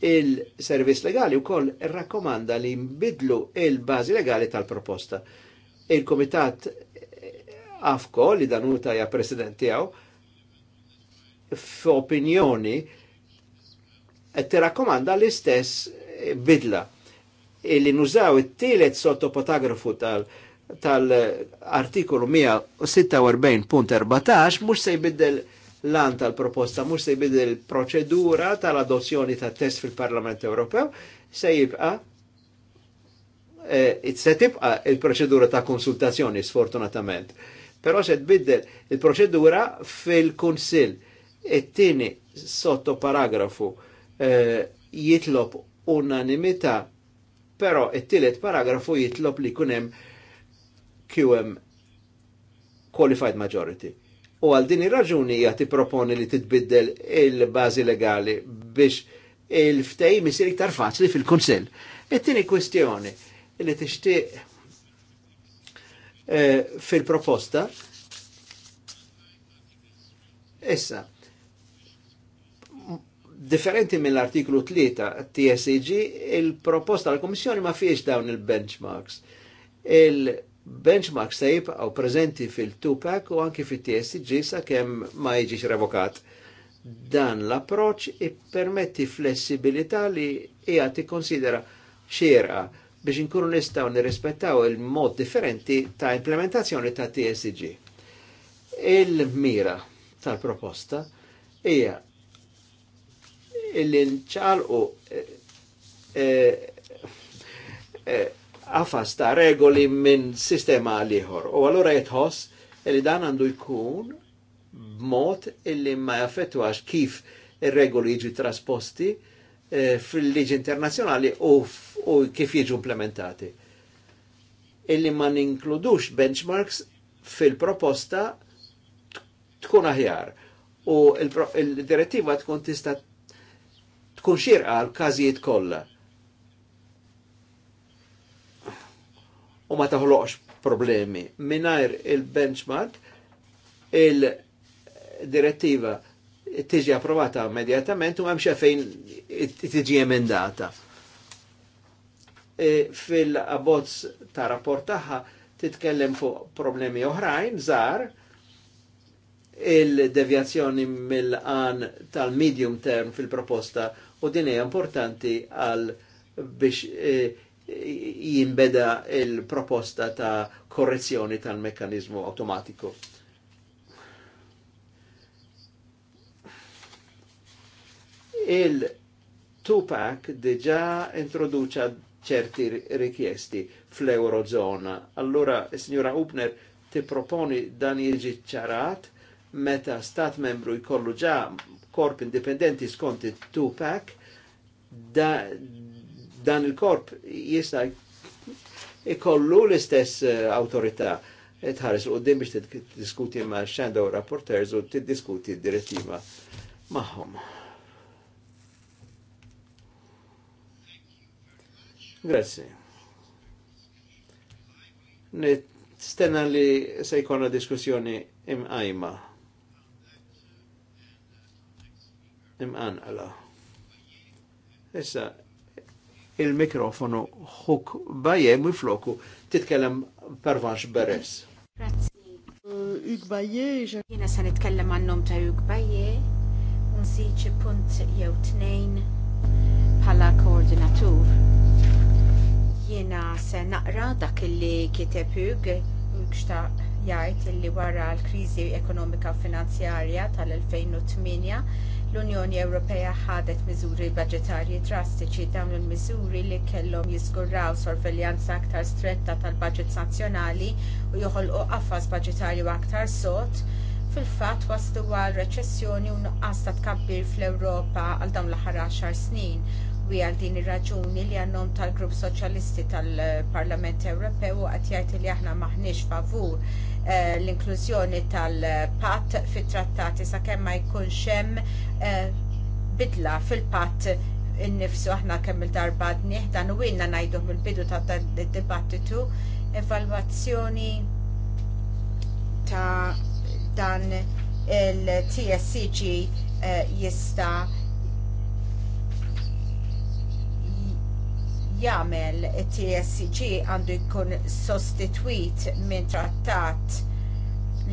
Il-servizz legali wkoll rakkomanda li nbidlu il-bażi legali tal-proposta. Il-Komitat AFCO li dan huwa ja president tiegħu f'opinjoni qed rakkomanda l-istess bidla Il-li nużaw it-tielet sottopotagrafu tal-proposta tal-artikolu 146.14 mux se jbiddel lan tal-proposta, mux se jbiddel proċedura tal-adozzjoni ta' test fil-Parlament Ewropew, se jibqa e, se tibqa il-proċedura ta' konsultazzjoni sfortunatament. Però se tbiddel il-proċedura fil-Kunsill. It-tieni sotto paragrafu e, jitlob unanimità, però it-tielet paragrafu jitlob li kunem hemm QM qualified majority. U għal din ir-raġuni hija tipproponi li titbiddel il-bażi legali biex il-ftehim isir iktar faċli fil kunsell It-tieni kwestjoni li tixtieq eh, fil-proposta issa differenti mill-artiklu 3 TSEG il-proposta tal-Komissjoni ma fiex dawn il-benchmarks. Il-, -benchmarks. il benchmark sejb għaw prezenti fil-2-pack u anki fil-TSG sa' kem ma jiġix revokat. Dan l-approċ ippermetti flessibilità li hija tikkonsidera xierqa biex inkunu nistaw nirrispettaw il-mod differenti ta' implementazzjoni ta' TSG. Il-mira tal-proposta hija il-inċalqu eh, eh, eh, għafas ta' regoli minn sistema liħor. ieħor. U allura jitħoss li dan għandu jkun b'mod illi ma jaffettwax kif il regoli jiġu trasposti eh, fil-liġi internazjonali u, u kif jiġu implementati. Illi ma ninkludux benchmarks fil-proposta tkun aħjar u il-direttiva tkun tista' tkun xirqa għal kazijiet kollha u ma taħloqx problemi. Minajr il-benchmark, il-direttiva tiġi approvata immedjatament u għamxie fejn tiġi emendata. E, Fil-abbozz ta' rapport taħħa titkellem fuq problemi oħrajn, zar, il-devjazzjoni mill-għan tal-medium term fil-proposta u din hija importanti għal biex e, jimbeda il-proposta ta' korrezzjoni tal-mekkanizmu automatiku. Il-Tupac diġa introduċa ċerti richiesti fl-Eurozona. Allura, signora Upner, ti proponi dan jieġi ċarat meta stat membru jkollu ġa korp indipendenti skonti tupac da, dan il-korp jista' ikollu l-istess eh, autorità e tħares l-qoddim biex diskuti ma' xandaw rapporters u t-diskuti direttiva maħom. Grazie. Nistenna li se jkonna diskussjoni imqajma. Imqanqala. Issa, il-mikrofonu huk baje mifloku titkellem pervanx beres. Grazzi.
Huk baje. sa nitkellem għannom ta' huk baje. Nżiċi punt jew tnejn pala koordinatur. Jina se naqra dak li kiteb huk xtaq jgħid li wara l krizi ekonomika finanzjarja tal-2008 L-Unjoni Ewropea ħadet miżuri budġetarji drastiċi dawn il-miżuri li kellhom jiżgurraw sorveljanza aktar stretta tal-budgets nazzjonali u joħolqu qafas budġetarju aktar sod fil-fatt waslu għal reċessjoni u nuqqas ta' tkabbir fl-Ewropa għal dawn l-aħħar 10 snin segwi għal din ir-raġuni li għannom tal-Grupp Soċjalisti tal-Parlament Ewropew qed jgħid li aħna maħniex favur eh, l-inklużjoni tal-patt fit-trattati sakemm ma jkunx hemm eh, bidla fil-patt innifsu aħna kemm il-darba dnieħ dan u għinna ngħidu mill-bidu ta' dibattitu evalwazzjoni ta' dan il-TSCG eh, jista' jagħmel it-TSCG għandu jkun sostitwit minn trattat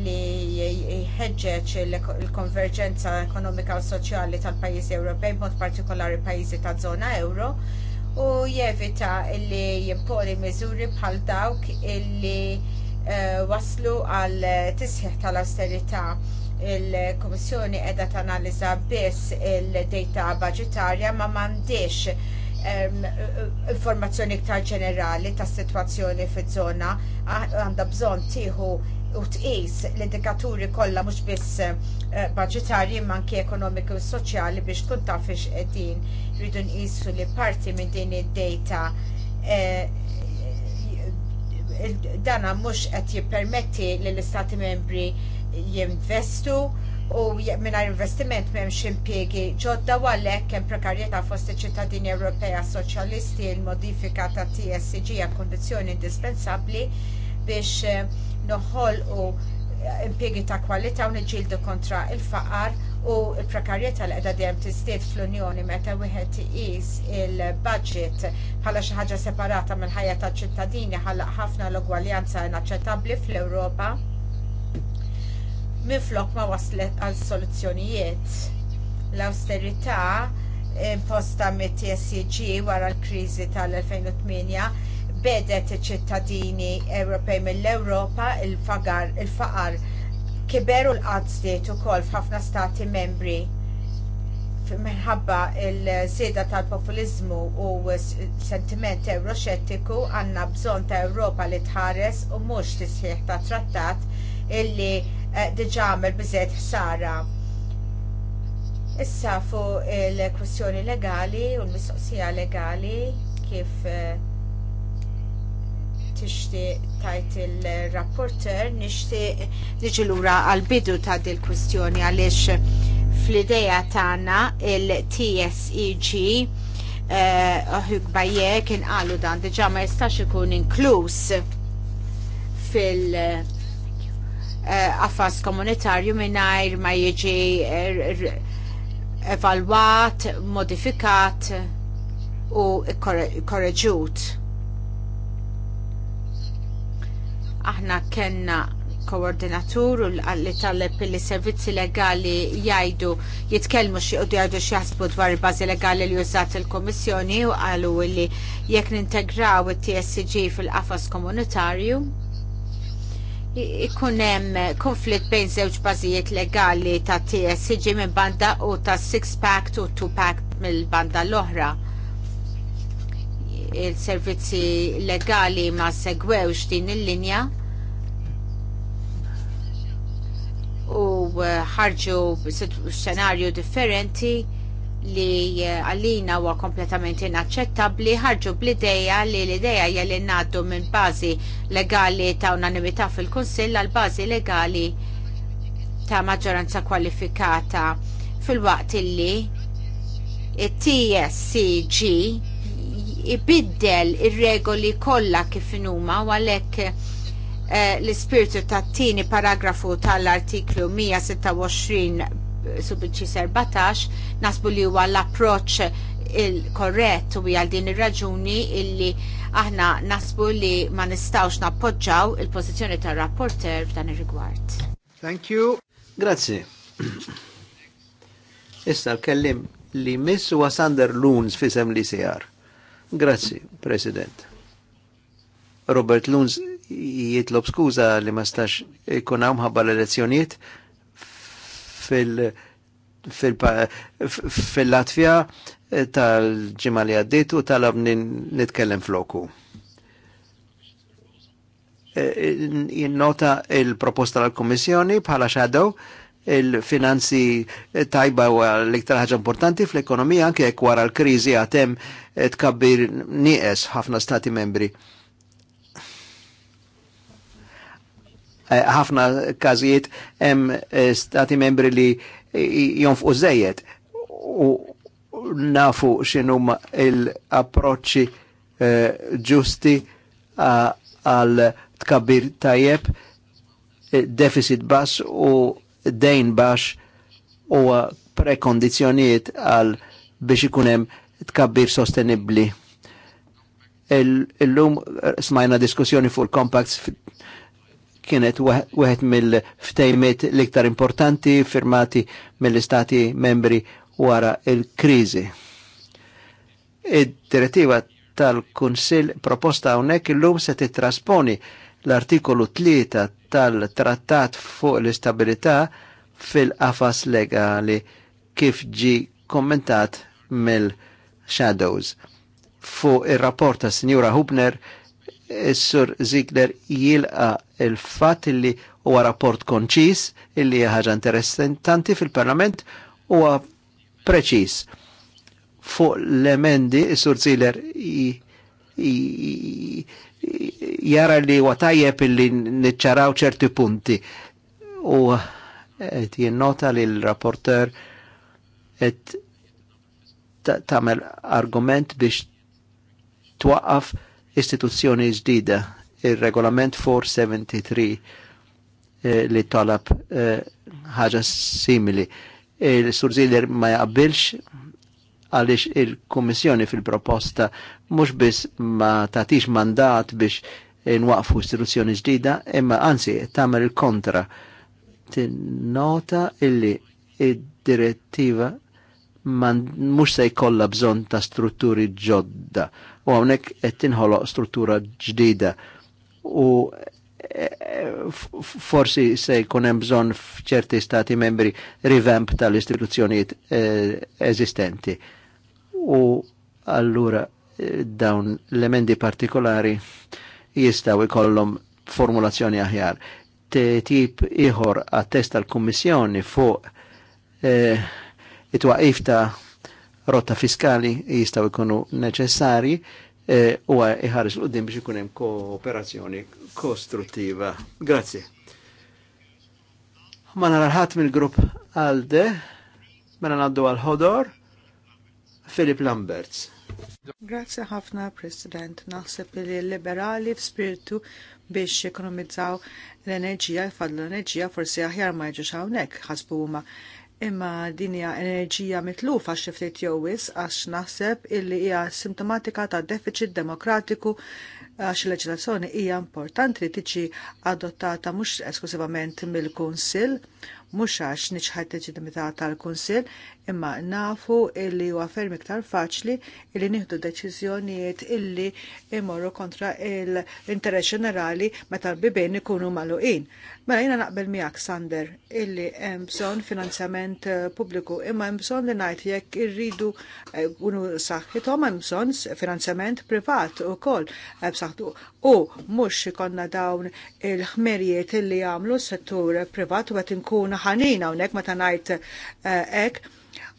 li jħeġġeġ il-konverġenza ekonomika u soċjali tal-pajjiżi Ewropej, b'mod partikolari pajjiżi ta' żona euro, u jevita li jimponi miżuri bħal dawk li eh, waslu għal tisħiħ tal-austerità il-Komissjoni edha tanaliza biss il-data budgetarja ma mandiex Eh, informazzjoni iktar ġenerali tas situazzjoni fiż zona ah, għandha bżonn tieħu u tqis l-indikaturi kollha mhux biss eh, budġetarji imma anke ekonomiku u soċjali biex tkun taf fiex qegħdin rridu nqisu li parti minn din id-data eh, dana mhux qed jippermetti lill istati membri jinvestu u mingħajr investiment m'hemmx impjiegi ġodda u għalhekk kemm prekarjetà fost iċ-ċittadini Ewropea Soċjalisti il-modifika ta' TSG hija kundizzjoni indispensabbli biex eh, noħolqu eh, impjiegi ta' kwalità u niġġieldu kontra il-faqar u l prekarjetà li qiegħda dejjem tiżdied fl-Unjoni meta wieħed iqis il-budget bħala xi ħaġa separata mill-ħajja taċ-ċittadini ħallaq ħafna l-ugwaljanza inaċċettabbli fl-Ewropa minflok ma waslet għal soluzzjonijiet. L-austerità imposta mit-TSCG wara l-kriżi tal-2008 bedet iċ-ċittadini Ewropej mill-Ewropa il-fagar il-faqar kiber u l-qatt ukoll f'ħafna stati membri minħabba l-żieda tal populiżmu u sentiment euroxettiku għandna bżonn ta' Ewropa li tħares u mhux tisħiħ ta' trattat illi Eh, diġamel għamel biżejt ħsara. Issa fuq il-kwestjoni legali u l-mistoqsija legali kif eh, tixtieq tajt il-rapporter nixtieq niġi lura għal-bidu ta' dil-kwestjoni għaliex fl-ideja tagħna il-TSEG eh, Hugbaye kien għalu dan diġà ma jistax ikun inkluż fil- Eh, affas komunitarju mingħajr ma jiġi eh, evalwat, modifikat u korreġut. Aħna kenna koordinatur li talleb li servizzi legali jajdu jitkelmu xie u jajdu xie jasbu dwar il-bazi legali li użat il-Komissjoni u għalu li jekk nintegraw il-TSCG fil-qafas komunitarju ikun hemm konflitt bejn żewġ bażijiet legali ta' iġi minn banda u ta' six pack u two pack mill-banda l-oħra. Il-servizzi legali ma segwewx din il-linja u ħarġu xenarju differenti li eh, għalina huwa kompletament inaċċettabbli ħarġu bl-ideja li l-ideja hija li ngħaddu minn bażi legali ta' unanimità fil-Kunsill għal bażi legali ta' maġġoranza kwalifikata fil-waqt illi tscg ibiddel ir-regoli kollha kif inhuma u għalhekk eh, l-ispirtu tat-tieni paragrafu tal-artiklu 126 subinċi batax nasbu li huwa l-approċ il-korrett u għal din ir-raġuni illi aħna nasbu li ma nistawx nappoġġaw il-pożizzjoni tar-rapporter f'dan ir-rigward.
Thank you. Grazzi. Issa l-kellim li miss huwa Sander Luns fisem li sejar. Grazzi, President. Robert Luns jitlob skuża li ma stax ikun hawn ħabba l elezzjoniet fil-Latvija eh, tal-ġimma li għaddit u talab nitkellem floku. Eh, eh, jinnota il-proposta tal kummissjoni bħala xadow il-finanzi tajba u l-iktar ħaġa importanti fl-ekonomija anke jekk wara l-kriżi għatem tkabbir nieqes ħafna stati membri Eh, ħafna kazijiet hemm eh, stati membri li jonfqu żejjed u nafu x'inhuma l-approċċi eh, ġusti għal tkabbir tajjeb, deficit bass u dejn bax u prekondizjoniet għal biex ikunem tkabbir sostenibli. Illum smajna diskussjoni fuq il-compacts kienet wieħed mill-ftejmet l-iktar importanti firmati mill-istati membri wara il-kriżi. Id-direttiva tal-Kunsill proposta hawnhekk illum se titrasponi l-artikolu 3 tal-Trattat fuq l-istabilità fil-qafas legali kif ġi kommentat mill-Shadows. Fuq ir rapport ta' Sinjura Hubner Sur Ziegler jilqa il-fat illi huwa rapport konċis illi ħaġa interessanti fil-Parlament huwa preċis. Fuq l-emendi, Sur Ziegler jara li huwa tajjeb illi niċċaraw ċerti punti. U qed jinnota li l-rapporter qed tagħmel argument biex twaqqaf istituzzjoni ġdida, il-regolament 473 eh, li talab eh, ħaġa simili. Il-Sur ma jaqbilx għalix il komissjoni fil-proposta mux biss ma tatix mandat biex nwaqfu istituzzjoni ġdida, imma anzi tamer il-kontra. Tinnota illi id-direttiva mux se jkolla bżon ta' strutturi ġodda u għonek qed tinħoloq struttura ġdida u e, forsi se jkun hemm bżonn f'ċerti stati membri rivamp tal-istituzzjonijiet e, eżistenti. U allura e, dawn l-emendi partikolari jistaw ikollhom formulazzjoni aħjar. Tip iħor għat-test tal-Kummissjoni fuq it-twaqif ta' rotta fiskali jistaw ikunu neċessari e, u iħares l-qoddim biex ikun hemm kooperazzjoni kostruttiva. Grazzi. Ma narħat mill-grupp Alde, mela ngħaddu għal ħodor, Filip Lamberts.
Grazzi ħafna, President. Naħseb li liberali f'spiritu biex ekonomizzaw l-enerġija, jfadlu l-enerġija forsi aħjar ma jġux hawnhekk ħasbu huma imma din hija enerġija mitlufa xiftit jowis għax naħseb illi hija simptomatika ta' deficit demokratiku għax il-leġilazzjoni hija importanti li tiġi adottata mhux esklusivament mill-Kunsill mhux għax niċħad tal-Kunsill, imma nafu illi huwa għafermi ktar faċli illi nieħdu deċiżjonijiet illi imorru kontra l-interess ġenerali meta bibin ikunu magħluqin. Mela jiena naqbel miegħek Sander illi hemm bżonn finanzjament eh, pubbliku imma hemm bżonn li ngħid jekk irridu eh, kunu saħħitom, hemm bżonn finanzjament privat ukoll b'saħħtu u mhux ikonna dawn il-ħmerijiet illi jagħmlu settur privat u qed ħanina hawnhekk meta ngħid eh, hekk.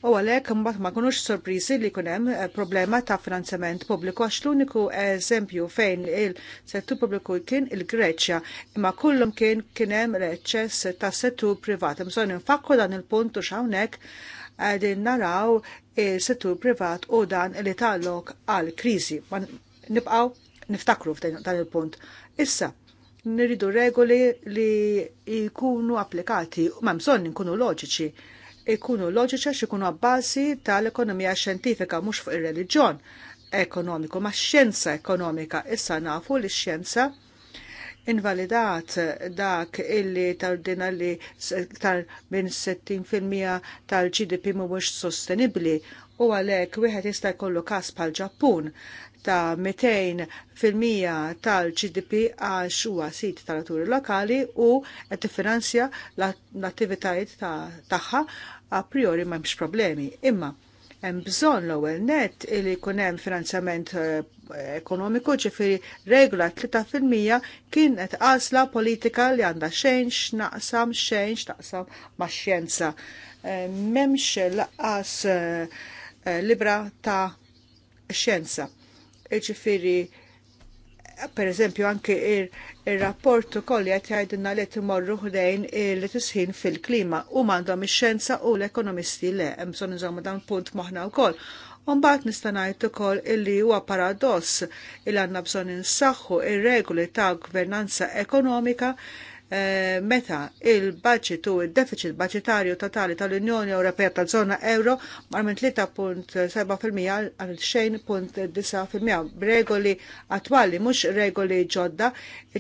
U għalhekk mbagħad ma kunux sorpriżi li jkun hemm eh, problema ta' finanzjament pubbliku għax l-uniku eżempju fejn il-settur pubbliku kien il-Greċja imma kullum kien kienem hemm l-eċċess ta' settur privat. Bżonn infakku dan il-punt u hawnhekk naraw il-settur privat u dan li tallok għal kriżi. Nibqaw niftakru f'dan il-punt. Issa, nirridu regoli li jkunu applikati, ma bżonn nkunu loġiċi, jkunu loġiċi għax ikunu għabbasi tal-ekonomija xjentifika mhux fuq ir-reliġjon ekonomiku, ma xjenza ekonomika issa nafu li xjenza invalidat dak illi tal-dina li tal minn 60% tal-GDP mhuwiex sostenibbli u għalhekk wieħed jista' jkollu kas pal Ġappun ta' 200 fil-mija tal-GDP għax huwa sit tal-aturi lokali u qed tiffinanzja l-attivitajiet tagħha a priori m'hemmx problemi. Imma hemm bżonn l-ewwel net li jkun hemm finanzjament eh, ekonomiku ġifieri regola 3% kien qed għażla politika li għandha xejn x'naqsam xejn x'taqsam max-xjenza. Eh, m'hemmx laqqas eh, libra ta' xjenza Iġifiri, per eżempju, anke il-rapport il kolli għet jgħidinna li t-morru ħdejn li tisħin fil-klima u mandom ix-xenza u l-ekonomisti le, mson nżommu dan punt moħna u koll. Umbat nistanajt ukoll illi huwa paradoss il għandna bżonn insaħħu ir-regoli ta' gvernanza ekonomika Eh, meta il-budget u il-deficit budgetarju totali tal-Unjoni Ewropea tal-Zona Euro mar minn 3.7% għal xejn punt b'regoli attwali, mhux regoli ġodda,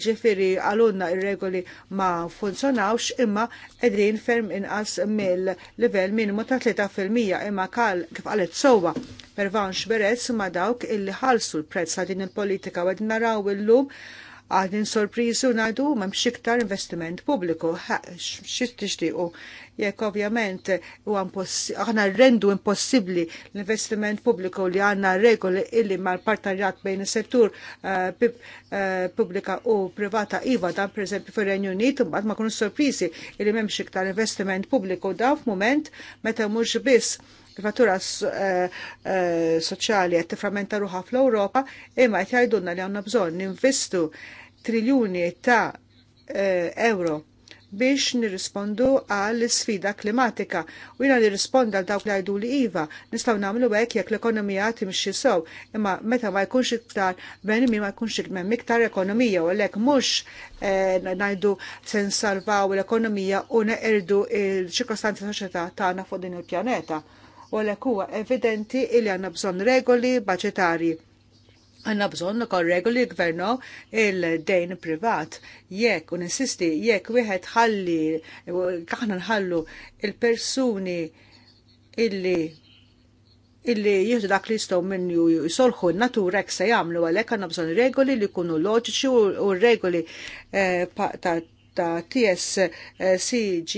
ġifiri għalunna ir-regoli ma funzjonawx imma edrin ferm inqas mill-livell minimu ta' 3% imma kal kif għalet sowa vanx beress ma dawk il ħalsu l-prezz ta' din il-politika u naraw il-lum għadin sorpriżu ngħidu m'hemmx iktar investiment pubbliku. Xi tixtiequ jekk ovvjament aħna rendu impossibbli l-investiment pubbliku li għandna regoli illi mal-partarjat bejn is-settur eh, eh, pubblika u privata iva dan pereżempju fir-Renju Unit imbagħad ma kunu sorpriżi illi m'hemmx iktar investiment pubbliku dan f'mument meta mhux biss il-fattura eh, soċjali qed tiframmenta ruħha fl-Ewropa imma qed jgħidunna li għanna bżonn ninvestu triljuni ta' eh, euro biex nirrispondu għall sfida klimatika. U jina nirrisponda għal dawk li għajdu li iva, nistaw namlu għek jek l-ekonomija timxi sew, imma meta ma jkunx iktar benimi ma jkunx iktar miktar ekonomija, u l-ek mux eh, najdu sen salvaw l-ekonomija u neqirdu il-ċirkostanzi soċieta tagħna fuq din il-pjaneta. U l-ek huwa evidenti li għanna bżon regoli budgetari għanna bżon ukoll regoli gverno il-dejn privat. Jekk u ninsisti jekk wieħed ħalli aħna nħallu il-persuni illi illi jieħdu dak li jistgħu minnu jisolħu n-natura hekk se jagħmlu għalhekk għanna bżon regoli li jkunu loġiċi u regoli eh, ta' ta' TSCG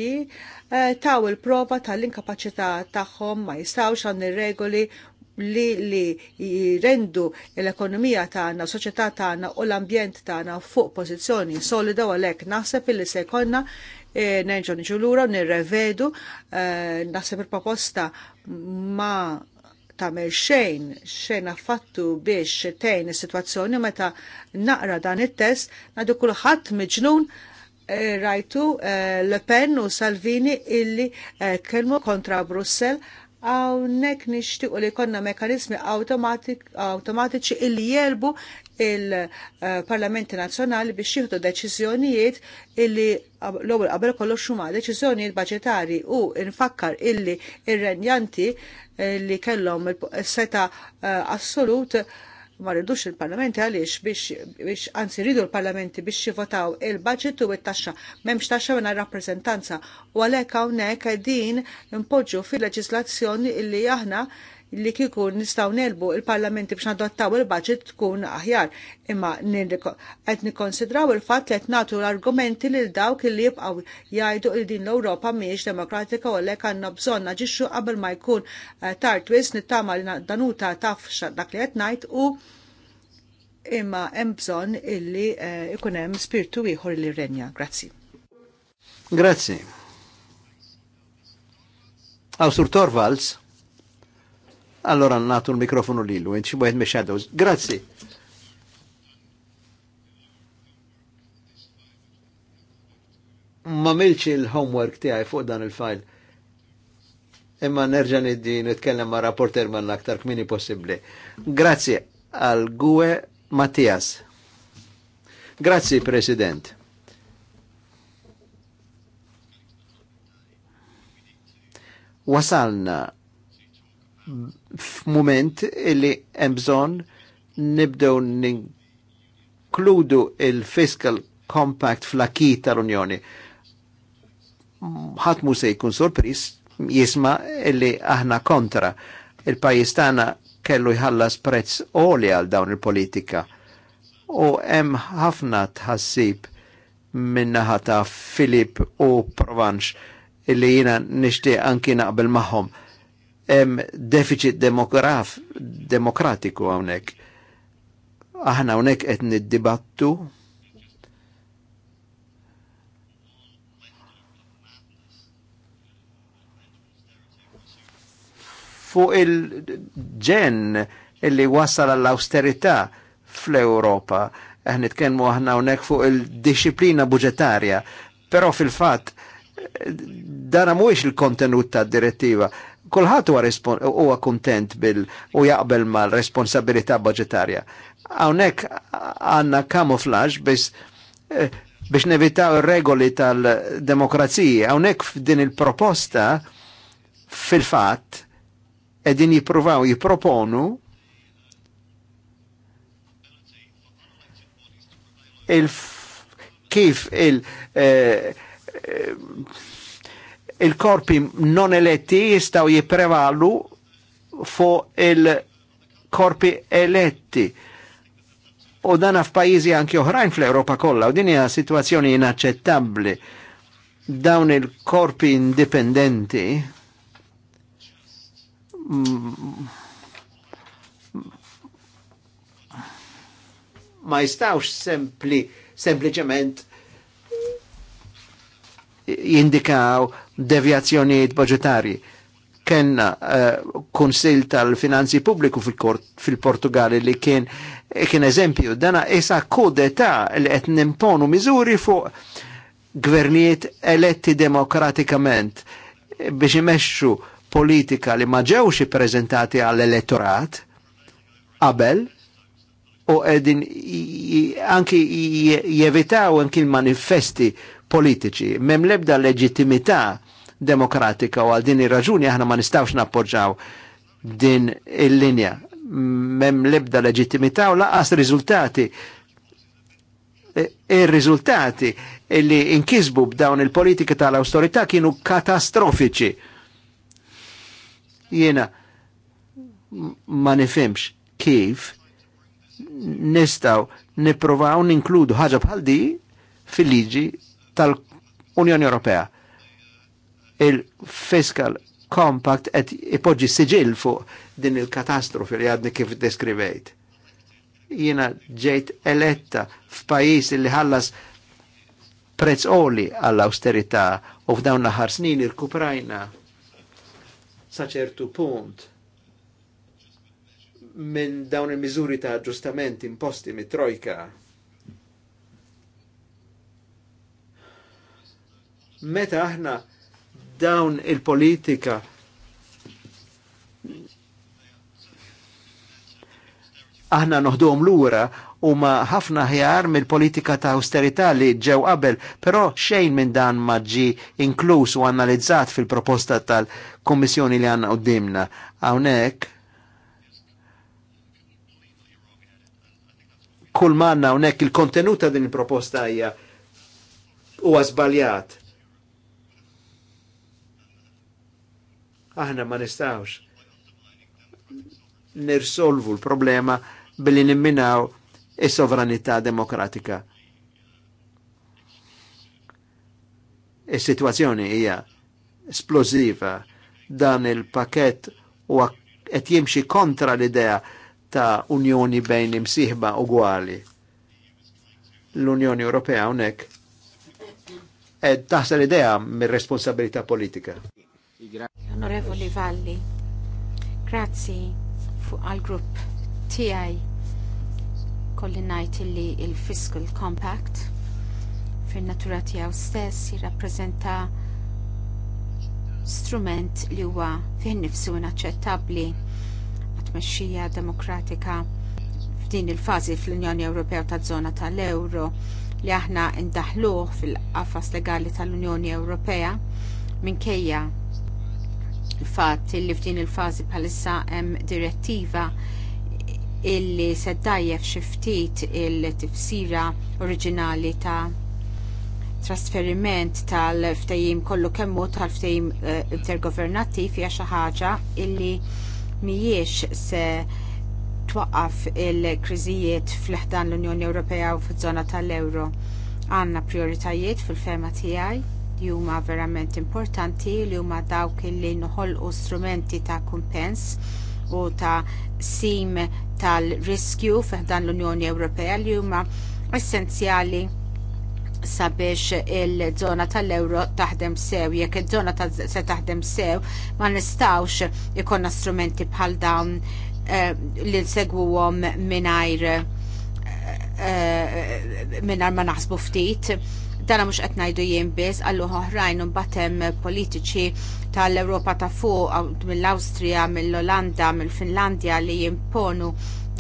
eh, taw il-prova tal-inkapaċità tagħhom ma jistgħux għan il regoli li li jirendu l-ekonomija tagħna, soċjetà tagħna u l-ambjent tagħna fuq pożizzjoni solida u għalhekk naħseb illi se jkollna eh, nerġgħu niġu lura nirrevedu eh, naħseb il-proposta ma tagħmel xejn xejn affattu biex tejn is-sitwazzjoni meta naqra dan it-test ngħidu kulħadd miġnun eh, rajtu Le Pen u Salvini illi kelmu kontra Brussel Għawnek nishtiqu li konna mekanizmi automatiċi illi jelbu il-Parlamenti Nazzjonali biex jieħdu deċiżjonijiet illi l-ewwel qabel kollu xuma deċiżjonijiet baġetari u nfakkar illi ir-renjanti li kellhom il-seta assolut ma rridux il-parlamenti għaliex biex, biex anzi rridu l-parlamenti biex jivotaw il-budget u il taxxa Memx taxxa minna rappresentanza u għalhekk hawnhekk din impoġġu fil-leġislazzjoni illi aħna li kieku nistgħu nelbu il-parlamenti biex nadottaw il-budget tkun aħjar. Imma qed nikkonsidraw il-fatt li qed nagħtu l-argumenti lil dawk li jibqaw jgħidu li din l europa mhijiex demokratika u l-ek għandna bżonn naġixxu qabel ma jkun eh, tard wis nittama li danuta tafx dak li qed ngħid u imma hemm bżonn illi eh, ikun hemm spirtu ieħor li renja. Grazzi.
Grazzi. Għaw sur Torvalds, Allora natu l-mikrofonu lilu, inċi bħed me shadows. Grazzi. Ma milċi l-homework tiegħi fuq dan il-fajl. Imma nerġa' niddi nitkellem ma' rapporter ma l-aktar kmini possibbli. Grazie. għal Gue Mattias. Grazie, President. Wasalna f'mument illi hemm bżonn nibdew ninkludu il-fiscal compact fl-akki tal-Unjoni. Ħadd mu se jkun sorpris jisma illi aħna kontra. Il-pajjiż tagħna kellu jħallas prezz oli għal dawn il-politika. U hemm ħafna tħassib minnaħa ta' Filip u Provanx illi jina nishtiq anki naqbel maħħom hemm deficit demograf, demokratiku hawnhekk. Aħna hawnhekk qed niddibattu fuq il-ġen illi wasal għall-austerità fl-Europa. Aħna tkellmu aħna hawnhekk fuq il-disciplina budġetarja, però fil-fatt dan mhuwiex il-kontenut tad-direttiva Kulħadd huwa huwa kuntent bil u jaqbel mal-responsabilità budgetarja. Hawnhekk għandna kamuflaġġ biex eh, biex nevitaw ir-regoli tal-demokrazija. Hawnhekk f'din il-proposta fil-fatt qegħdin jippruvaw jipproponu il kif il eh, eh, il-korpi non eletti jistaw jiprevalu fu il-korpi eletti u dan f'pajjiżi anki oħrajn fl europa kollha u din hija sitwazzjoni inaċċettabbli dawn il-korpi indipendenti mm, ma jistawx sempli sempliċement jindikaw devjazzjonijiet budgetari. Kenna uh, eh, kunsil tal-finanzi Publiku fil-Portugali fil li kien kien eżempju, dana isa kodeta li qed nimponu miżuri fuq gvernijiet eletti demokratikament biex imexxu politika li ma ġewx prezentati għall-elettorat qabel u qegħdin anki jevitaw anki il manifesti politiċi. Mem lebda leġittimità demokratika u għal din ir-raġuni aħna ma nistawx nappoġġaw din il-linja. Mem lebda leġittimità u laqas riżultati e, ir-riżultati illi inkisbu b'dawn il-politika tal-austerità kienu katastrofiċi. Jiena ma nifimx kif nistaw niprovaw ninkludu ħaġa bħal di fil-liġi tal-Unjoni Ewropea. Il-Fiscal Compact qed ipoġġi siġil fuq din il-katastrofi li għadni kif deskrivejt. Jiena ġejt eletta f'pajjiż li ħallas prezz oli għall-austerità u f'dawn l-aħħar snin irkuprajna sa ċertu punt minn dawn il-miżuri ta' ġustament imposti mit-trojka Meta aħna dawn il-politika aħna noħduhom lura huma ħafna ħjar mill-politika ta' austerità li ġew qabel, però xejn minn dan ma ġi inkluż u analizzat fil-proposta tal-Kommissjoni li għandna qudimna. Hawnhekk kull manna hawnhekk il-kontenut ta' din il-proposta hija huwa żbaljat Aħna ma nistawx nirsolvu l-problema billi nimminaw is-sovranità demokratika. Is-sitwazzjoni hija esplosiva dan il-pakett u qed jimxi kontra l-idea ta' unjoni bejn imsieħba ugwali. L-Unjoni Ewropea hawnhekk ed taħsel idea mir responsabilità politika.
Onorevoli Valli, grazzi fuq għal-grupp tiegħi kolli ngħid li il-Fiscal Compact fin-natura tiegħu stess jirrappreżenta strument li huwa fin nifsu inaċċettabbli għatmexxija tmexxija demokratika f'din il-fażi fl-Unjoni Ewropea ta' żona tal-Ewro li aħna ndaħluh fil-qafas legali tal-Unjoni Ewropea minkejja fatt li f'din il-fażi bħalissa hemm direttiva illi seddajjef xi ftit il-tifsira oriġinali ta' trasferiment tal-ftajim kollu kemmu tal-ftajim eh, intergovernattiv hija xi ħaġa illi mhijiex se twaqqaf il-kriżijiet fl-ħdan l-Unjoni Ewropea u fiż-żona tal-Ewro. Għandna prioritajiet fil-fema tiegħi li huma verament importanti li huma dawk li noħolqu strumenti ta' kumpens u ta' sim tal-riskju f'dan l-Unjoni Ewropea li huma essenzjali sabiex il-żona tal-euro taħdem sew, jekk il-żona se taħdem sew, ma nistawx ikonna strumenti bħal dawn eh, li nsegwuhom mingħajr eh, eh mingħajr ma naħsbu ftit dana mux ngħidu jien biss, għallu oħrajn batem politiċi tal-Europa ta' fuq, mill awstrija mill-Olanda, mill-Finlandja li jimponu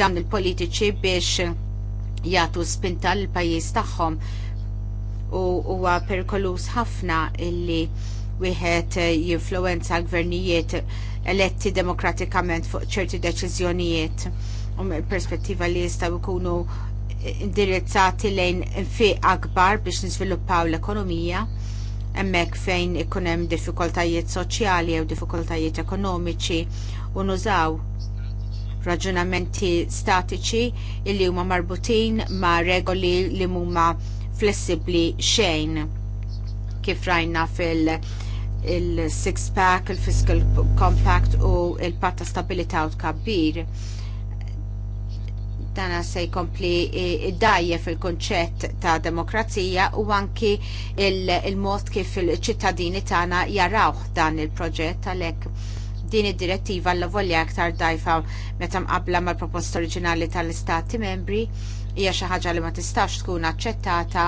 dawn il-politiċi biex jagħtu spinta l pajjiż tagħhom u huwa perikolus ħafna illi wieħed jinfluwenza l-gvernijiet eletti demokratikament fuq ċerti deċiżjonijiet u um, perspettiva li jistgħu jkunu indirizzati lejn fih akbar biex niżviluppaw l-ekonomija emmek fejn ikun hemm diffikultajiet soċjali jew diffikultajiet ekonomiċi u nużaw raġunamenti statiċi illi huma marbutin ma' regoli li huma flessibbli xejn kif rajna fil- il-six pack, il-fiscal compact u il-patta stabilita u tkabbir Dana se jkompli eh, dajje fil-konċett ta' demokrazija u anki il-mod kif il-ċittadini tagħna jarawh dan il-proġett għalhekk din id-direttiva l-volja aktar dajfa meta mqabbla mal-proposta oriġinali tal-Istati membri hija xi ħaġa li ma tistax tkun aċċettata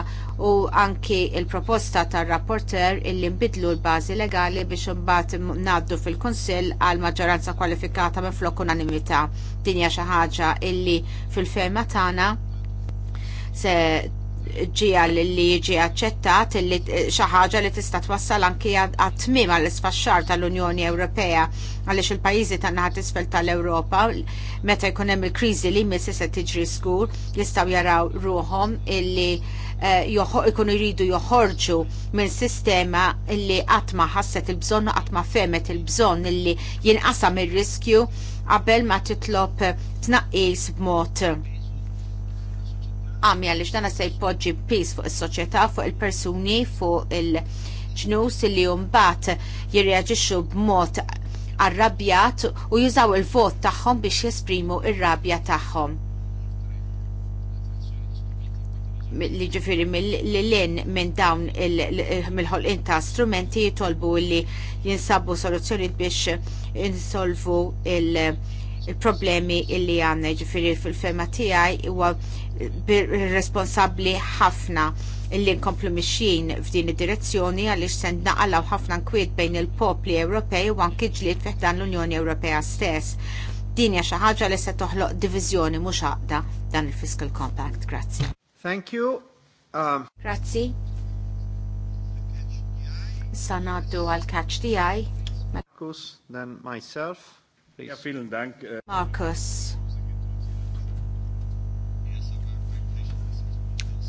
u anki il-proposta tar-rapporter illi nbidlu l-bażi legali biex imbagħad ngħaddu fil-Kunsill għal maġġoranza kwalifikata minn flok unanimità. Din hija xi ħaġa illi fil-ferma tagħna se ġija li jiġi aċċettat li eh, xi ħaġa li tista' twassal anki għat-tmiem għall-isfaxxar tal-Unjoni Ewropea għaliex il-pajjiżi tan-naħa t'isfel tal-Ewropa meta jkun hemm il-kriżi li missi se tiġri skur jistgħu jaraw ruhom illi eh, jkunu jridu joħorġu minn sistema illi qatt ma ħasset il-bżonn qatt ma femet il-bżonn illi jinqasam ir-riskju qabel ma titlob tnaqqis b'mod għamja li ġdana se jpoġġi pis fuq is-soċjetà, fuq il-persuni, fuq il-ġnus li jumbat b b'mod arrabjat u jużaw il-vot tagħhom biex jesprimu ir-rabja tagħhom. li ġifiri mill-lin minn dawn mill-ħolqin ta' strumenti jitolbu li jinsabu soluzzjoni biex insolvu il- il-problemi illi għanna ġifiri fil-fema tijaj huwa responsabli ħafna illi nkomplu mixin f'din id-direzzjoni għalix sen naqalaw ħafna nkwiet bejn il-popli Ewropej u anki ġlied fiħdan l-Unjoni Ewropea stess. Din hija xi ħaġa li se toħloq diviżjoni mhux għaqda dan il-Fiscal Compact. Grazzi.
Thank you. Um...
Grazzi. Sanaddu għal catch tiegħi.
Marcus, then myself. Ja, vielen Dank. Äh, Markus.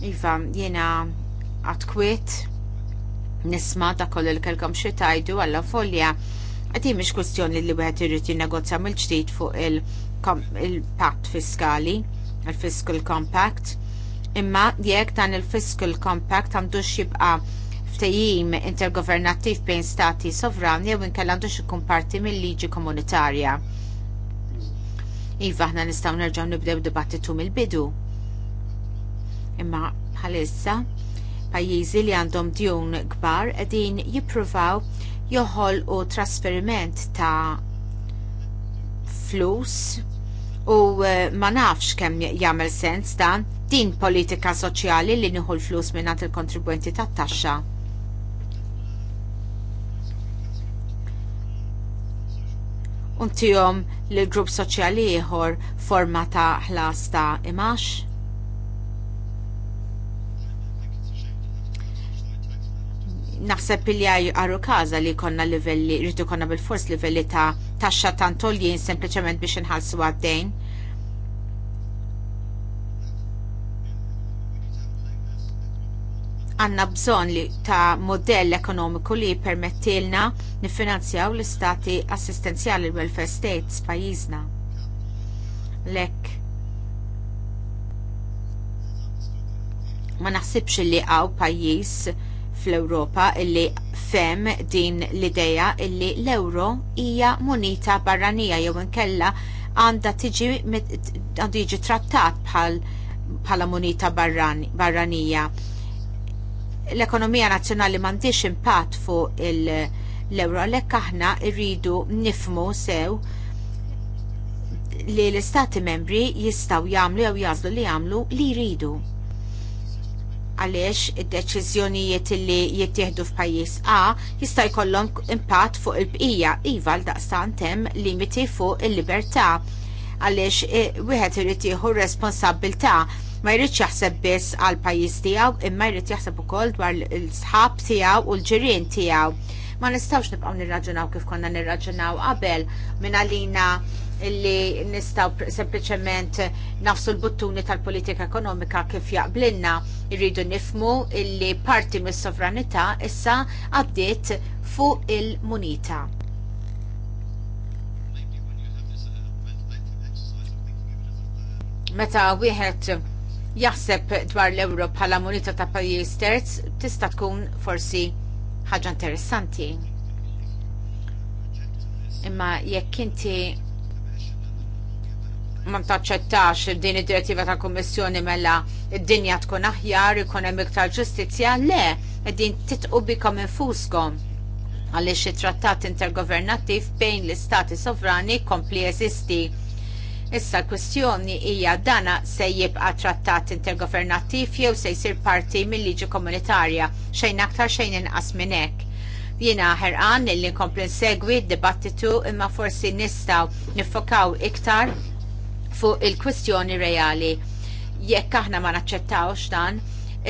Iva, jena għatkwit nisma ta' koll il-kelkom xitajdu għalla folja għati mish kustjoni li għati rriti negozja mill-ġdijt fuq il-pact fiskali, il-fiscal compact, imma jek dan il-fiscal compact għandu xibqa' ftejim intergovernattiv bejn stati sovrani jew inkellandu xi kumparti mill-liġi komunitarja. Iva aħna nistgħu nerġgħu nibdew dibattitu mill-bidu. Imma bħalissa pajjiżi li għandhom djun kbar qegħdin jippruvaw joħolqu trasferiment ta' flus u eh, ma nafx kemm jagħmel sens dan din politika soċjali li nieħu l-flus mingħand il-kontribwenti tat-taxxa. untijom li grupp soċjali ieħor forma ta' ħlas ta' imax? Naħseb li għarru kaza li konna livelli, rritu konna bil-fors livelli ta' taxxa ta' toljien sempliciment biex nħalsu għaddejn għanna bżon li ta' modell ekonomiku li permettilna nifinanzjaw l-istati assistenzjali l-welfare states pajizna. Lek, ma naħsibx li għaw pajjiż fl-Europa illi fem din l-ideja illi l-euro hija moneta barranija jew inkella għandha tiġi għandu jiġi trattat bħal bħala munita barranija l-ekonomija nazzjonali m'għandix impatt fuq l-euro għalhekk aħna rridu nifmu sew li l-istati membri jistgħu jagħmlu jew jażlu li jagħmlu li jridu għaliex id-deċiżjonijiet li jittieħdu f'pajjiż A jista' jkollhom impatt fuq il-bqija iva l daqstant hemm limiti fuq il-libertà għaliex eh, wieħed irid jieħu responsabbiltà ma jridx jaħseb biss għal pajjiż tiegħu, imma jrid jaħseb ukoll dwar l-sħab tiegħu u l-ġirien tiegħu. Ma nistgħux nibqgħu nirraġunaw kif konna nirraġunaw qabel minn għalina illi nistaw sempliciment nafsu l-buttuni tal-politika ekonomika kif jaqblinna irridu nifmu illi parti mis sovranità issa għaddiet fuq il-munita. Meta wieħed jaħseb dwar l-euro bħala moneta ta' pajjiż terz tista' tkun forsi ħaġa interessanti. Imma jekk inti ma taċċettax din id-direttiva tal kummissjoni mela id-dinja tkun aħjar, ikun hemm iktar ġustizzja, le, qegħdin titqu bikom infuskom għaliex it-trattat intergovernattiv bejn l-istati sovrani kompli eżisti Issa l-kwestjoni hija dana se jibqa' trattat intergovernattiv jew se jsir parti mill-liġi komunitarja xejn aktar xejn inqas minn hekk. Jiena ħerqan li nkompli nsegwi d-dibattitu imma forsi nistgħu niffokaw iktar fuq il-kwestjoni reali. Jekk aħna ma naċċettawx dan,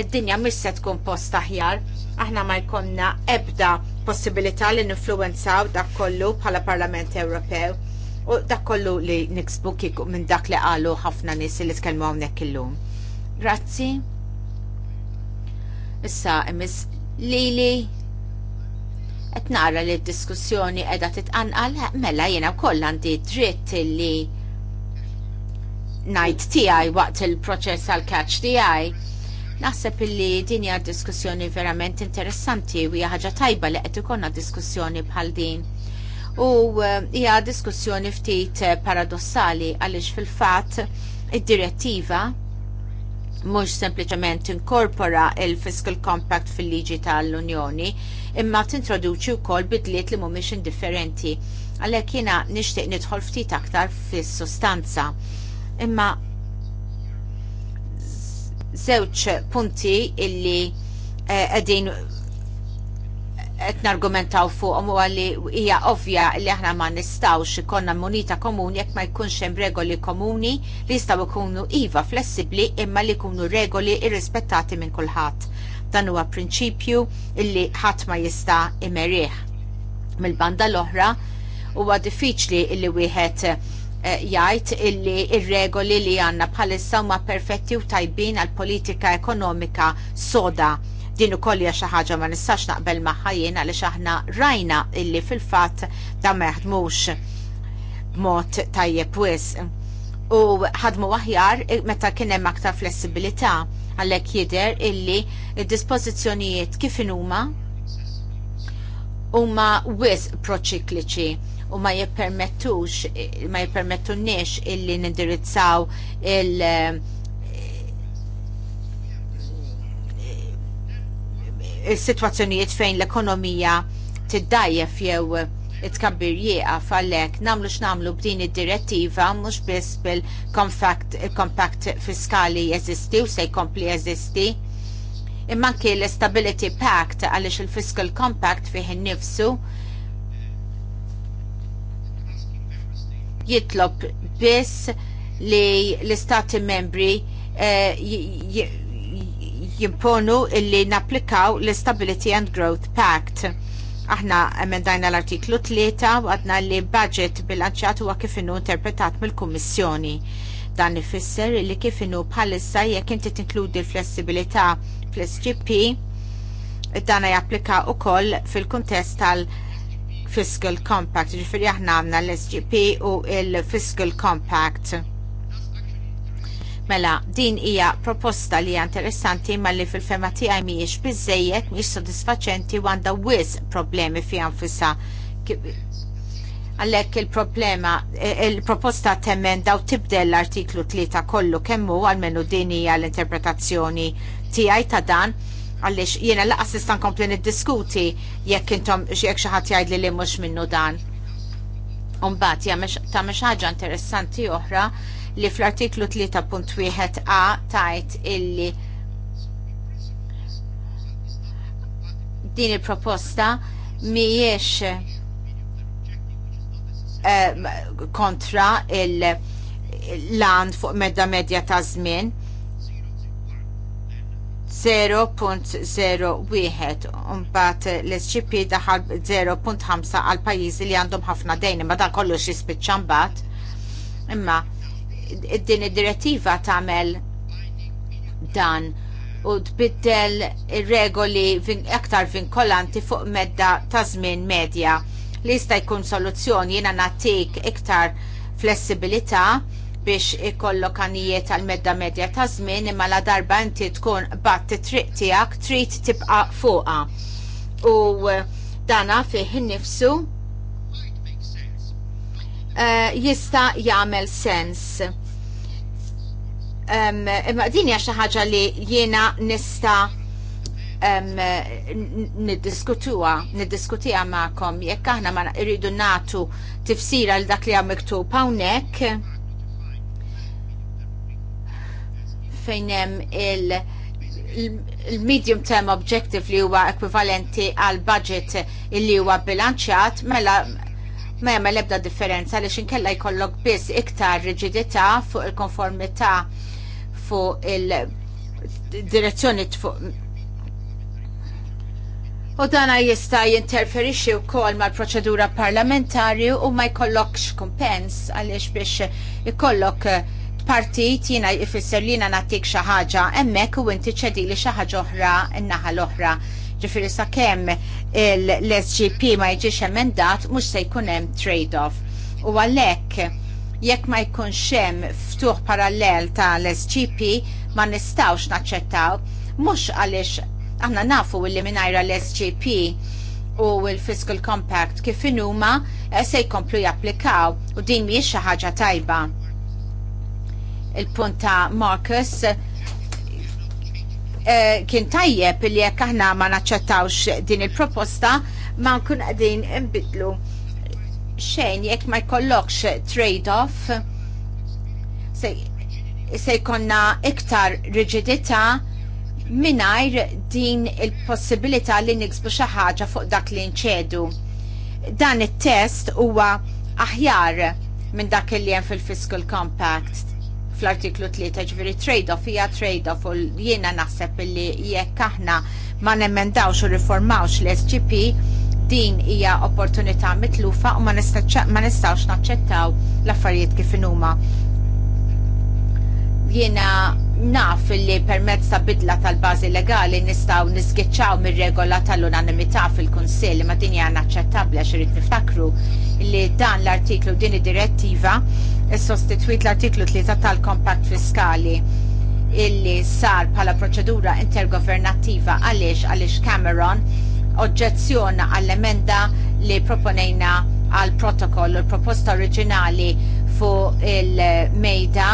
id-dinja mhix se tkun post aħjar, aħna ma jkollna ebda possibilità li ninfluwenzaw dak kollu bħala Parlament Ewropew u dak kollu li niksbu kieku minn dak li qalu ħafna nies li tkellmu hawnhekk illum. Grazzi. Issa emis Lili qed nara li d-diskussjoni qiegħda titqanqal mela jiena wkoll għandi dritt li ngħid tiegħi waqt il-proċess għall catch tiegħi. Naħseb illi din hija diskussjoni verament interessanti u hija ħaġa tajba li qed ikollna diskussjoni bħal din u eh, hija diskussjoni ftit eh, paradossali għaliex fil-fatt id-direttiva mhux sempliċement inkorpora il-Fiscal Compact fil-liġi tal-Unjoni, imma tintroduċi wkoll bidliet li mhumiex indifferenti. Għalhekk jiena nixtieq nidħol ftit aktar fis-sostanza. Imma żewġ punti illi eh, qegħdin uh, qed nargumentaw fuqhom huwa li hija ovvja li aħna ma nistawx ikollna munita komuni jekk ma jkunx hemm regoli komuni li jistgħu jkunu iva flessibbli imma li jkunu regoli irrispettati minn kulħadd. Dan huwa prinċipju illi ħadd ma jista' imerih. Mill-banda l-oħra huwa diffiċli illi wieħed eh, jgħid illi ir-regoli li għandna bħalissa huma perfetti u tajbin għal politika ekonomika soda Din ukoll hija xi ħaġa ma nistax naqbel magħha jien għaliex aħna rajna illi fil-fatt da ma jaħdmux b'mod tajjeb wisq. U ħadmu aħjar meta kien hemm aktar flessibilità għalhekk jidher illi d-dispożizzjonijiet kif huma huma wisq proċikliċi u ma jippermettux ma jippermettunniex illi nindirizzaw il- situazzjonijiet fejn l-ekonomija tiddajjef jew it-kabbir jieqaf għalhekk nagħmlu x'namlu b'din id-direttiva mhux biss bil-compact fiskali jeżisti u se jkompli jeżisti. Imma anki l-Stability Pact għaliex il-Fiscal Compact fih innifsu jitlob biss li l-istati membri eh, jimponu illi napplikaw l-Stability and Growth Pact. Aħna emendajna l-artiklu 3 u għadna li budget bilanċjat huwa kif inhu interpretat mill-Kummissjoni. Dan ifisser li kif inhu bħalissa jekk inti tinkludi l-flessibilità fl-SGP, dan japplika wkoll fil-kuntest tal- Fiscal Compact, Jiġifieri aħna għandna l-SGP u l fiscal Compact Mela, din hija proposta li hija interessanti ma li fil-fema tiegħi mhijiex biżejjed, mhijiex sodisfaċenti u għandha wis problemi fi anfisa. Għalhekk il-problema, eh, il-proposta temmen daw tibdel l-artiklu 3 kollu kemmu għalmenu din hija l-interpretazzjoni tiegħi ta' dan għallix jiena laqas nistan kompli niddiskuti jekk intom jekk xi ħadd jgħidli li mhux minnu dan. Umbat, ja, ta' ħaġa interessanti oħra li fl-artiklu 3.1 a tajt illi din il-proposta miex eh, kontra il-land fuq medda medja ta' żmien 0.01 unbat l-SGP daħal 0.5 għal pajizi li għandhom ħafna dejn imma dan kollox jispiċċan bat imma din id-direttiva tagħmel dan u tbiddel ir-regoli aktar vinkolanti fuq medda ta' żmien medja li jista' jkun soluzzjoni jiena nagħtik iktar flessibilità biex ikollok għanijiet għal medda medja ta' żmien imma la darba inti tkun bat triq tiegħek trid tibqa' fuqha. U dana fih innifsu Eh, jista jagħmel sens. Imma din hija xi ħaġa li jiena nista' niddiskutuha, niddiskutiha magħkom jekk aħna ma rridu nagħtu tifsira l dak li hawn miktub hawnhekk fejn hemm il- il-medium term objective li huwa ekwivalenti għal budget li huwa bilanċjat mela ma jagħmel ebda differenza għaliex inkella jkollok biss iktar riġidità fuq il-konformità fuq il-direzzjoni fuq U dana jista jinterferixi u kol mal proċedura parlamentari u ma jkollokx kumpens għaliex biex jkollok partit jina jifisser li jina natik xaħġa emmek u inti ċedili xaħġa oħra innaħal naħa l-oħra Ġifiri sa' kem l-SGP ma jġiex emendat, mux se jkun hemm trade-off. U għalek, jekk ma jkunx hemm ftuħ parallel ta' l-SGP, ma nistawx naċċettaw, mux għalix aħna nafu li minajra l-SGP u l-Fiscal Compact kif inhuma eh, se jkomplu japplikaw u din mhijiex xi ħaġa tajba. Il-punt ta' Marcus Eh, kien tajjeb li jekk aħna ma naċċettawx din il-proposta ma nkun qegħdin inbidlu xejn jekk ma jkollokx trade-off se jkollna iktar riġidità mingħajr din il-possibilità li niksbu xi ħaġa fuq dak li nċedu. Dan it-test huwa aħjar minn dak li hemm fil-Fiscal Compact fl-artiklu 3 ġviri trade-off hija trade-off u jiena naħseb li jekk aħna ma nemmendawx u riformawx l-SGP din hija opportunità mitlufa u ma nistgħux naċċettaw l-affarijiet kif inhuma. Jiena naf li permezz ta' bidla tal-bażi legali nistgħu niskiċċaw mir-regola tal-unanimità fil-Kunsill ma din hija naċċettabbli għax irid niftakru li dan l-artiklu din id-direttiva sostitwit l-artiklu 3 tal-Kompatt Fiskali illi sar bħala proċedura intergovernattiva għaliex għaliex Cameron oġġezzjona għall-emenda li proponejna għal protokoll u l-proposta oriġinali fuq il-mejda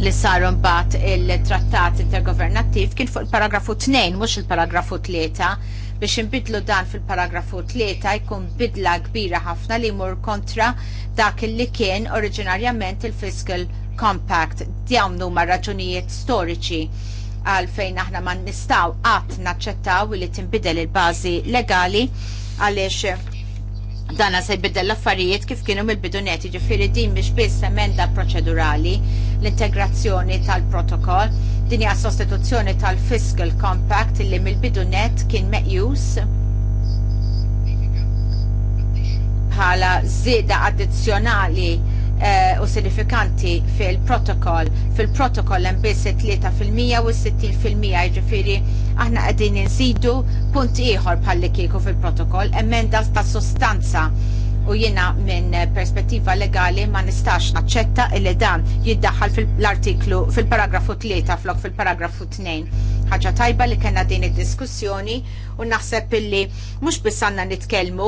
li saru mbagħad il-trattat intergovernattiv kien fuq il-paragrafu 2 mhux il-paragrafu 3 biex inbidlu dan fil-paragrafu 3 jkun bidla kbira ħafna li jmur kontra dak li kien oriġinarjament il-Fiscal Compact. Dawn huma raġunijiet storiċi għalfejn aħna ma nistaw qatt naċċettaw li tinbidel il-bażi legali għaliex dana se jbiddel l-affarijiet kif kienu mill-bidunet, ġifiri din biex biss emenda proċedurali l-integrazzjoni tal-protokoll, din hija sostituzzjoni tal-Fiscal Compact li mill-bidunet kien meqjus bħala żieda addizzjonali Eh, u sinifikanti fil-protokoll. Fil-protokoll hemm biss 3% u 60% jiġifieri aħna qegħdin inżidu punt ieħor bħalli kieku fil-protokoll, emenda ta' sostanza u jiena minn perspettiva legali ma nistax naċċetta illi dan jiddaħħal fil-artiklu fil-paragrafu 3 flok fil-paragrafu 2. Ħaġa tajba li kena din id-diskussjoni u naħseb illi mhux biss għandna nitkellmu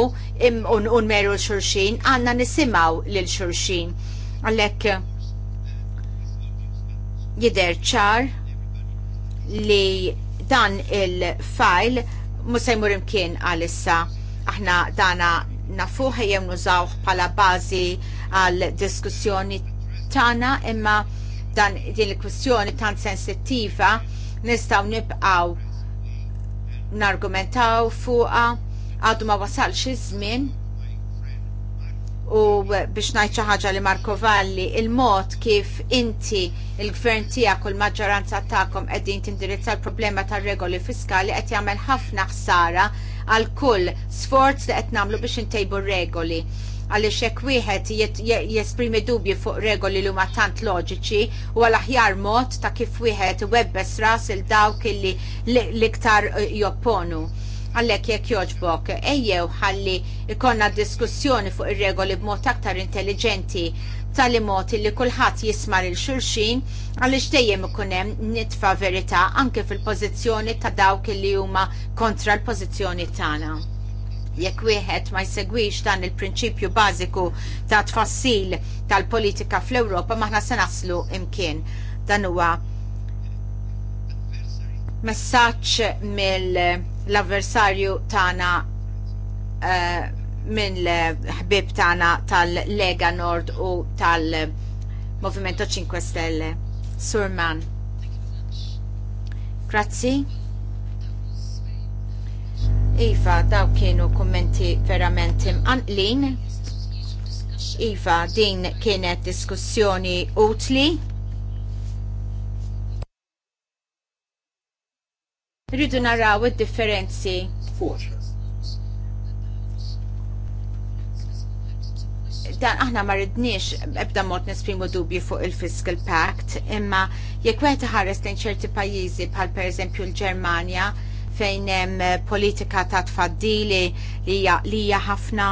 u nmeru l-xurxin, għandna nisimgħu lil xurxin. Għalhekk jidher ċar li dan il-fajl musajmur imkien għalissa aħna dana nafuħ jew nużawh bħala bażi għal diskussjoni tagħna imma dan din il-kwistjoni tant sensittiva nistgħu nibqgħu nargumentaw fuqha għadu ma wasalx iż-żmien u biex ngħid xi ħaġa li Marko Valli il-mod kif inti il-gvern tiegħek u l-maġġoranza tagħkom qegħdin tindirizza l-problema tar-regoli fiskali qed jagħmel ħafna ħsara għal kull sforz li qed nagħmlu biex intejbu regoli għaliex hekk wieħed jesprimi dubju fuq regoli li huma tant loġiċi u għal aħjar mod ta' kif wieħed webbes ras il dawk li l-iktar eh, jopponu. Għallek jek joġbok, ejjew ħalli ikonna diskussjoni fuq ir-regoli b'mod aktar intelligenti tal mod li kulħadd jismar il-xulxin għaliex dejjem ikun hemm nitfa verità anke fil-pożizzjoni ta' dawk li huma kontra l-pożizzjoni tagħna. Jekk wieħed ma jsegwix dan il-prinċipju bażiku ta' tfassil tal-politika fl-Ewropa maħna se naslu imkien. Dan huwa messaġġ mill- l-avversarju tagħna uh, eh, minn l-ħbib tagħna tal-Lega Nord u tal-Movimento 5 Stelle. Surman. Grazzi. Iva, daw kienu kummenti verament imqanqlin. Iva, din kienet diskussjoni utli Rridu naraw id-differenzi. Dan aħna ma rridniex ebda mod nesprimu dubju fuq il-Fiscal Pact, imma jekk wieħed ħares lejn ċerti pajjiżi bħal pereżempju l-Ġermanja fejn hemm politika ta' tfaddili li hija ħafna.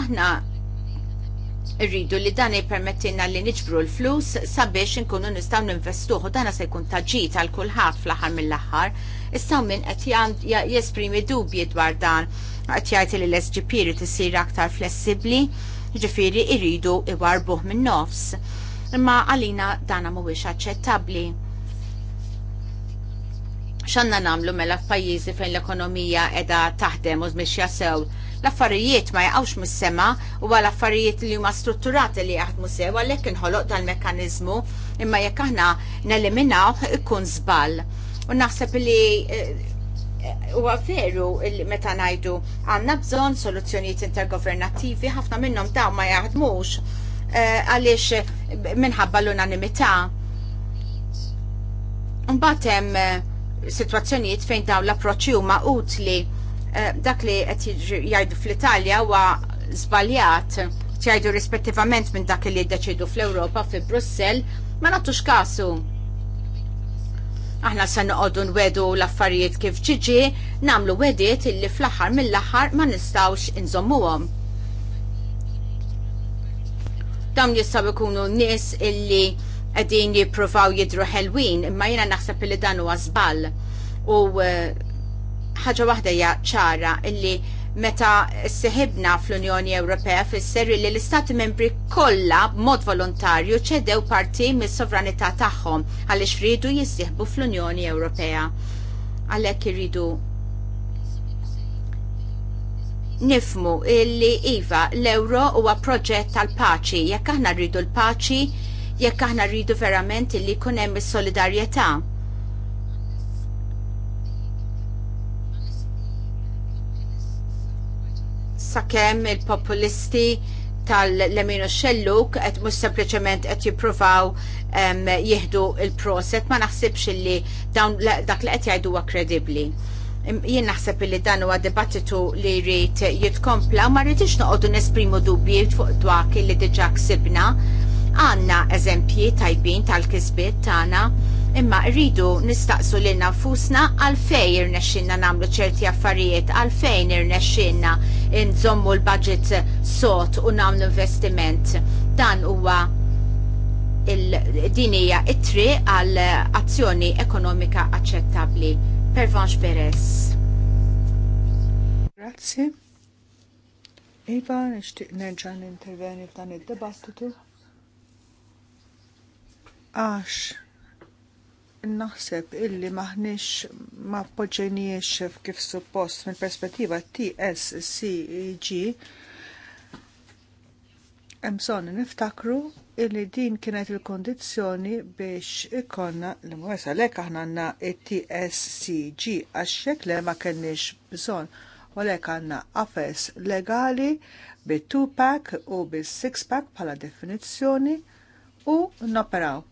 aħna rridu li dan jippermettilna li niġbru l-flus sabiex inkunu nistgħu ninvestuħu dan se jkun taġġid għal kulħadd fl-aħħar mill-aħħar. Issaw minn qed jesprimi dubji dwar dan qed jgħid li l-SGP li tisir aktar flessibbli, ġifieri rridu iwarbuh minn nofs. Imma għalina dana mhuwiex aċċettabbli. X'għandna nagħmlu mela f'pajjiżi fejn l-ekonomija qiegħda taħdem u żmixja sew l-affarijiet ma jaqgħux mis-sema u għal affarijiet li huma strutturati li jaħdmu sew għalhekk inħoloq dal-mekkaniżmu imma jekk aħna neliminaw ikun żball. U naħseb li eh, u veru meta ngħidu għandna bżonn soluzzjonijiet intergovernattivi ħafna minnhom daw ma jaħdmux eh, għaliex minħabba l-unanimità. Mbagħad hemm eh, sitwazzjonijiet fejn dawn l-approċċi huma utli Eh, dak li qed jgħidu fl-Italja huwa żbaljat jgħidu rispettivament minn dak li jiddeċidu fl-Ewropa fi Brussell ma nagħtux kasu. Aħna se noqogħdu nwedu l-affarijiet kif ġiġi, nagħmlu wediet illi fl-aħħar mill-aħħar ma nistgħux inżommuhom. Dawn jistgħu jkunu nies illi qegħdin jippruvaw jidru ħelwin, imma jiena naħseb li dan huwa żball u eh, ħaġa waħda hija ċara illi meta seħibna fl-Unjoni Ewropea fisser li l-Istati membri kollha b'mod volontarju ċedew parti mis-sovranità tagħhom għaliex rridu jissieħbu fl-Unjoni Ewropea. Għalhekk iridu nifmu illi iva l-euro huwa proġett tal-paċi, jekk aħna rridu l-paċi, jekk aħna rridu verament illi jkun hemm is-solidarjetà sakemm il-populisti tal-Lemino Xelluk qed mhux sempliċement qed jippruvaw jieħdu il-proset ma naħsibx li dawn dak li qed jgħidu huwa kredibbli. Jien naħseb li dan huwa dibattitu li jrid jitkompla u ma rridix noqogħdu nesprimu dubji fuq dwak li diġà ksibna. Għandna eżempji tajbin tal-kisbiet tagħna Imma rridu nistaqsu lil nfusna għalfejn irnexxinna nagħmlu ċerti affarijiet, għalfejn irnexxinna nżommu l-budget sot u nagħmlu investiment. Dan huwa din hija it-tri għal azzjoni ekonomika aċċettabbli. Pervanx peress.
Grazzi. Iva, nixtieq nerġa' ninterveni f'dan id-dibattitu. Għax, naħseb illi maħniex ma poġġenijiex kif suppost mill perspettiva TSCG e emson niftakru illi din kienet il-kondizjoni biex ikonna l-mwesa lek aħna għanna TSCG e għaxċek le ma kenniex bżon u lek għanna affess legali bi 2-pack u bi 6-pack pala definizjoni u noperaw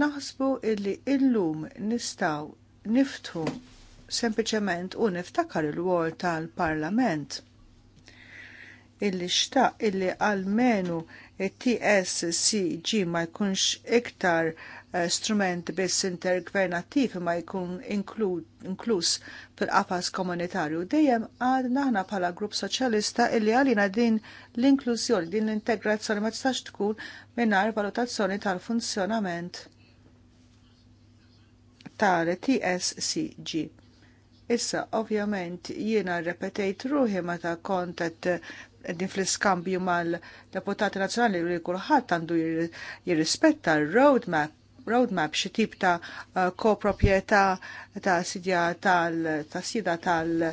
naħsbu illi illum nistaw niftu sempliċement u niftakar il-wol tal-Parlament illi xtaq illi għalmenu TSCG ma jkunx iktar eh, strument biss intergvernativ ma jkun inkluż fil-qafas komunitarju. Dejjem għadna aħna bħala grupp soċjalista illi għalina din l-inklużjoni, din l-integrazzjoni ma tistax tkun mingħajr valutazzjoni tal-funzjonament tal-TSCG. Issa, ovvjament, jiena repetejt ruħi meta kontet din fl-iskambju mal-deputati nazzjonali li kulħadd għandu jirrispetta r-roadmap roadmap xi tip ta' eh, koproprjetà ta' sidja tal-sida tal-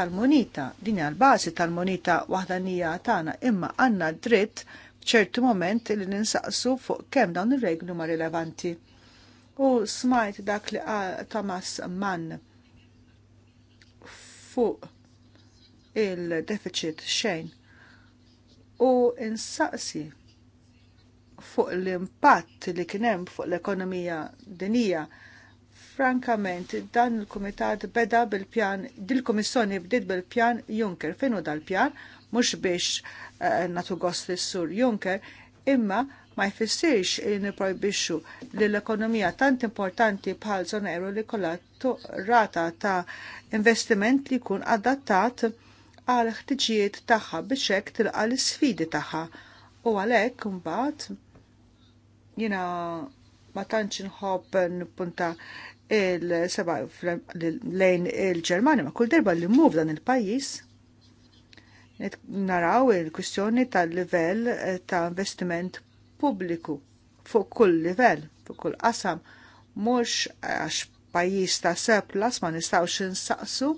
tal-monita, din l bażi tal-monita waħdanija tagħna, imma għandna dritt ċertu moment li ninsaqsu fuq kemm dawn ir reglu ma' rilevanti u smajt dak li qal Thomas Mann fuq il-deficit xejn u insaqsi fuq l-impatt li kien hemm fuq l-ekonomija dinija frankament dan il-kumitat beda bil-pjan, dil-komissjoni bdiet bil-pjan Juncker. finu dal-pjan? Mhux biex uh, natu gost lis sur Juncker, imma ma jfissirx li niprojbixxu li l-ekonomija tant importanti bħal zona euro li kollha rata ta' investiment li jkun adattat għal ħtiġijiet tagħha biex hekk tilqa' l-isfidi tagħha. U għalhekk imbagħad jiena ma tantx inħobb nippunta il-seba lejn il-Ġermanja, ma kull darba li mmuv dan il-pajjiż naraw il-kwistjoni tal-livell ta' investiment pubbliku fuq kull livell, fuq kull qasam, mhux għax pajjiż ta' seplas ma nistgħux insaqsu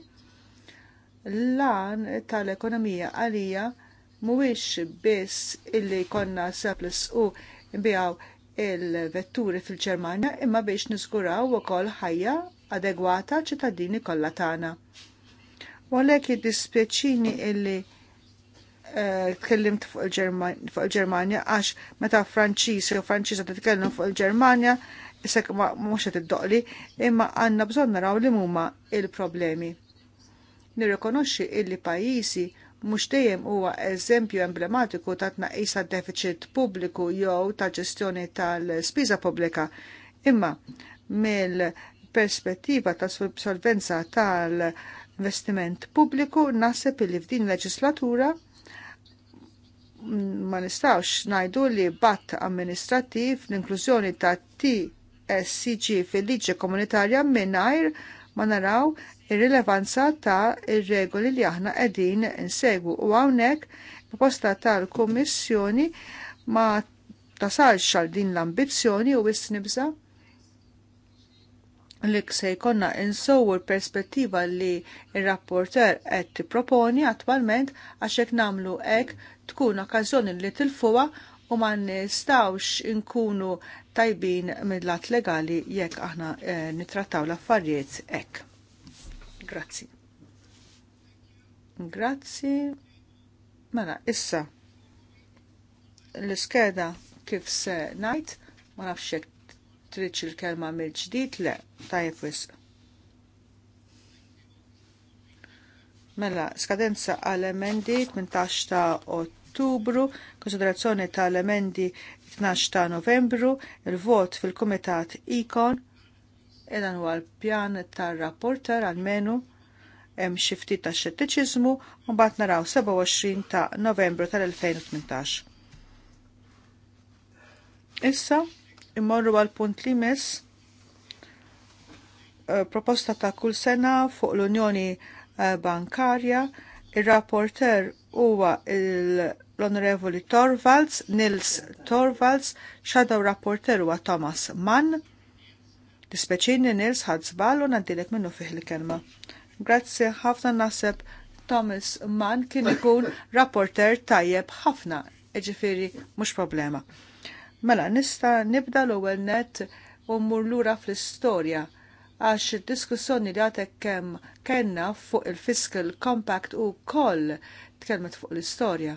lan tal-ekonomija għalija mhuwiex biss illi jkollna seplas u nbijaw il-vetturi fil-Ġermanja imma biex niżguraw ukoll ħajja adegwata ċittadini kollha tagħna. U għalhekk jiddispjaċini illi Eh, tkellimt fuq il-Ġermanja għax meta Franċis jew Franċiża titkellem fuq il-Ġermanja isek mhux qed iddoqli imma għandna bżonn naraw li huma il-problemi. Nirrikonoxxi illi pajjiżi mhux dejjem huwa eżempju emblematiku ta' tnaqqis tad-deficit pubbliku jew ta' ġestjoni tal-spiża pubblika. Imma mill-perspettiva ta' solvenza tal-investiment pubbliku naħseb li f'din leġislatura ma nistawx najdu li batt amministrativ l-inklużjoni ta' TSCG fil-liġi komunitarja minnajr ma naraw ir-rilevanza ta' ir-regoli li aħna qegħdin insegwu u hawnhekk proposta tal-Kummissjoni ma tasalx għal din l-ambizzjoni u wis nibża li se jkonna insowu l-perspettiva li il-rapporter qed tipproponi attwalment għax hekk nagħmlu hekk tkun okkażjoni li tilfuha u ma nistawx inkunu tajbin mill-lat legali jekk aħna e, eh, nitrattaw l-affarijiet hekk. Grazzi. Grazzi. Mela, issa l-iskeda kif se najt, ma nafx triċ tridx il-kelma mill-ġdid, le, tajfis. wisq. Mela, skadenza għal-emendi 18 ta' ottubru, konsiderazzjoni tal-emendi 12 ta' novembru, il-vot fil-komitat ikon, edan huwa l-pjan tar-rapporter għal-menu hemm xi ftit ta' xettiċiżmu u mbagħad naraw 27 ta' Novembru tal-2018. Issa immorru għal punt li mis eh, proposta ta' kull sena fuq l-Unjoni Eh, bankarja. Il-rapporter huwa l-Onorevoli Torvalds, Nils Torvalds, xadaw rapporter huwa Thomas Mann. Dispeċini Nils ħadżbal u nadilek minnu fih il-kelma. Grazzi ħafna naseb Thomas Mann kien ikun rapporter tajjeb ħafna, eġifiri mux problema. Mela, nista nibda l ewwel net u mmur lura fl-istorja għax diskussjoni li għatek kem kena fuq il-Fiscal Compact u koll tkelmet fuq l-istoria.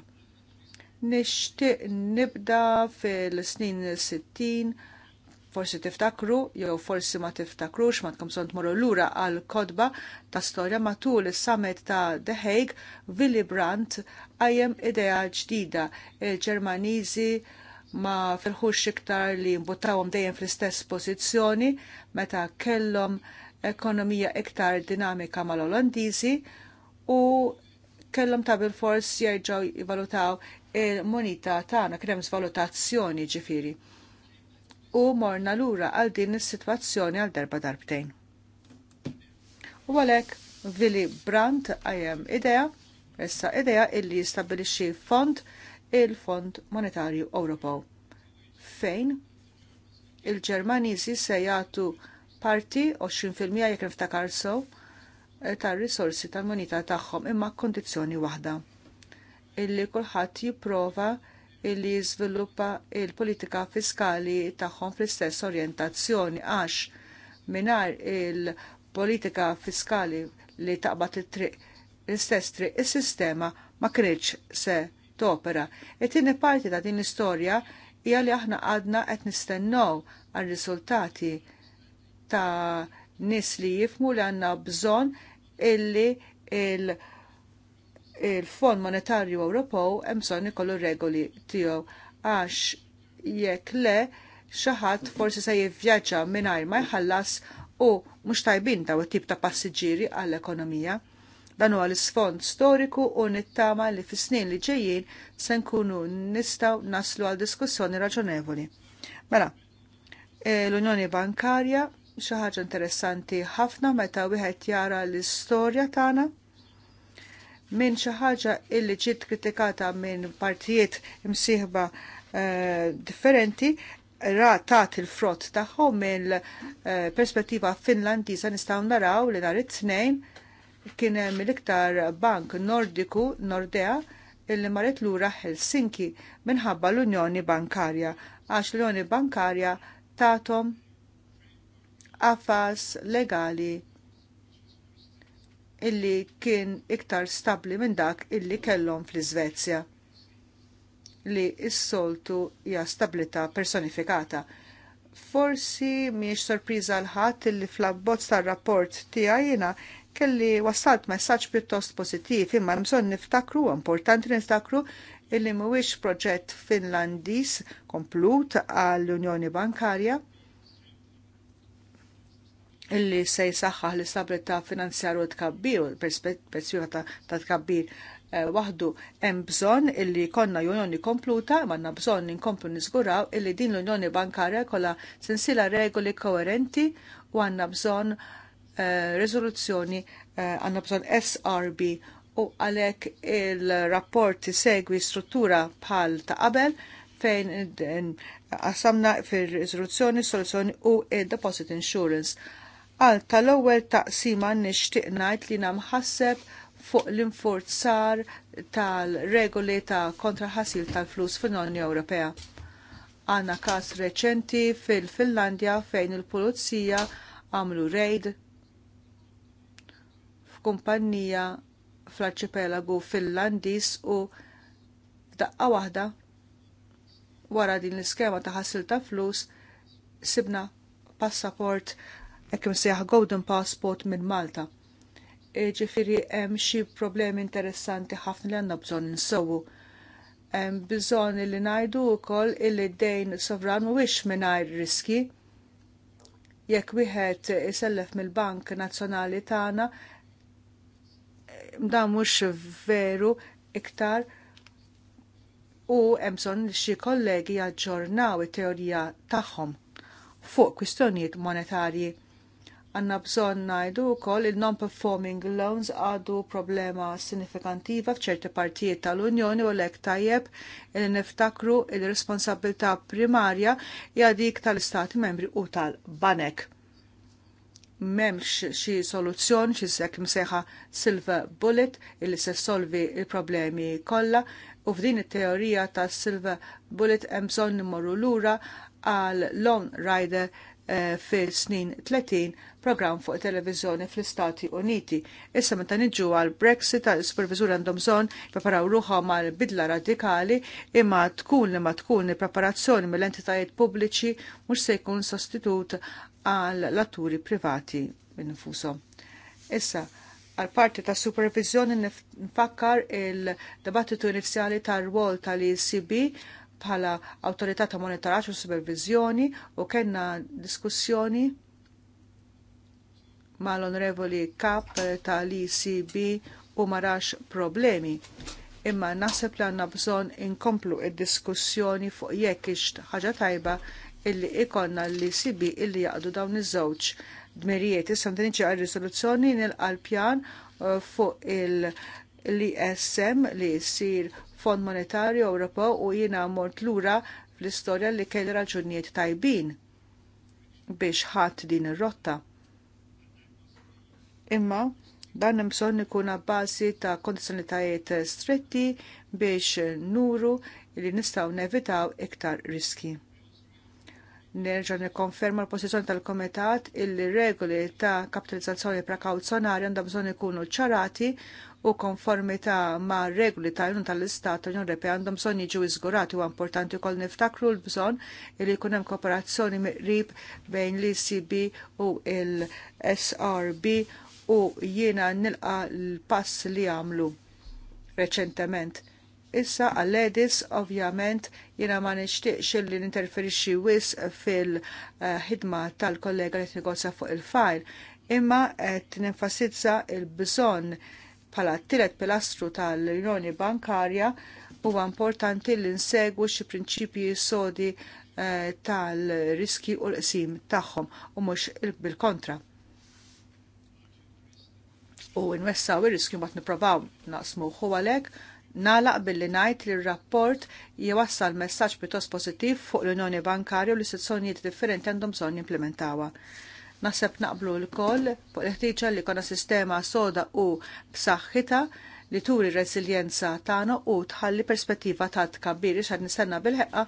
Nishtiq nibda fil-snin 60, forsi tiftakru, jew forsi ma tiftakrux, ma tkom sont morru l-ura għal-kodba ta' storja matul is-summit ta' The Hague, Willy Brandt għajem ideja ġdida, il-Ġermaniżi ma ferħux iktar li mbutawhom dejjem fl-istess pożizzjoni meta kellhom ekonomija iktar dinamika mal-Olandiżi u kellhom ta' bil-fors jerġgħu jivalutaw il-monita tagħna kien valutazzjoni svalutazzjoni ġifieri. U morna lura għal din is-sitwazzjoni għal darba darbtejn. U għalhekk Willy Brandt għajem idea, issa idea illi jistabilixxi fond il-Fond Monetarju Ewropew fejn il-Ġermaniżi se jagħtu parti 20% jekk niftakar sew eh, tar-risorsi tal-munita tagħhom imma kondizzjoni waħda illi kulħadd jipprova illi jiżviluppa il-politika fiskali tagħhom fl-istess orjentazzjoni għax mingħajr il-politika fiskali li taqbad it-triq l-istess triq is-sistema ma kienx se topera. It-tieni parti ta' din l-istorja hija li aħna għadna qed nistennew għar-riżultati ta' nis li jifmu li għandna bżonn illi il- il-Fond Monetarju Ewropew hemm bżonn ikollu regoli tiegħu għax jekk le xi ħadd forsi se jivvjaġġa mingħajr ma jħallas u mhux tajbin daw it-tip ta' passiġġieri għall-ekonomija. Dan huwa l-isfond storiku u nittama li fis-snin li ġejjin se nkunu nistgħu naslu għal diskussjoni raġonevoli. Mela, e, l-Unjoni Bankarja xi ħaġa interessanti ħafna meta wieħed jara l-istorja tagħna minn xi ħaġa illi ġiet kritikata minn partijiet imsieħba e, differenti ra tat il-frott tagħhom mill e, perspettiva Finlandiża nistgħu naraw li nhar it-tnejn kien hemm l-iktar bank nordiku Nordea illi marret lura Helsinki minħabba l-Unjoni Bankarja għax l-Unjoni Bankarja tatom qafas legali illi kien iktar stabli minn dak illi kellhom fl-Iżvezja li s-soltu hija stabilità personifikata. Forsi miex sorpriża l-ħadd illi fl-abbozz tar-rapport tiegħi jiena kelli wassalt messaġġ pjuttost pożittiv imma bżonn niftakru, importanti niftakru illi mhuwiex proġett Finlandiż komplut għall-Unjoni Bankarja illi se jisaxħaħ l-istabilità finanzjarju tkabbir u l-perspettiva ta' tkabbir eh, waħdu hemm bżonn illi konna unjoni kompluta, manna bżonn inkomplu niżguraw illi din l-Unjoni Bankarja kollha sensiela regoli koerenti u għandna bżonn Eh, rezoluzzjoni eh, għanna bżon SRB u għalhekk il-rapport segwi struttura bħal ta' qabel fejn għasamna fir-riżoluzzjoni soluzzjoni u deposit insurance. Għal tal-ewwel taqsima nixtieq ngħid li namħasseb fuq l-infurzar tal-regoli ta' kontraħasil tal-flus fil-Unjoni Ewropea. Għanna kas reċenti fil-Finlandja fejn il-Pulizija għamlu rejd f'kumpanija fl-arċipelagu Finlandis u f'daqqa waħda wara din l-iskema ta' ħassil ta' flus sibna passaport ekkim seħ Golden Passport minn Malta. E ġifiri hemm xi problemi interessanti ħafna li għandna bżonn nsewu. Hemm bżonn li ngħidu wkoll illi dejn sovran mhuwiex mingħajr riski. Jekk wieħed isellef mill-Bank Nazzjonali tagħna da mhux veru iktar u hemm bżonn xi kollegi jaġġornaw it-teorija tagħhom fuq kwistjonijiet monetarji. Għanna bżonn ngħidu wkoll il-non-performing loans għadu problema sinifikantiva f'ċerti partijiet tal-Unjoni u lek tajjeb niftakru il-responsabilità primarja hija dik tal-Istati membri u tal-Banek memx xi soluzzjon xi sekk mseħa silver bullet illi se solvi il-problemi kollha u f'din it-teorija ta' silver bullet hemm bżonn nimmorru lura għal long Rider eh, fil-snin 30 program fuq televizjoni fl-Istati Uniti. Issa meta niġu għal Brexit għal supervizur għandhom bżonn preparaw ruħhom għal bidla radikali imma tkun li ma tkun il-preparazzjoni mill-entitajiet pubbliċi mhux se jkun sostitut għal l-atturi privati minnufusom. Issa, għal parti ta' supervizjoni nfakkar il-debattitu inizjali tal-rwol tal-ECB bħala autorità ta' monitoraġġ u supervizjoni u kellna diskussjoni mal-onorevoli kap tal-ECB u marax problemi. Imma naħseb li għandna bżonn inkomplu id-diskussjoni fuq jekk ixt ħaġa tajba illi ikonna li sibi illi jaqdu dawn iż-żewġ dmirijiet. Issa niġi għal-riżoluzzjoni nilqal pjan uh, fuq il ism e li jsir Fond Monetarju Ewropew u jiena mort lura fl-istorja li kellha raġunijiet tajbin biex ħadd din ir-rotta. Imma dan hemm bżonn ikun abbażi ta' kondizzjonitajiet stretti biex nuru li nistgħu nevitaw iktar riski. Nerġa' nikkonferma l-pożizzjoni tal-Komitat illi regoli ta' kapitalizzazzjoni prekawzjonarja għandha bżonn ikunu ċarati u konformità ma' regoli ta' jnun tal-Istat tal unjoni Ewropea għandhom bżonn jiġu iżgurati u importanti wkoll niftakru l-bżonn li jkun hemm kooperazzjoni miqrib bejn l-ECB u l-SRB u jiena nilqa l-pass li għamlu reċentement Issa għall-edis ovvjament jena ma nixtieqx li ninterferixxi wis fil-ħidma tal-kollega li tnegozja fuq il-fajl, imma qed nenfasizza il-bżonn bħala t-tielet pilastru tal-Unjoni Bankarja huwa importanti li nsegwu xi prinċipji sodi eh, tal-riski u l-qsim tagħhom u mhux bil-kontra. U nwessaw ir-riskju mbagħad nipprovaw naqsmu għalhekk Nalaq billi najt li r-rapport jewassal messaġġ pjuttost pożittiv fuq l-Unjoni Bankarju li l differenti għandhom bżonn implementawa. Naħseb naqblu l-koll fuq l ħtiċa li kona sistema soda u b'saħħita li turi resiljenza tagħna u tħalli perspettiva ta' tkabbir xad nistenna bil-ħeqqa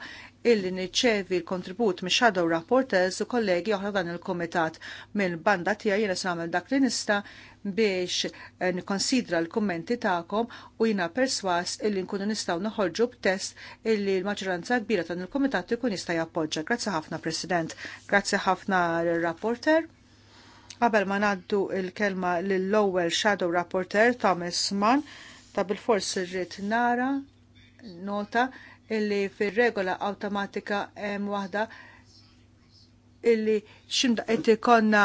illi niċċevi l-kontribut mix shadow rapporters u kollegi oħra dan il-komitat minn banda tiegħi jiena nagħmel dak li nista' biex eh, nikonsidra l-kummenti tagħkom u jina perswas illi nkunu nistgħu noħorġu b'test illi l-maġġoranza kbira ta' il komitat ikun jista' jappoġġa. Grazzi ħafna President, grazzi ħafna rapporter. Qabel ma ngħaddu il-kelma lill-ewwel Shadow Rapporter Thomas Mann ta' bil-fors irrid nara nota illi fir-regola awtomatika hemm waħda illi ximda qed ikonna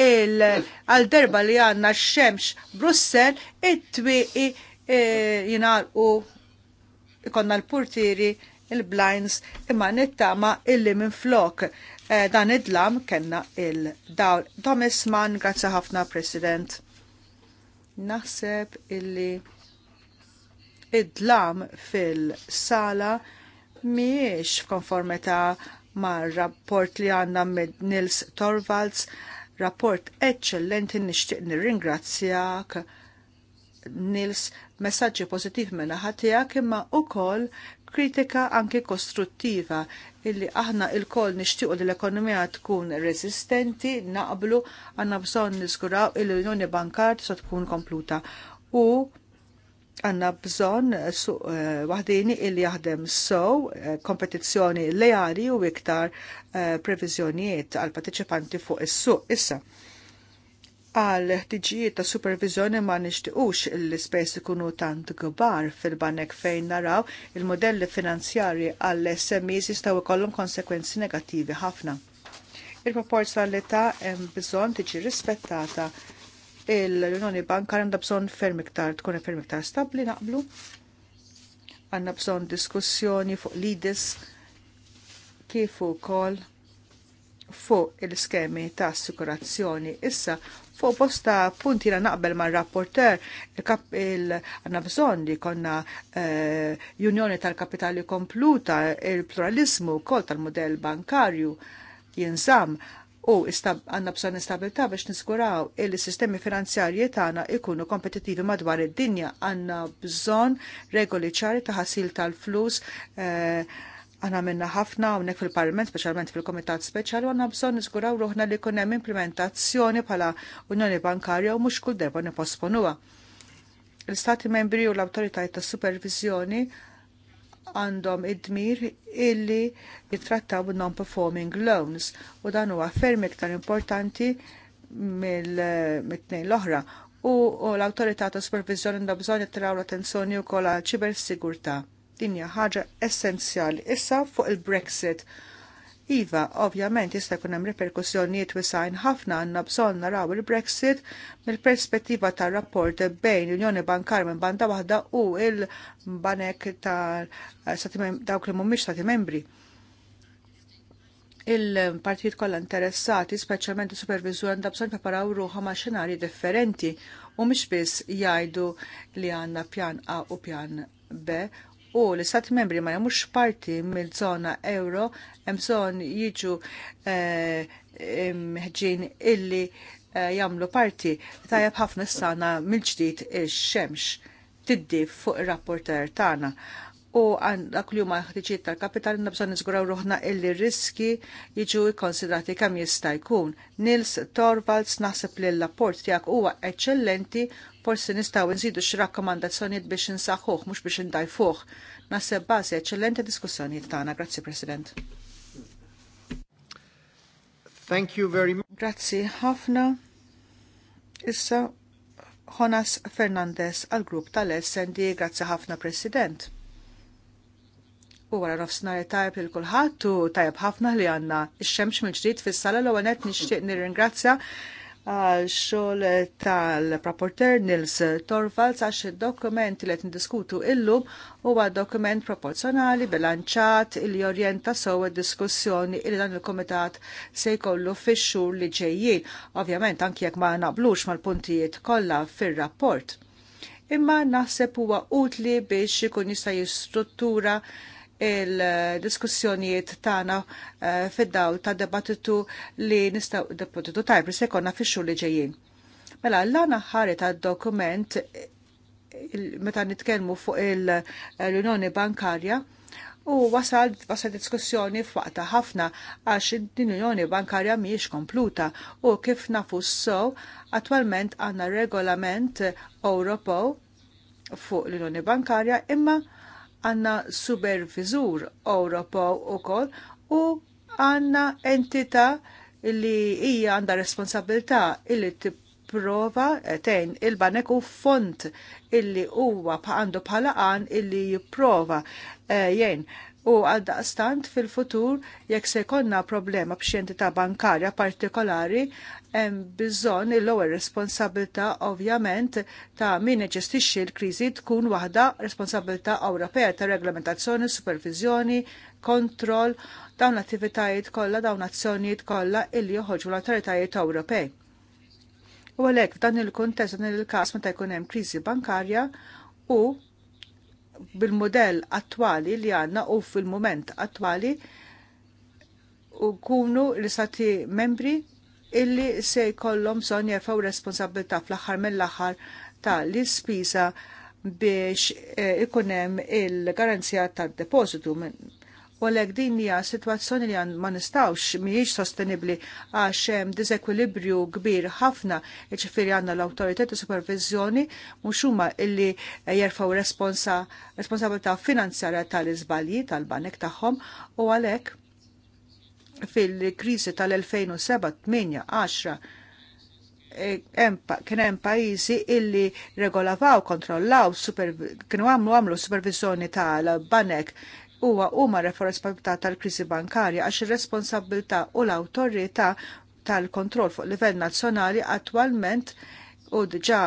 għal darba li għanna xemx Brussel, it-twiqi e, u ikonna l-portiri il-blinds imma nittama illi minn flok e, dan id-dlam kenna il-dawl. Thomas Mann, grazzi ħafna, President. Naħseb illi id-dlam fil-sala miex f'konformità ma' rapport li għanna mid Nils Torvalds rapport eċċellenti nixtieq nirringrazzjak Nils messaġġi pożittiv minn ħatijak imma ukoll kritika anki kostruttiva illi aħna il-koll nixtiequ li l-ekonomija tkun resistenti, naqblu, għanna bżonn niskuraw il-Unjoni Bankar sa tkun kompluta. U għanna bżon waħdini uh, eh, eh, wahdini il jaħdem sow uh, kompetizzjoni lejali u iktar uh, previżjonijiet għal partiċipanti fuq is-suq issa. Għal ħtiġijiet ta' supervizjoni ma nishtiqux l-ispejs ikunu tant kbar fil-banek fejn naraw il-modelli finanzjari għall smis jistaw ikollhom konsekwenzi negattivi ħafna. Il-proporzjonalità hemm bżonn tiġi rispettata l-Unjoni bankar għandha bżonn ferm iktar tkun ferm iktar stabbli naqblu. Għanna bżonn diskussjoni fuq l-IDIS kif ukoll fuq il-skemi ta' assikurazzjoni. Issa fuq bosta punti na naqbel ma' rapporter għanna bżon li konna eh, unjoni tal-kapitali kompluta, il pluralismu kol tal model bankarju jinsam u għanna bżon istabilta biex niskuraw il-sistemi finanzjarji tagħna ikunu kompetittivi madwar id-dinja għanna bżon regoli ċari ta' ħasil tal-flus eh, għana minna ħafna nek fil-parlament, specialment fil-komitat speċjal, għanna bżon niskuraw ruħna li kunem implementazzjoni pala unjoni bankarja u mux kull darba niposponuwa. Il-stati membri u l autoritajt ta' supervizjoni għandhom id-dmir illi jittrattaw non-performing loans u dan huwa ferm iktar importanti mill-tnejn l-oħra u l-autorità ta' supervizjoni għandha bżonn jittraw l-attenzjoni wkoll għal ċiber Din hija ħaġa essenzjali issa fuq il-Brexit Iva, ovvjament jista' jkun hemm reperkussjonijiet wisajn ħafna għandna bżonn naraw il-Brexit mill-perspettiva tar-rapport bejn l-Unjoni Bankar minn banda waħda u il-banek ta' dawk li mhumiex stati membri. Il-partijiet kollha interessati, speċjalment il-supervizur għandha bżonn preparaw ruħha ma' xenarji differenti u mhix biss jgħidu li għandna pjan A u pjan B u l istat membri ma jamux parti mill-zona euro jemson jiġu eh, ħġin illi eh, jamlu parti tajab ħafna s-sana mill-ġdid il-xemx tiddi fuq il-rapporter tana u għandak li huma ħtiġiet tal-kapital għandna bżonn niżguraw ruħna illi riski jiġu konsidrati kemm jista' jkun. Nils Torvalds naħseb li l-apport tiegħek huwa eċċellenti, forsi nistgħu nżidu xi rakkomandazzjonijiet biex insaħħuh mhux biex indajfuh. Naħseb bażi eċċellenti diskussjonijiet tagħna. Grazzi President. Thank you very much. Grazzi ħafna. Issa Jonas Fernandez għal grupp tal-SND, grazzi ħafna President u wara nofsinhar tajb il kulħadd u tajb ħafna li għandna ix-xemx mill-ġdid fis-sala l-ewwel nixtieq nirringrazzja għal xogħol tal-rapporter Nils Torvalds għax id-dokument li qed ndiskutu illum huwa dokument proporzjonali bilanċat li jorjenta sew id-diskussjoni li dan il-komitat se jkollu fix-xhur li ġejjin, ovvjament anki jekk ma naqblux mal-puntijiet kollha fir-rapport. Imma naħseb huwa utli biex ikun jista' jistruttura il-diskussjonijiet tagħna eh, fid-dawl ta' debattitu li nistgħu debattitu tajb li se jkollna fix-xhur li ġejjin. Mela l-għana ħari ta' dokument meta nitkellmu fuq l-Unjoni Bankarja u wasal wasal diskussjoni f'waqta ħafna għax din l-Unjoni Bankarja mhijiex kompluta u kif nafu s-so attwalment għandna regolament Ewropew fuq l-Unjoni Bankarja imma għanna supervizur Ewropew ukoll u għanna entità li hija għandha responsabilità illi tipprova eh, tejn il-banek u font illi huwa għandu bħala għan illi jipprova eh, jgħin u għaldaqstant fil-futur jekk se jkollna problema b'xjentità bankarja partikolari hemm bżonn il-ewwel responsabilità ovvjament ta' min iġestixxi l-kriżi tkun waħda responsabilità Ewropea ta' reglamentazzjoni, supervizjoni, kontroll dawn l-attivitajiet kollha dawn azzjonijiet kollha illi joħorġu l-awtoritajiet Ewropej. U għalhekk f'dan il-kuntest dan il-każ meta jkun hemm kriżi bankarja u bil-modell attwali li għanna u fil-moment attwali u kunu l-istati membri illi se jkollhom bżonn jerfgħu responsabilità fl-aħħar mill-aħħar ta' li ispiża biex eh, ikun hemm il-garanzija tad-depositu U għalhekk din hija sitwazzjoni li ma nistawx mhijiex sostenibbli għax hemm diżekwilibrju kbir ħafna, iċifieri għandna l-awtorità ta' supervizjoni mhux huma illi jerfgħu responsabilità finanzjarja tal-iżbalji tal-banek tagħhom u għalhekk fil-kriżi 2007 8 e, kien hemm pajjiżi illi regolavaw, kontrollaw, kienu għamlu għamlu supervizjoni tal-banek huwa huma responsabilità tal-kriżi bankarja għax ir-responsabilità u l-awtorità tal-kontroll fuq livell nazzjonali attwalment u diġà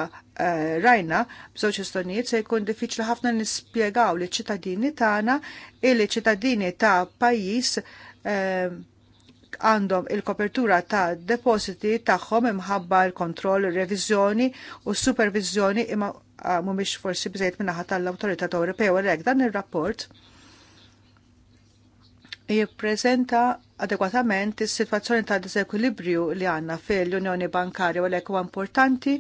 eh, rajna bżoċ istonijiet se jkun diffiċli ħafna nispjegaw li ċittadini tagħna li ċittadini ta' pajjiż eh, għandhom il-kopertura ta' depositi tagħhom imħabba l-kontroll, revizjoni u supervizjoni imma eh, mhumiex forsi bżejt minnaħa tal-Awtorità Ewropea u dan ir-rapport jippreżenta adekwatament is-sitwazzjoni ta' disekwilibrju li għandna fil-Unjoni Bankarja u l-ekwa importanti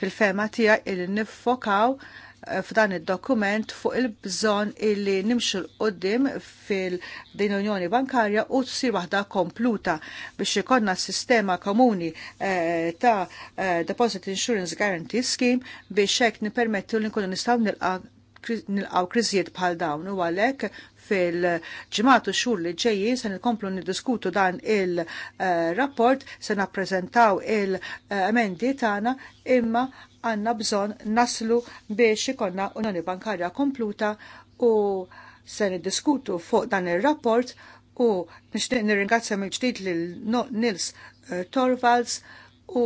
fil-fema tija il niffokaw eh, f'dan id-dokument fuq il-bżonn illi nimxu l-qoddim fil-din Unjoni Bankarja u tsir waħda kompluta biex ikonna sistema komuni eh, ta' eh, Deposit Insurance Guarantee Scheme biex hekk nipermettu li nkunu nistgħu nilqaw kriżijiet bħal dawn u għalhekk fil-ġimatu xur li ġeji se nkomplu niddiskutu dan il-rapport se nappreżentaw il-emendi tagħna imma għanna bżon naslu biex ikonna unjoni bankarja kompluta u se niddiskutu fuq dan il-rapport u nixtieq nirringrazzja mill-ġdid lil Nils eh, Torvalds u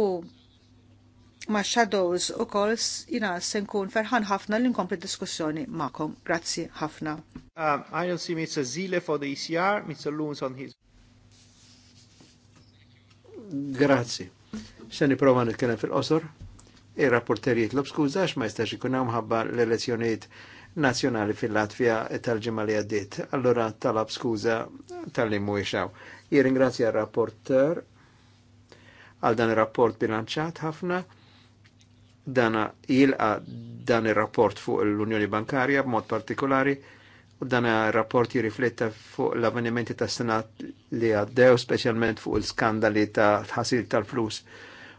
ma' shadows u kols jina se nkun ferħan ħafna li nkompli diskussjoni ma'kom. Grazzi ħafna.
Um, I don't see Mr. Zile for the ECR, Mr. Loons on his. Grazzi. Se niprofa nitkellem fil-qosor. ir rapporterijiet l skuża ma jistax ikun hawn ħabba l-elezzjonijiet nazzjonali fil-Latvija tal-ġimgħa li għaddiet. Allura talab skuża tal-li mhuwiex hawn. Jirringrazzja r-rapporter għal dan ir-rapport bilanċat ħafna dana jilqa dan ir-rapport fuq l-Unjoni Bankarja b'mod partikolari u dan ir-rapport jirrifletta fuq l-avvenimenti ta' senat li għaddew specialment fuq il-skandali ta' tħasil tal-flus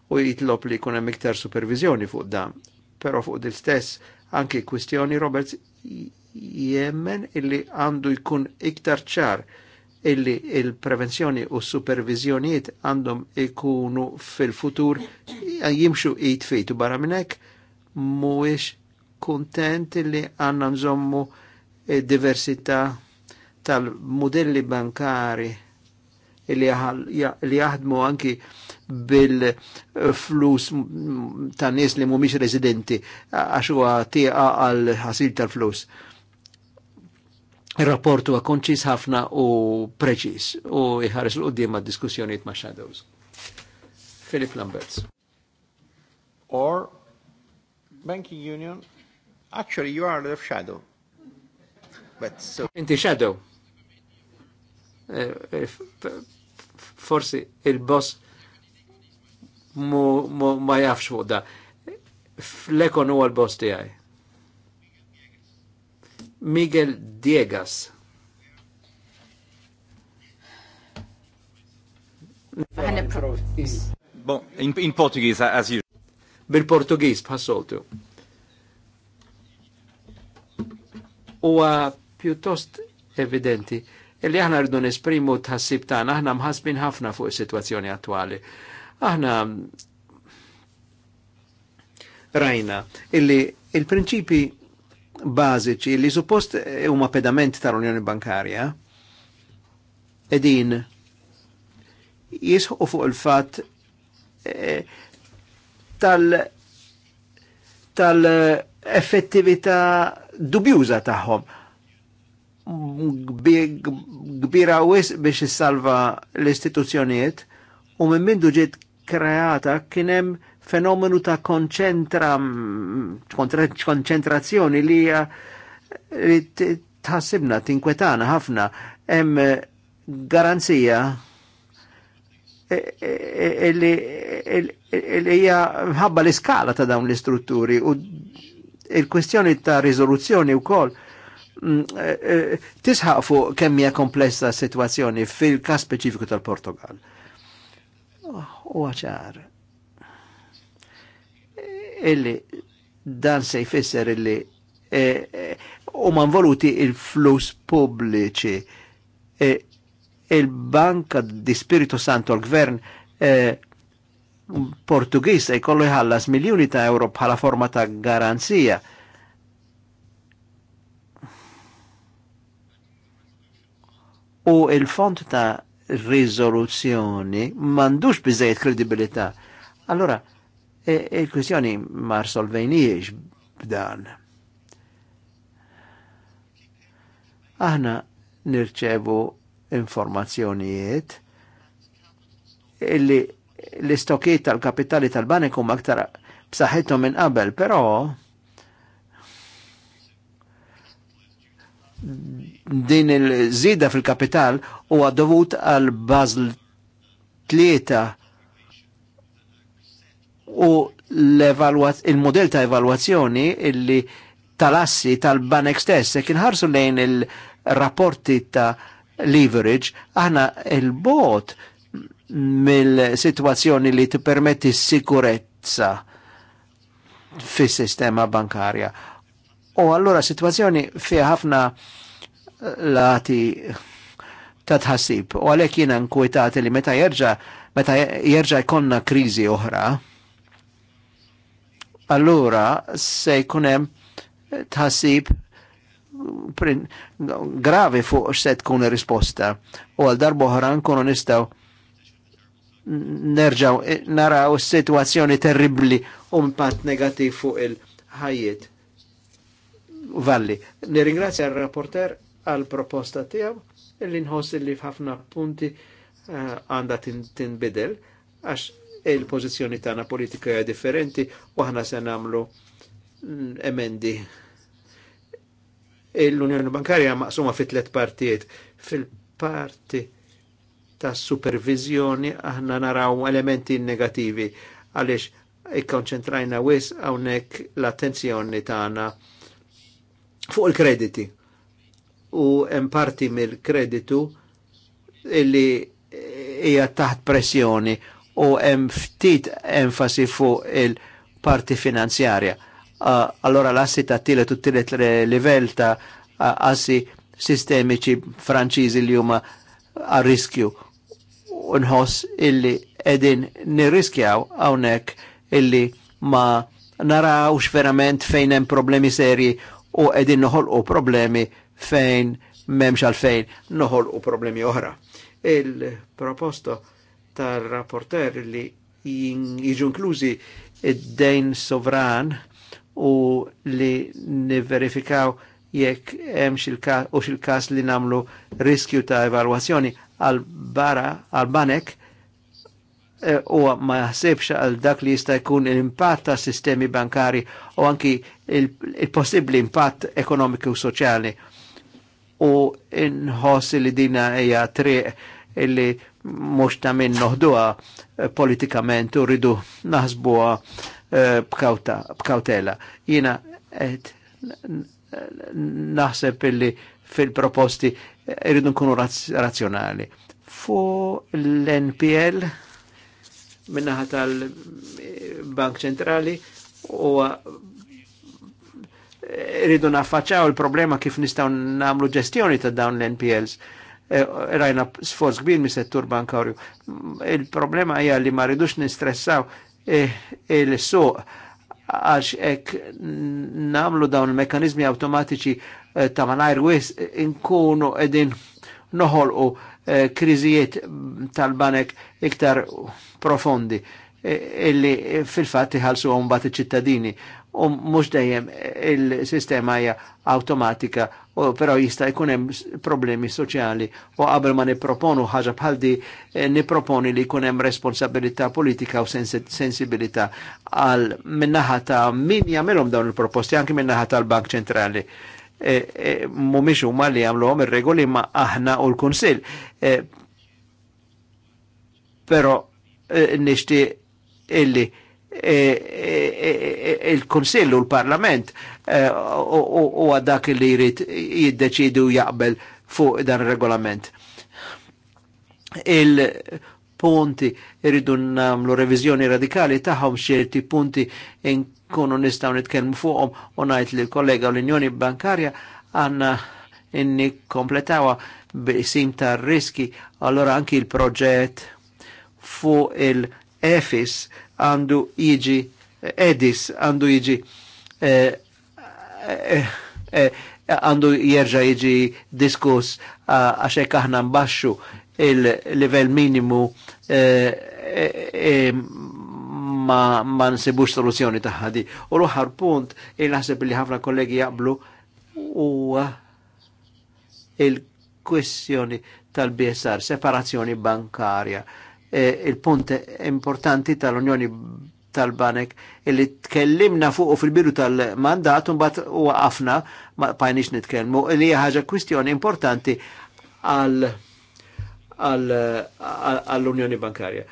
u jitlob li jkun hemm iktar supervizjoni fuq dan. Però fuq dil stess anki kwistjoni Roberts jemmen illi għandu jkun iktar ċar illi il-prevenzjoni u supervizjoniet għandhom ikunu fil-futur jimxu id fejtu barra minnek muwix kontent illi għanna nżommu eh, diversita tal-modelli bankari illi jaħdmu anki bil-flus ta' nies li mumiex residenti għaxu għatija għal ħasil tal-flus. Il-rapport huwa konċis ħafna u preċis u iħares l qoddim ma' diskussjonijiet ma' shadows. Philip Lamberts. Or banking union, actually you are the shadow. But so Inti shadow. Eh, eh, forsi il-boss ma jafx fuq da. Flekon huwa l-boss tiegħi. Miguel Diegas. Bon, in, in Portuguese, as you. Bil-Portugiż bħassoltu. Uwa piuttost evidenti illi aħna rridu nesprimu tħassib tagħna, aħna mħasbin ħafna fuq is-sitwazzjoni attwali. Aħna rajna illi il-prinċipi bażiċi li suppost huma pedament tal-Unjoni Bankarja edin jisħu fuq il-fat eh, tal- tal-effettività dubjuża tagħhom kbira wis biex issalva l-istituzzjonijiet u minn mindu ġiet kreata kien hemm fenomenu ta' konċentra, konċentrazzjoni li tħassibna, tinkwetana ħafna, hemm garanzija e, e, e, li hija ħabba l-iskala ta' dawn l-istrutturi u il-kwestjoni ta' u wkoll mm, tisħaq fuq kemm hija komplessa situazzjoni fil kas speċifiku tal-Portugal. Oh, u għacħar illi dan se jfisser illi e, e, u man voluti il-flus pubbliċi. E, Il-Banka di Spirito Santo l-Gvern Portugis e kollu jħallas miljoni ta' euro bħala forma ta' garanzija. U il-font ta' rizoluzzjoni mandux bizzejt kredibilità. Allora, E, e, il-kwistjoni mar solvejnijiex b'dan. Aħna nirċevu informazzjonijiet illi l-istokiet tal-kapitali tal-banek huma aktar b'saħħithom minn qabel, però din il-żida fil-kapital huwa dovut għal Basel tlieta u il-modell ta' evalwazzjoni illi tal-assi tal-banek stess, kien ħarsu lejn il-rapporti ta' leverage, aħna il-bot mill-situazzjoni li t-permetti sikurezza fis sistema bankarja. U allura situazzjoni fi ħafna lati ta' tħassib. U għalek jina nkwitat li meta jerġa' meta jerġa' jkonna kriżi oħra, allura se jkunem tħassib gravi fuq se tkun risposta u għal darboħra nkunu nistaw nerġaw naraw situazzjoni terribli u impatt negativ fuq il-ħajiet. Valli, nirringrazzja il-rapporter għal proposta tijaw illi nħoss li f'ħafna punti eh, għanda tinbidel għax il-pożizzjoni tagħna politika hija differenti u aħna se nagħmlu mm, emendi. L-Unjoni Bankarja maqsuma fit tliet partijiet. Fil-parti ta' supervizjoni aħna naraw elementi negativi għaliex ikkonċentrajna wis hawnhekk l-attenzjoni tagħna fuq il-krediti. U hemm parti mill-kreditu illi hija taħt pressjoni u hemm ftit enfasi fuq il-parti finanzjarja. Uh, allora l-assi ta' tielet u tielet livell ta' assi sistemiċi franċiżi li huma għal riskju unħoss illi edin nirriskjaw għawnek illi ma narawx verament fejn hemm problemi seri u edin noħolqu problemi fejn memx għalfejn noħolqu problemi oħra. Il-proposto tar-rapporter li jiġu inklużi id-dejn sovran u li niverifikaw jekk hemm u xil-każ li namlu riskju ta' evalwazzjoni għal bara għal banek eh, u ma jaħsibx għal dak li jista' jkun l-impatt ta' sistemi bankari u anki il-possibbli impatt ekonomiku u soċjali. U inħossi li dina hija triq illi mux ta' minn noħduha eh, politikament u ridu naħsbuħa eh, b'kautela. Jina naħseb illi fil-proposti eh, irridu nkunu razzjonali. Fu l-NPL minnaħa tal-Bank Ċentrali u irridu naffaċċaw il-problema kif nistaw namlu ġestjoni ta' dawn l-NPLs Eh, rajna sforz kbir mis-settur bankarju. Il-problema hija li ma rridux nistressaw eh, il-suq għax ek namlu dawn il-mekanizmi automatiċi eh, ta' malajr wis inkunu edin noħolqu krizijiet tal-banek iktar profondi illi fil fatti ħalsu għom bat ċittadini u mux dejjem il-sistema hija automatika, però jista' jkun hemm problemi soċjali u qabel ma nipproponu ħaġa bħal di eh, nipproponi li jkun hemm responsabilità politika u sensibilità għal minnaħa ta' min jagħmilhom dawn il-proposti anke minnaħa tal-Bank Ċentrali. E, Mhumiex huma li jagħmluhom ir-regoli ma' aħna u l-Kunsill. però nixtieq illi E, e, e, il konsillu u l-Parlament u għadak li jrid jiddeċidu jaqbel fuq dan regolament. Il-punti jridu namlu revizjoni radikali taħħom xerti punti nkunu nistaw nitkellmu fuqhom u ngħid li kollega u l-Unjoni Bankarja għandna inni kompletawa b'isim ta' riski, allora anki il-proġett fuq il-EFIS għandu jiġi edis, għandu jiġi eh, eh, eh, għandu jerġa jiġi diskus għaxek kaħna mbaxxu il-level minimu ma, ma nsibux soluzjoni taħħadi. U l-uħar punt, il-naħseb li ħafna kollegi jaqblu u il-kwestjoni tal-BSR, separazzjoni bankarja. E, il-punt importanti tal-Unjoni tal-Banek illi tkellimna fuq fil-bidu tal-mandat un bat u għafna ma pajnix nitkellmu illi ħaġa kwistjoni importanti għall-Unjoni Bankarja.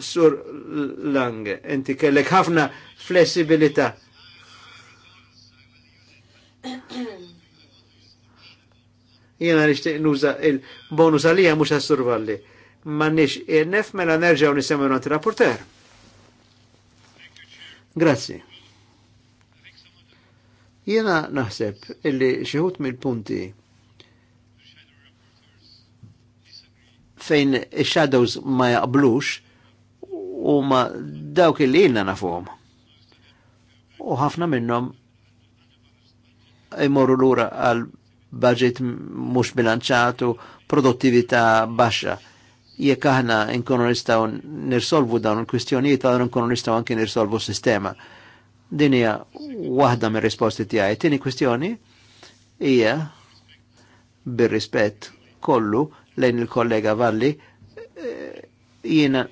Sur Lange, inti kellek ħafna flessibilità. Jena nishtiq nuża il-bonus għalija mux għassurvalli mannix irnef e mela nerġaw nisemmu nanti rapporter. Grazzi. Jena naħseb illi xieħut mill-punti fejn shadows ma jaqblux u ma dawk illi jina nafhom. U ħafna minnhom imorru lura għal budget mhux bilanċatu, produttività baxxa jekk aħna nkunu nistgħu nirsolvu dawn il-kwistjonijiet għal nkunu nistgħu anke nirsolvu s-sistema. Din hija waħda mir-risposti tiegħi. Tieni kwistjoni hija bir-rispett kollu lejn il-kollega Valli eh, jiena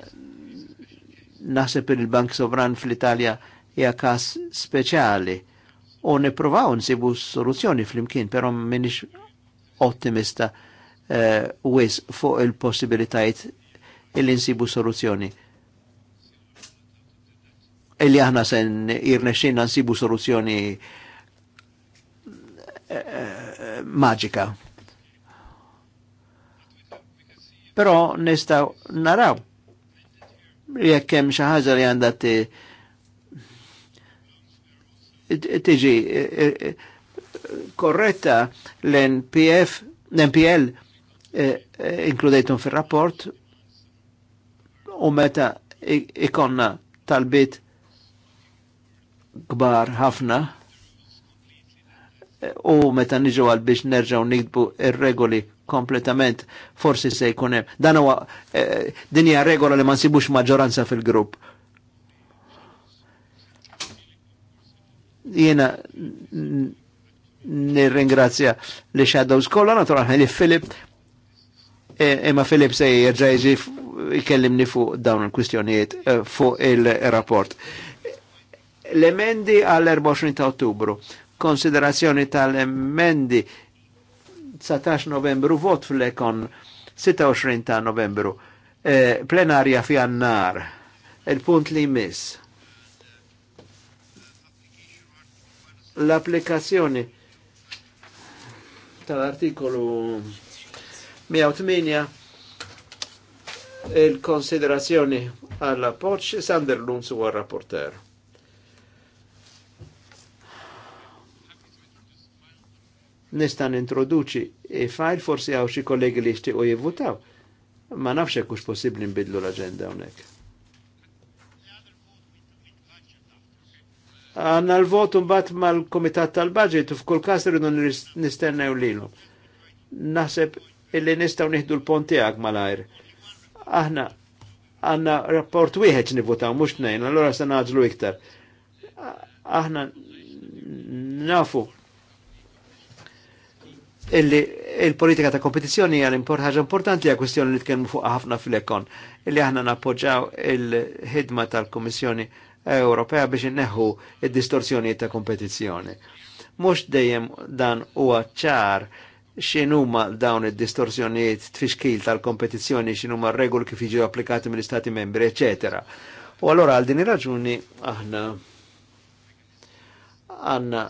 naħseb il-Bank Sovran fl-Italja hija każ speċjali u nippruvaw nsibu soluzzjoni fl-imkien, però m'inhiex ottimista Eh, wis fuq il possibilitajt illi nsibu soluzzjoni. Illi aħna sen irnexxinna nsibu soluzzjoni eh, eh, maġika. Però nistaw naraw jekk hemm xi ħaġa li għandha tiġi korretta l-NPF, l-NPL Eh, eh, inkludejtum fil-rapport u meta ikonna talbit kbar ħafna eh, u meta niġu għal biex nerġaw nikdbu ir-regoli kompletament forsi se jkun hemm. Dan huwa dinja regola li ma nsibux maġġoranza fil-grupp. Jiena nirringrazzja li Shadows kollha naturalment li Filip imma e, Filip se jirġa' jkellimni fuq dawn il-kwistjonijiet e, fuq il-rapport. L-emendi għall-24 ta' Ottubru, konsiderazzjoni tal-emendi 19 novembru, vot fl-ekon 26 ta' novembru, e, plenarja fi għannar, il-punt li miss. L-applikazzjoni tal-artikolu 108 il-konsiderazzjoni għalla poċ Sander Lunz u rapporter. Nista' nintroduċi il fajl forsi għaw xie kollegi li xtiq u jivvutaw. Ma nafxie kux possibli nbidlu l agenda unek. Għanna l-votu mbagħad mal komitat tal-Baġit u f'kull każ irridu nistennew lilu. Naseb illi nistaw nieħdu l ponti tiegħek malajr. Aħna għanna rapport wieħed nivutaw mhux tnejn, allura se naġlu iktar. Aħna nafu illi il-politika ta' kompetizzjoni hija import ħaġa importanti hija kwestjoni li tkellmu fuq ħafna fil-ekon illi aħna nappoġġaw il-ħidma tal-Kummissjoni Ewropea biex inneħħu id-distorsjoni ta' kompetizzjoni. Mhux dejjem dan huwa ċar x'inhuma dawn id-distorsjonijiet tfixkil tal-kompetizzjoni, x'inhuma regoli kif jiġu applikati mill-Istati membri, eċetera. U allora għal din ir-raġuni aħna għanna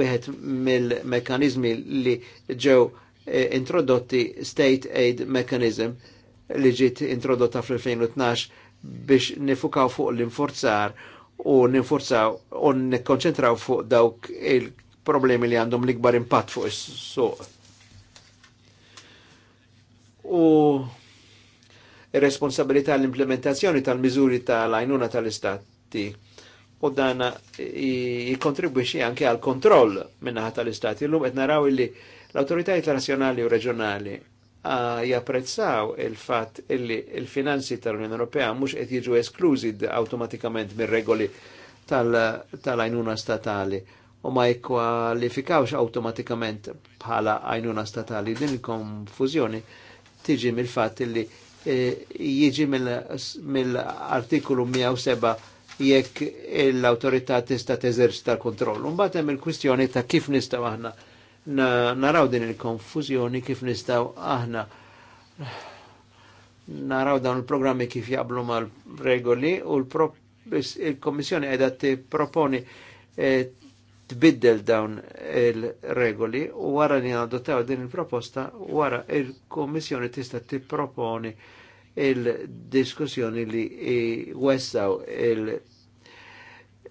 wieħed mill-mekanizmi li ġew eh, introdotti state aid mechanism li ġiet introdotta fl-2012 biex nifukaw fuq l-inforzar u ninforzaw u nikkonċentraw fuq dawk il-problemi li għandhom l-ikbar impatt fuq is-suq u responsabilità l-implementazzjoni tal-miżuri tal-għajnuna tal-istati u dan jikontribwixi anke għal kontroll minnaħat tal-istati. L-lum qed naraw illi l-autoritajiet nazzjonali u reġjonali japprezzaw il-fatt illi il-finanzi tal-Unjoni Ewropea mhux qed jiġu esklużi awtomatikament mir-regoli tal-għajnuna statali u ma jikkwalifikawx awtomatikament bħala għajnuna statali din il-konfużjoni tiġi e, mill fat li jiġi mill-artikolu 107 jekk l-autorità tista' teżerċita l-kontroll. Mbagħad hemm il-kwistjoni ta' kif nistgħu aħna naraw din il-konfużjoni kif nistgħu aħna naraw dawn il-programmi kif jaqblu mal-regoli u l-Kommissjoni qiegħda proponi e, tbiddel dawn il-regoli u wara li adottaw din il-proposta wara il komissjoni tista' tipproponi il-diskussjoni li wessaw il-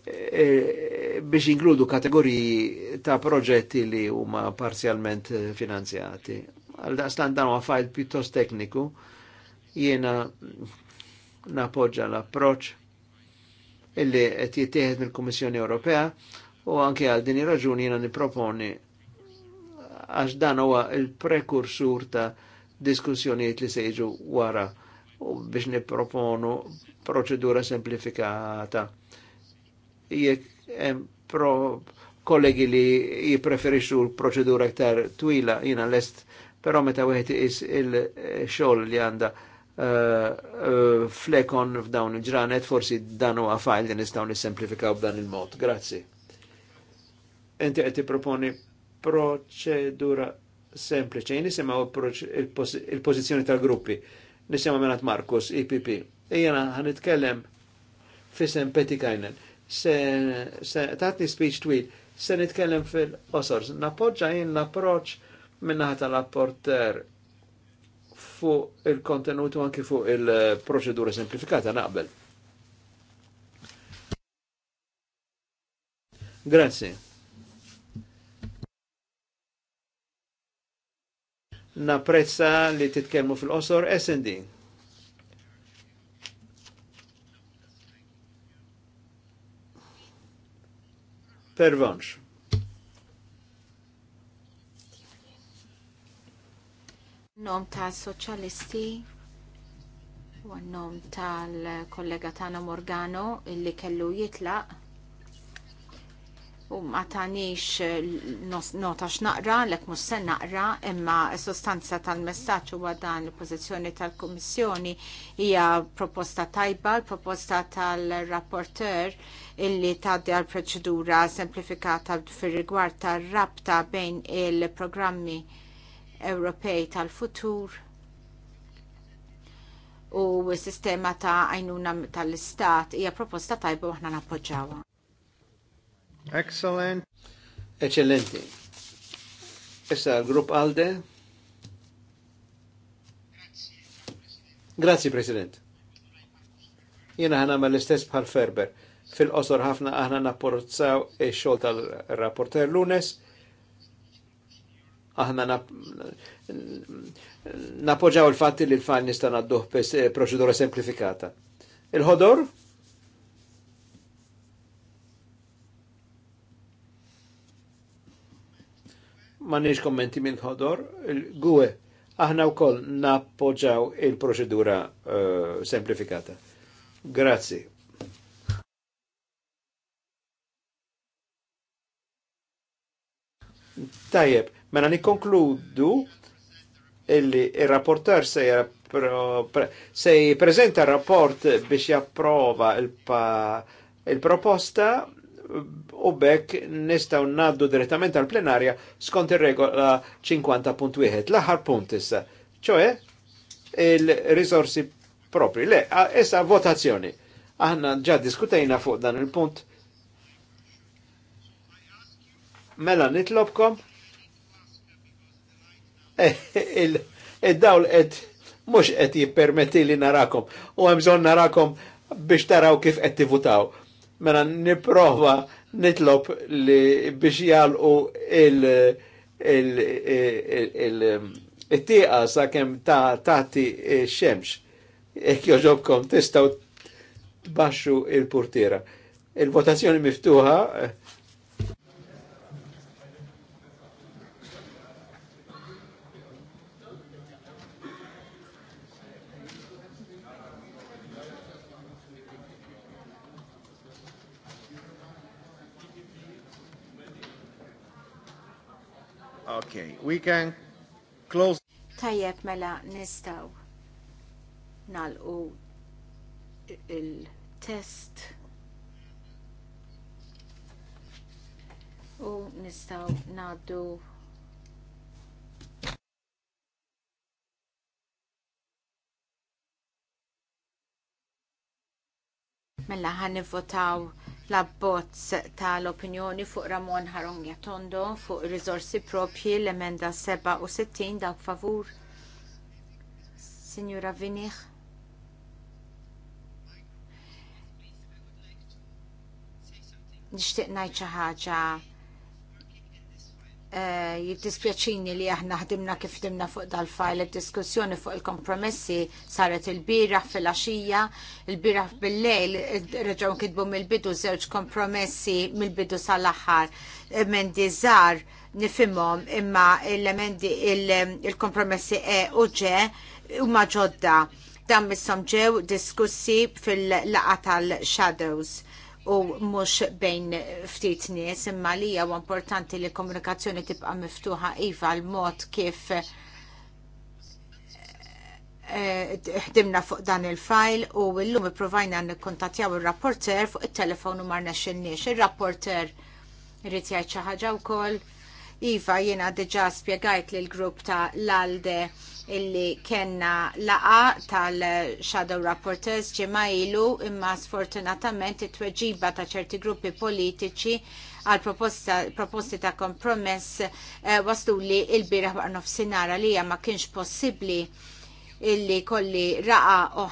e biex inkludu kategoriji ta' proġetti li huma parzjalment finanzjati. Għal-daqstan dan huwa fajl pjuttost tekniku, jiena napoġġa l-approċ illi qed jittieħed mill-Kummissjoni Ewropea U anke għal din ir-raġuni jiena nipproponi għax dan huwa il-prekursur ta' diskussjonijiet li sejġu wara u biex nipproponu proċedura semplifikata. Jek hemm pro kollegi li jipreferixxu l-proċedura aktar twila jiena lest però meta wieħed is il-xogħol li għandha uh, uh, flekon f'dawn il-ġranet forsi dan huwa fajl li nistgħu nissemplifikaw b'dan il-mod. Grazzi. Inti qed proponi proċedura sempliċi, nisimgħu il-pożizzjoni tal-gruppi. nisema menat Markus, IPP. E Ejjena ħanitkellem sem Peti Kajnen. Tatni speech twil, se nitkellem fil osors Napoġġa jien l-approċ minnaħa tal-apporter fuq il-kontenutu anki fuq il-proċedura semplifikata naqbel. Grazie. naprezza li titkellmu fil-qosor SD. Pervanx.
Nom ta' soċjalisti u nom tal-kollega tana Morgano illi kellu jitlaq u ma tanix eh, nota x'naqra lek mhux se naqra imma s-sostanza tal-messaġġ huwa dan il-pożizzjoni tal-Kummissjoni hija proposta tajba, proposta tal-rapporteur illi tgħaddi għal proċedura semplifikata fir-rigward tar-rabta bejn il-programmi Ewropej tal-futur u s-sistema ta' għajnuna tal-istat hija proposta tajba u aħna nappoġġawha.
Excellent. Eccellenti. Issa grupp Alde. Grazie, President. Jena ħana ma l-istess bħal Ferber. Fil-qosor ħafna aħna napporzaw il-xol tal-rapporter Lunes. Aħna napoġaw il-fatti li l fajn nistan għadduħ proċedura semplifikata. Il-ħodor? Manix kommenti minn ħodor, il-gwe, aħna u koll nappoġaw il-proċedura uh, semplifikata. Grazzi. Tajjeb, mela nikonkludu illi il-rapporter se se prezenta rapport biex japprova il-proposta il u bekk nistaw naddu direttament għal plenarja skont ir-regola 50.1. L-aħħar punt issa, ċoħe il-risorsi propri. Le, issa votazzjoni. Aħna ġa diskutejna fuq dan il-punt. Mela nitlobkom. [laughs] Eh, id dawl qed mhux qed jippermetti li narakom u hemm narakom biex taraw kif qed tivutaw Mela niprova nitlob li biex jalqu il- il il- sa' kem ta' tati xemx. Ek joġobkom tistaw tbaxxu il-portiera. Il-votazzjoni miftuħa Okay, we can close.
Tajjeb mela nistaw nalqu il-test u nistaw naddu mela ħan votaw l-abbozz tal-opinjoni fuq Ramon Haronja Tondo fuq ir-rizorsi propji l-emenda 67 dak favur. Signora Vinich. Nixtieq ngħid xi ħaġa Eh, jittispjaċini li aħna ħdimna kif ħdimna fuq dal-fajl id-diskussjoni fuq il-kompromessi saret il-biraħ fil-axija, il-biraħ bil-lejl, reġaw kidbu mill-bidu żewġ kompromessi mill-bidu sal-axar, emendi zar nifimom imma l-emendi il-kompromessi e u ġe u ġodda dan mis ġew diskussi fil-laqa tal-shadows u mhux bejn ftit nies imma li huwa importanti li komunikazzjoni tibqa' miftuħa iva l-mod kif eh, ħdimna fuq dan il-fajl u l-lum provajna nikkontattjaw il-rapporter fuq il-telefonu marna xinniex. Il-rapporter rrit jgħid xi ħaġa wkoll. Iva jiena diġà spjegajt lill grupp ta' l-alde illi kena laqa tal-Shadow Rapporteurs ġimma ilu imma sfortunatament it-tweġiba ta' ċerti gruppi politiċi għal proposti ta' kompromess eh, waslu li il-biraħ waqt nofsinara li ma kienx possibli illi kolli raqa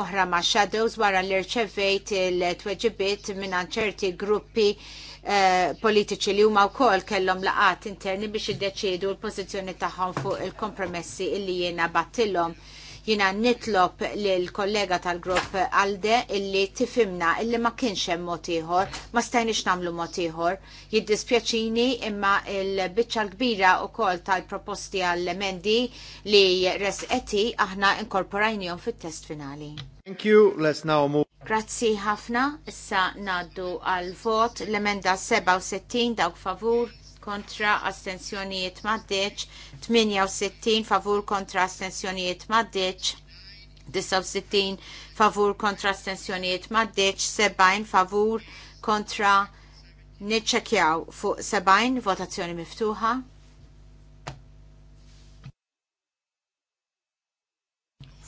oħra ma' shadows wara li rċevejt il-tweġibiet minn ċerti gruppi Eh, politiċi li huma wkoll kellhom laqat interni biex iddeċiedu l-pożizzjoni tagħhom fuq il-kompromessi illi jiena battilhom. Jiena nitlob lill kollega tal-grupp Alde illi tifimna illi ma kienx hemm mod ieħor, ma stajniex nagħmlu mod ieħor. Jiddispjaċini imma l-biċċa l-kbira wkoll tal-proposti għall-emendi li resqeti aħna inkorporajnihom fit-test finali.
Thank you. Let's now move
Grazzi ħafna, issa naddu għal vot l-emenda 67 dawk favur kontra astensjonijiet maddeċ, 68 favur kontra astensjonijiet maddeċ, 69 favur kontra astensjonijiet maddeċ, 70 favur kontra neċekjaw fuq 70 votazzjoni miftuħa.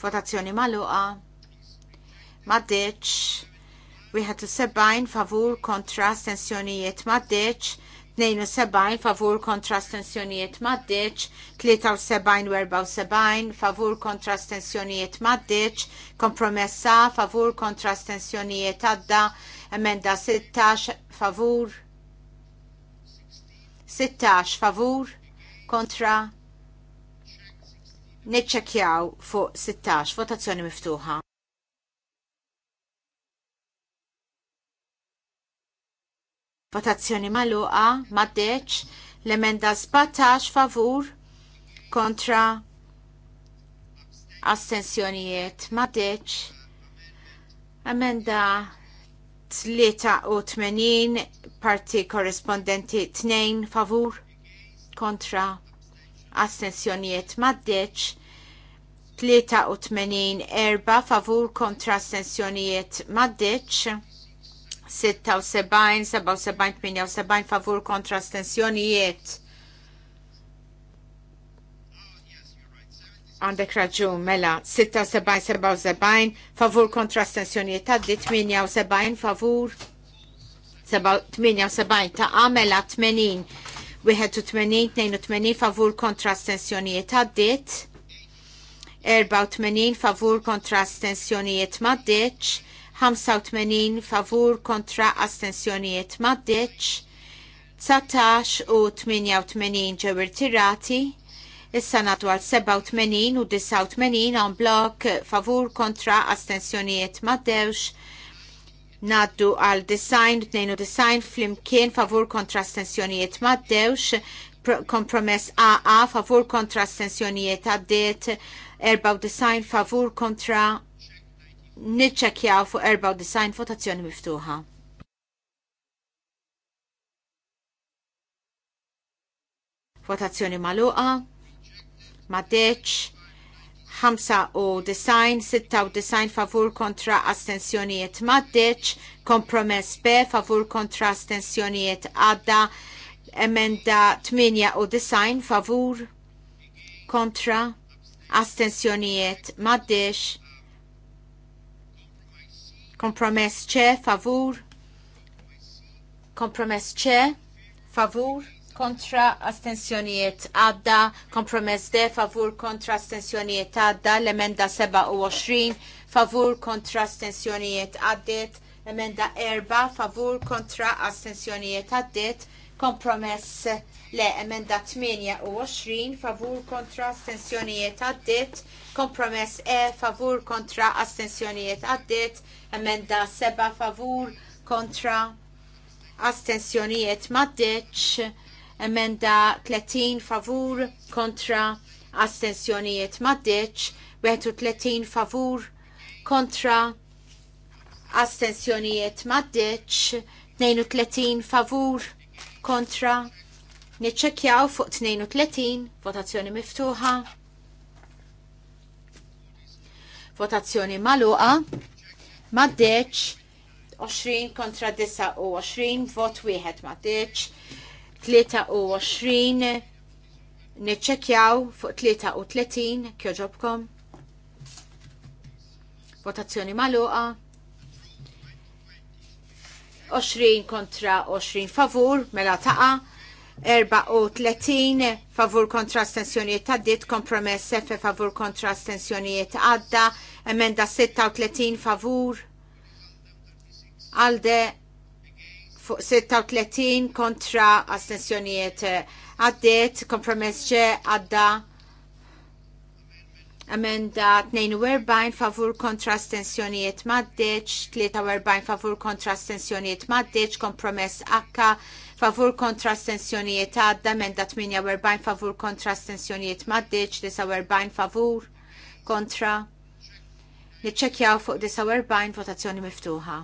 Votazzjoni maluqa maddeċ, 71 favur kontra stensjonijiet maddeċ, 72 favur kontra stensjonijiet maddeċ, 73 u 74 favur kontra stensjonijiet maddeċ, kompromessa favur kontra stensjonijiet għadda, emenda 16 favur 16 favur kontra Neċċekjaw fuq 16 votazzjoni miftuħa. Votazzjoni maluqa, maddeċ, l-emenda 17 favur kontra astensjonijiet maddeċ, emenda 83 parti korrespondenti 2 favur kontra astensjonijiet maddeċ, 83 erba favur kontra astensjonijiet maddeċ, 76, 77, 78 favur kontra stensjonijiet. Għandek raġu, mela, 76, 77 favur kontra stensjonijiet taddi 78 favur 78 ta' għamela 80 81, 82 favur kontra stensjonijiet għaddit, 84 favur kontra stensjonijiet maddeċ, 85 favur kontra astensjonijiet maddeċ, 19 u 88 ġew irtirati, issa natu għal 87 u 89 għan blok favur kontra astensjonijiet maddewx, naddu għal design, 92 flimkien favur kontra astensjonijiet maddewx, kompromess AA favur kontra astensjonijiet għaddiet, 94 favur kontra niċċekjaw fuq 94 votazzjoni miftuħa. Votazzjoni maluqa, maddeċ, u design, favur kontra astensjonijiet maddeċ, kompromess B favur kontra astensjonijiet għadda, emenda 8 u design favur kontra astensjonijiet maddeċ, Kompromess ċe, favur. Kompromess ċe, favur. Kontra astensjonijiet għadda. Kompromess de, favur. Kontra astensjonijiet għadda. L-emenda 27, favur. Kontra astensjonijiet għaddit. Emenda 4, favur. Kontra astensjonijiet għaddit kompromess le emenda 28 favur kontra stensjonijiet għaddit kompromess E favur kontra astensjonijiet għaddit, emenda seba' favur kontra astensjonijiet maddeċ, emenda 30 favur kontra astensjonijiet maddeċ, 31 favur kontra astensjonijiet maddeċ, 32 favur kontra niċċekjaw fuq 32 votazzjoni miftuħa. Votazzjoni maluqa. deċ 20 kontra 29 vot wieħed maddeċ. 23 niċċekjaw fuq 33 kjoġobkom. Votazzjoni maluqa. 20 kontra 20 favur, mela taqa' 34 favur kontra stensjonijiet għaddit, kompromess F favur kontra stensjonijiet għadda, emenda 36 favur għalde 36 kontra astensjonijiet għaddit, kompromess ġe għadda, emenda 42 favur kontra stensjonijiet maddeċ, 43 favur kontra stensjonijiet maddeċ, kompromess H favur kontra stensjonijiet għadda, emenda 48 favur kontra stensjonijiet maddiċ, 49 favur kontra. Niċċekjaw fuq 49 votazzjoni miftuħa.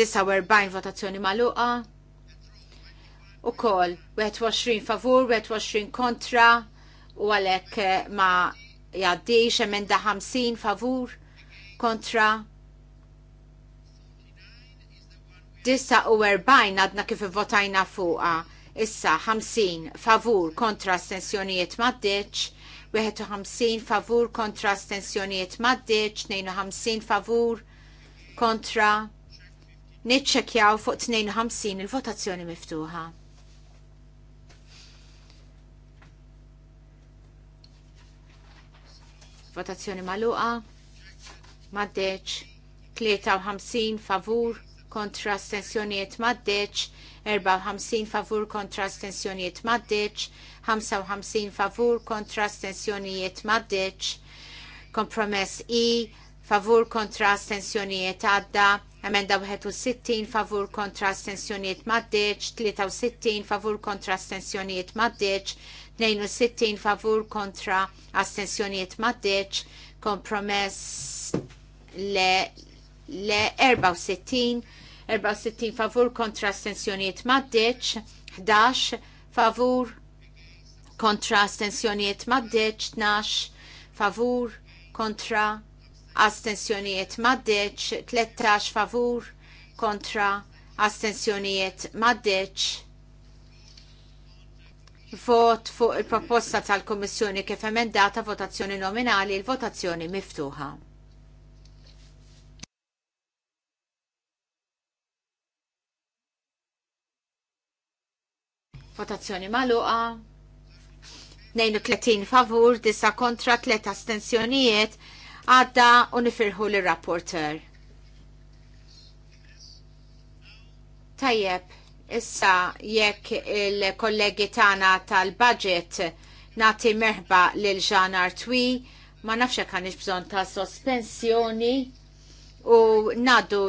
Disa votazzjoni maluqa. U kol, 21 favur, 21 kontra, u għalek ma jaddix emenda 50 favur kontra 49 għadna kif votajna fuqa. Issa 50 favur kontra stensjonijiet maddeċ, 51 favur kontra stensjonijiet maddeċ, 52 favur kontra Niċċekjaw fuq 52 il-votazzjoni miftuħa. votazzjoni maluqa, maddeċ, 53 favur kontra stensjonijiet maddeċ, 54 favur kontra stensjonijiet maddeċ, 55 favur kontra stensjonijiet maddeċ, kompromess I, favur kontra stensjonijiet għadda, emenda 61 favur kontra stensjonijiet maddeċ, 63 favur kontra stensjonijiet maddeċ, 62 favur kontra astensjonijiet maddeċ, kompromess le, le 64, 64 favur kontra astensjonijiet maddeċ, 11 favur kontra astensjonijiet maddeċ, 12 favur kontra astensjonijiet maddeċ, 13 favur kontra astensjonijiet maddeċ, vot fuq il-proposta tal-Kommissjoni kif emendata votazzjoni nominali il-votazzjoni miftuħa. Votazzjoni maluqa. 32 favur, 9 kontra, 3 astensjonijiet, għadda u nifirħu l-rapporter. Tajjeb. Issa jekk il-kollegi tagħna tal-budget nagħti merba lil Jean Artwi, ma nafx hekk bżonn ta' sospensjoni u naddu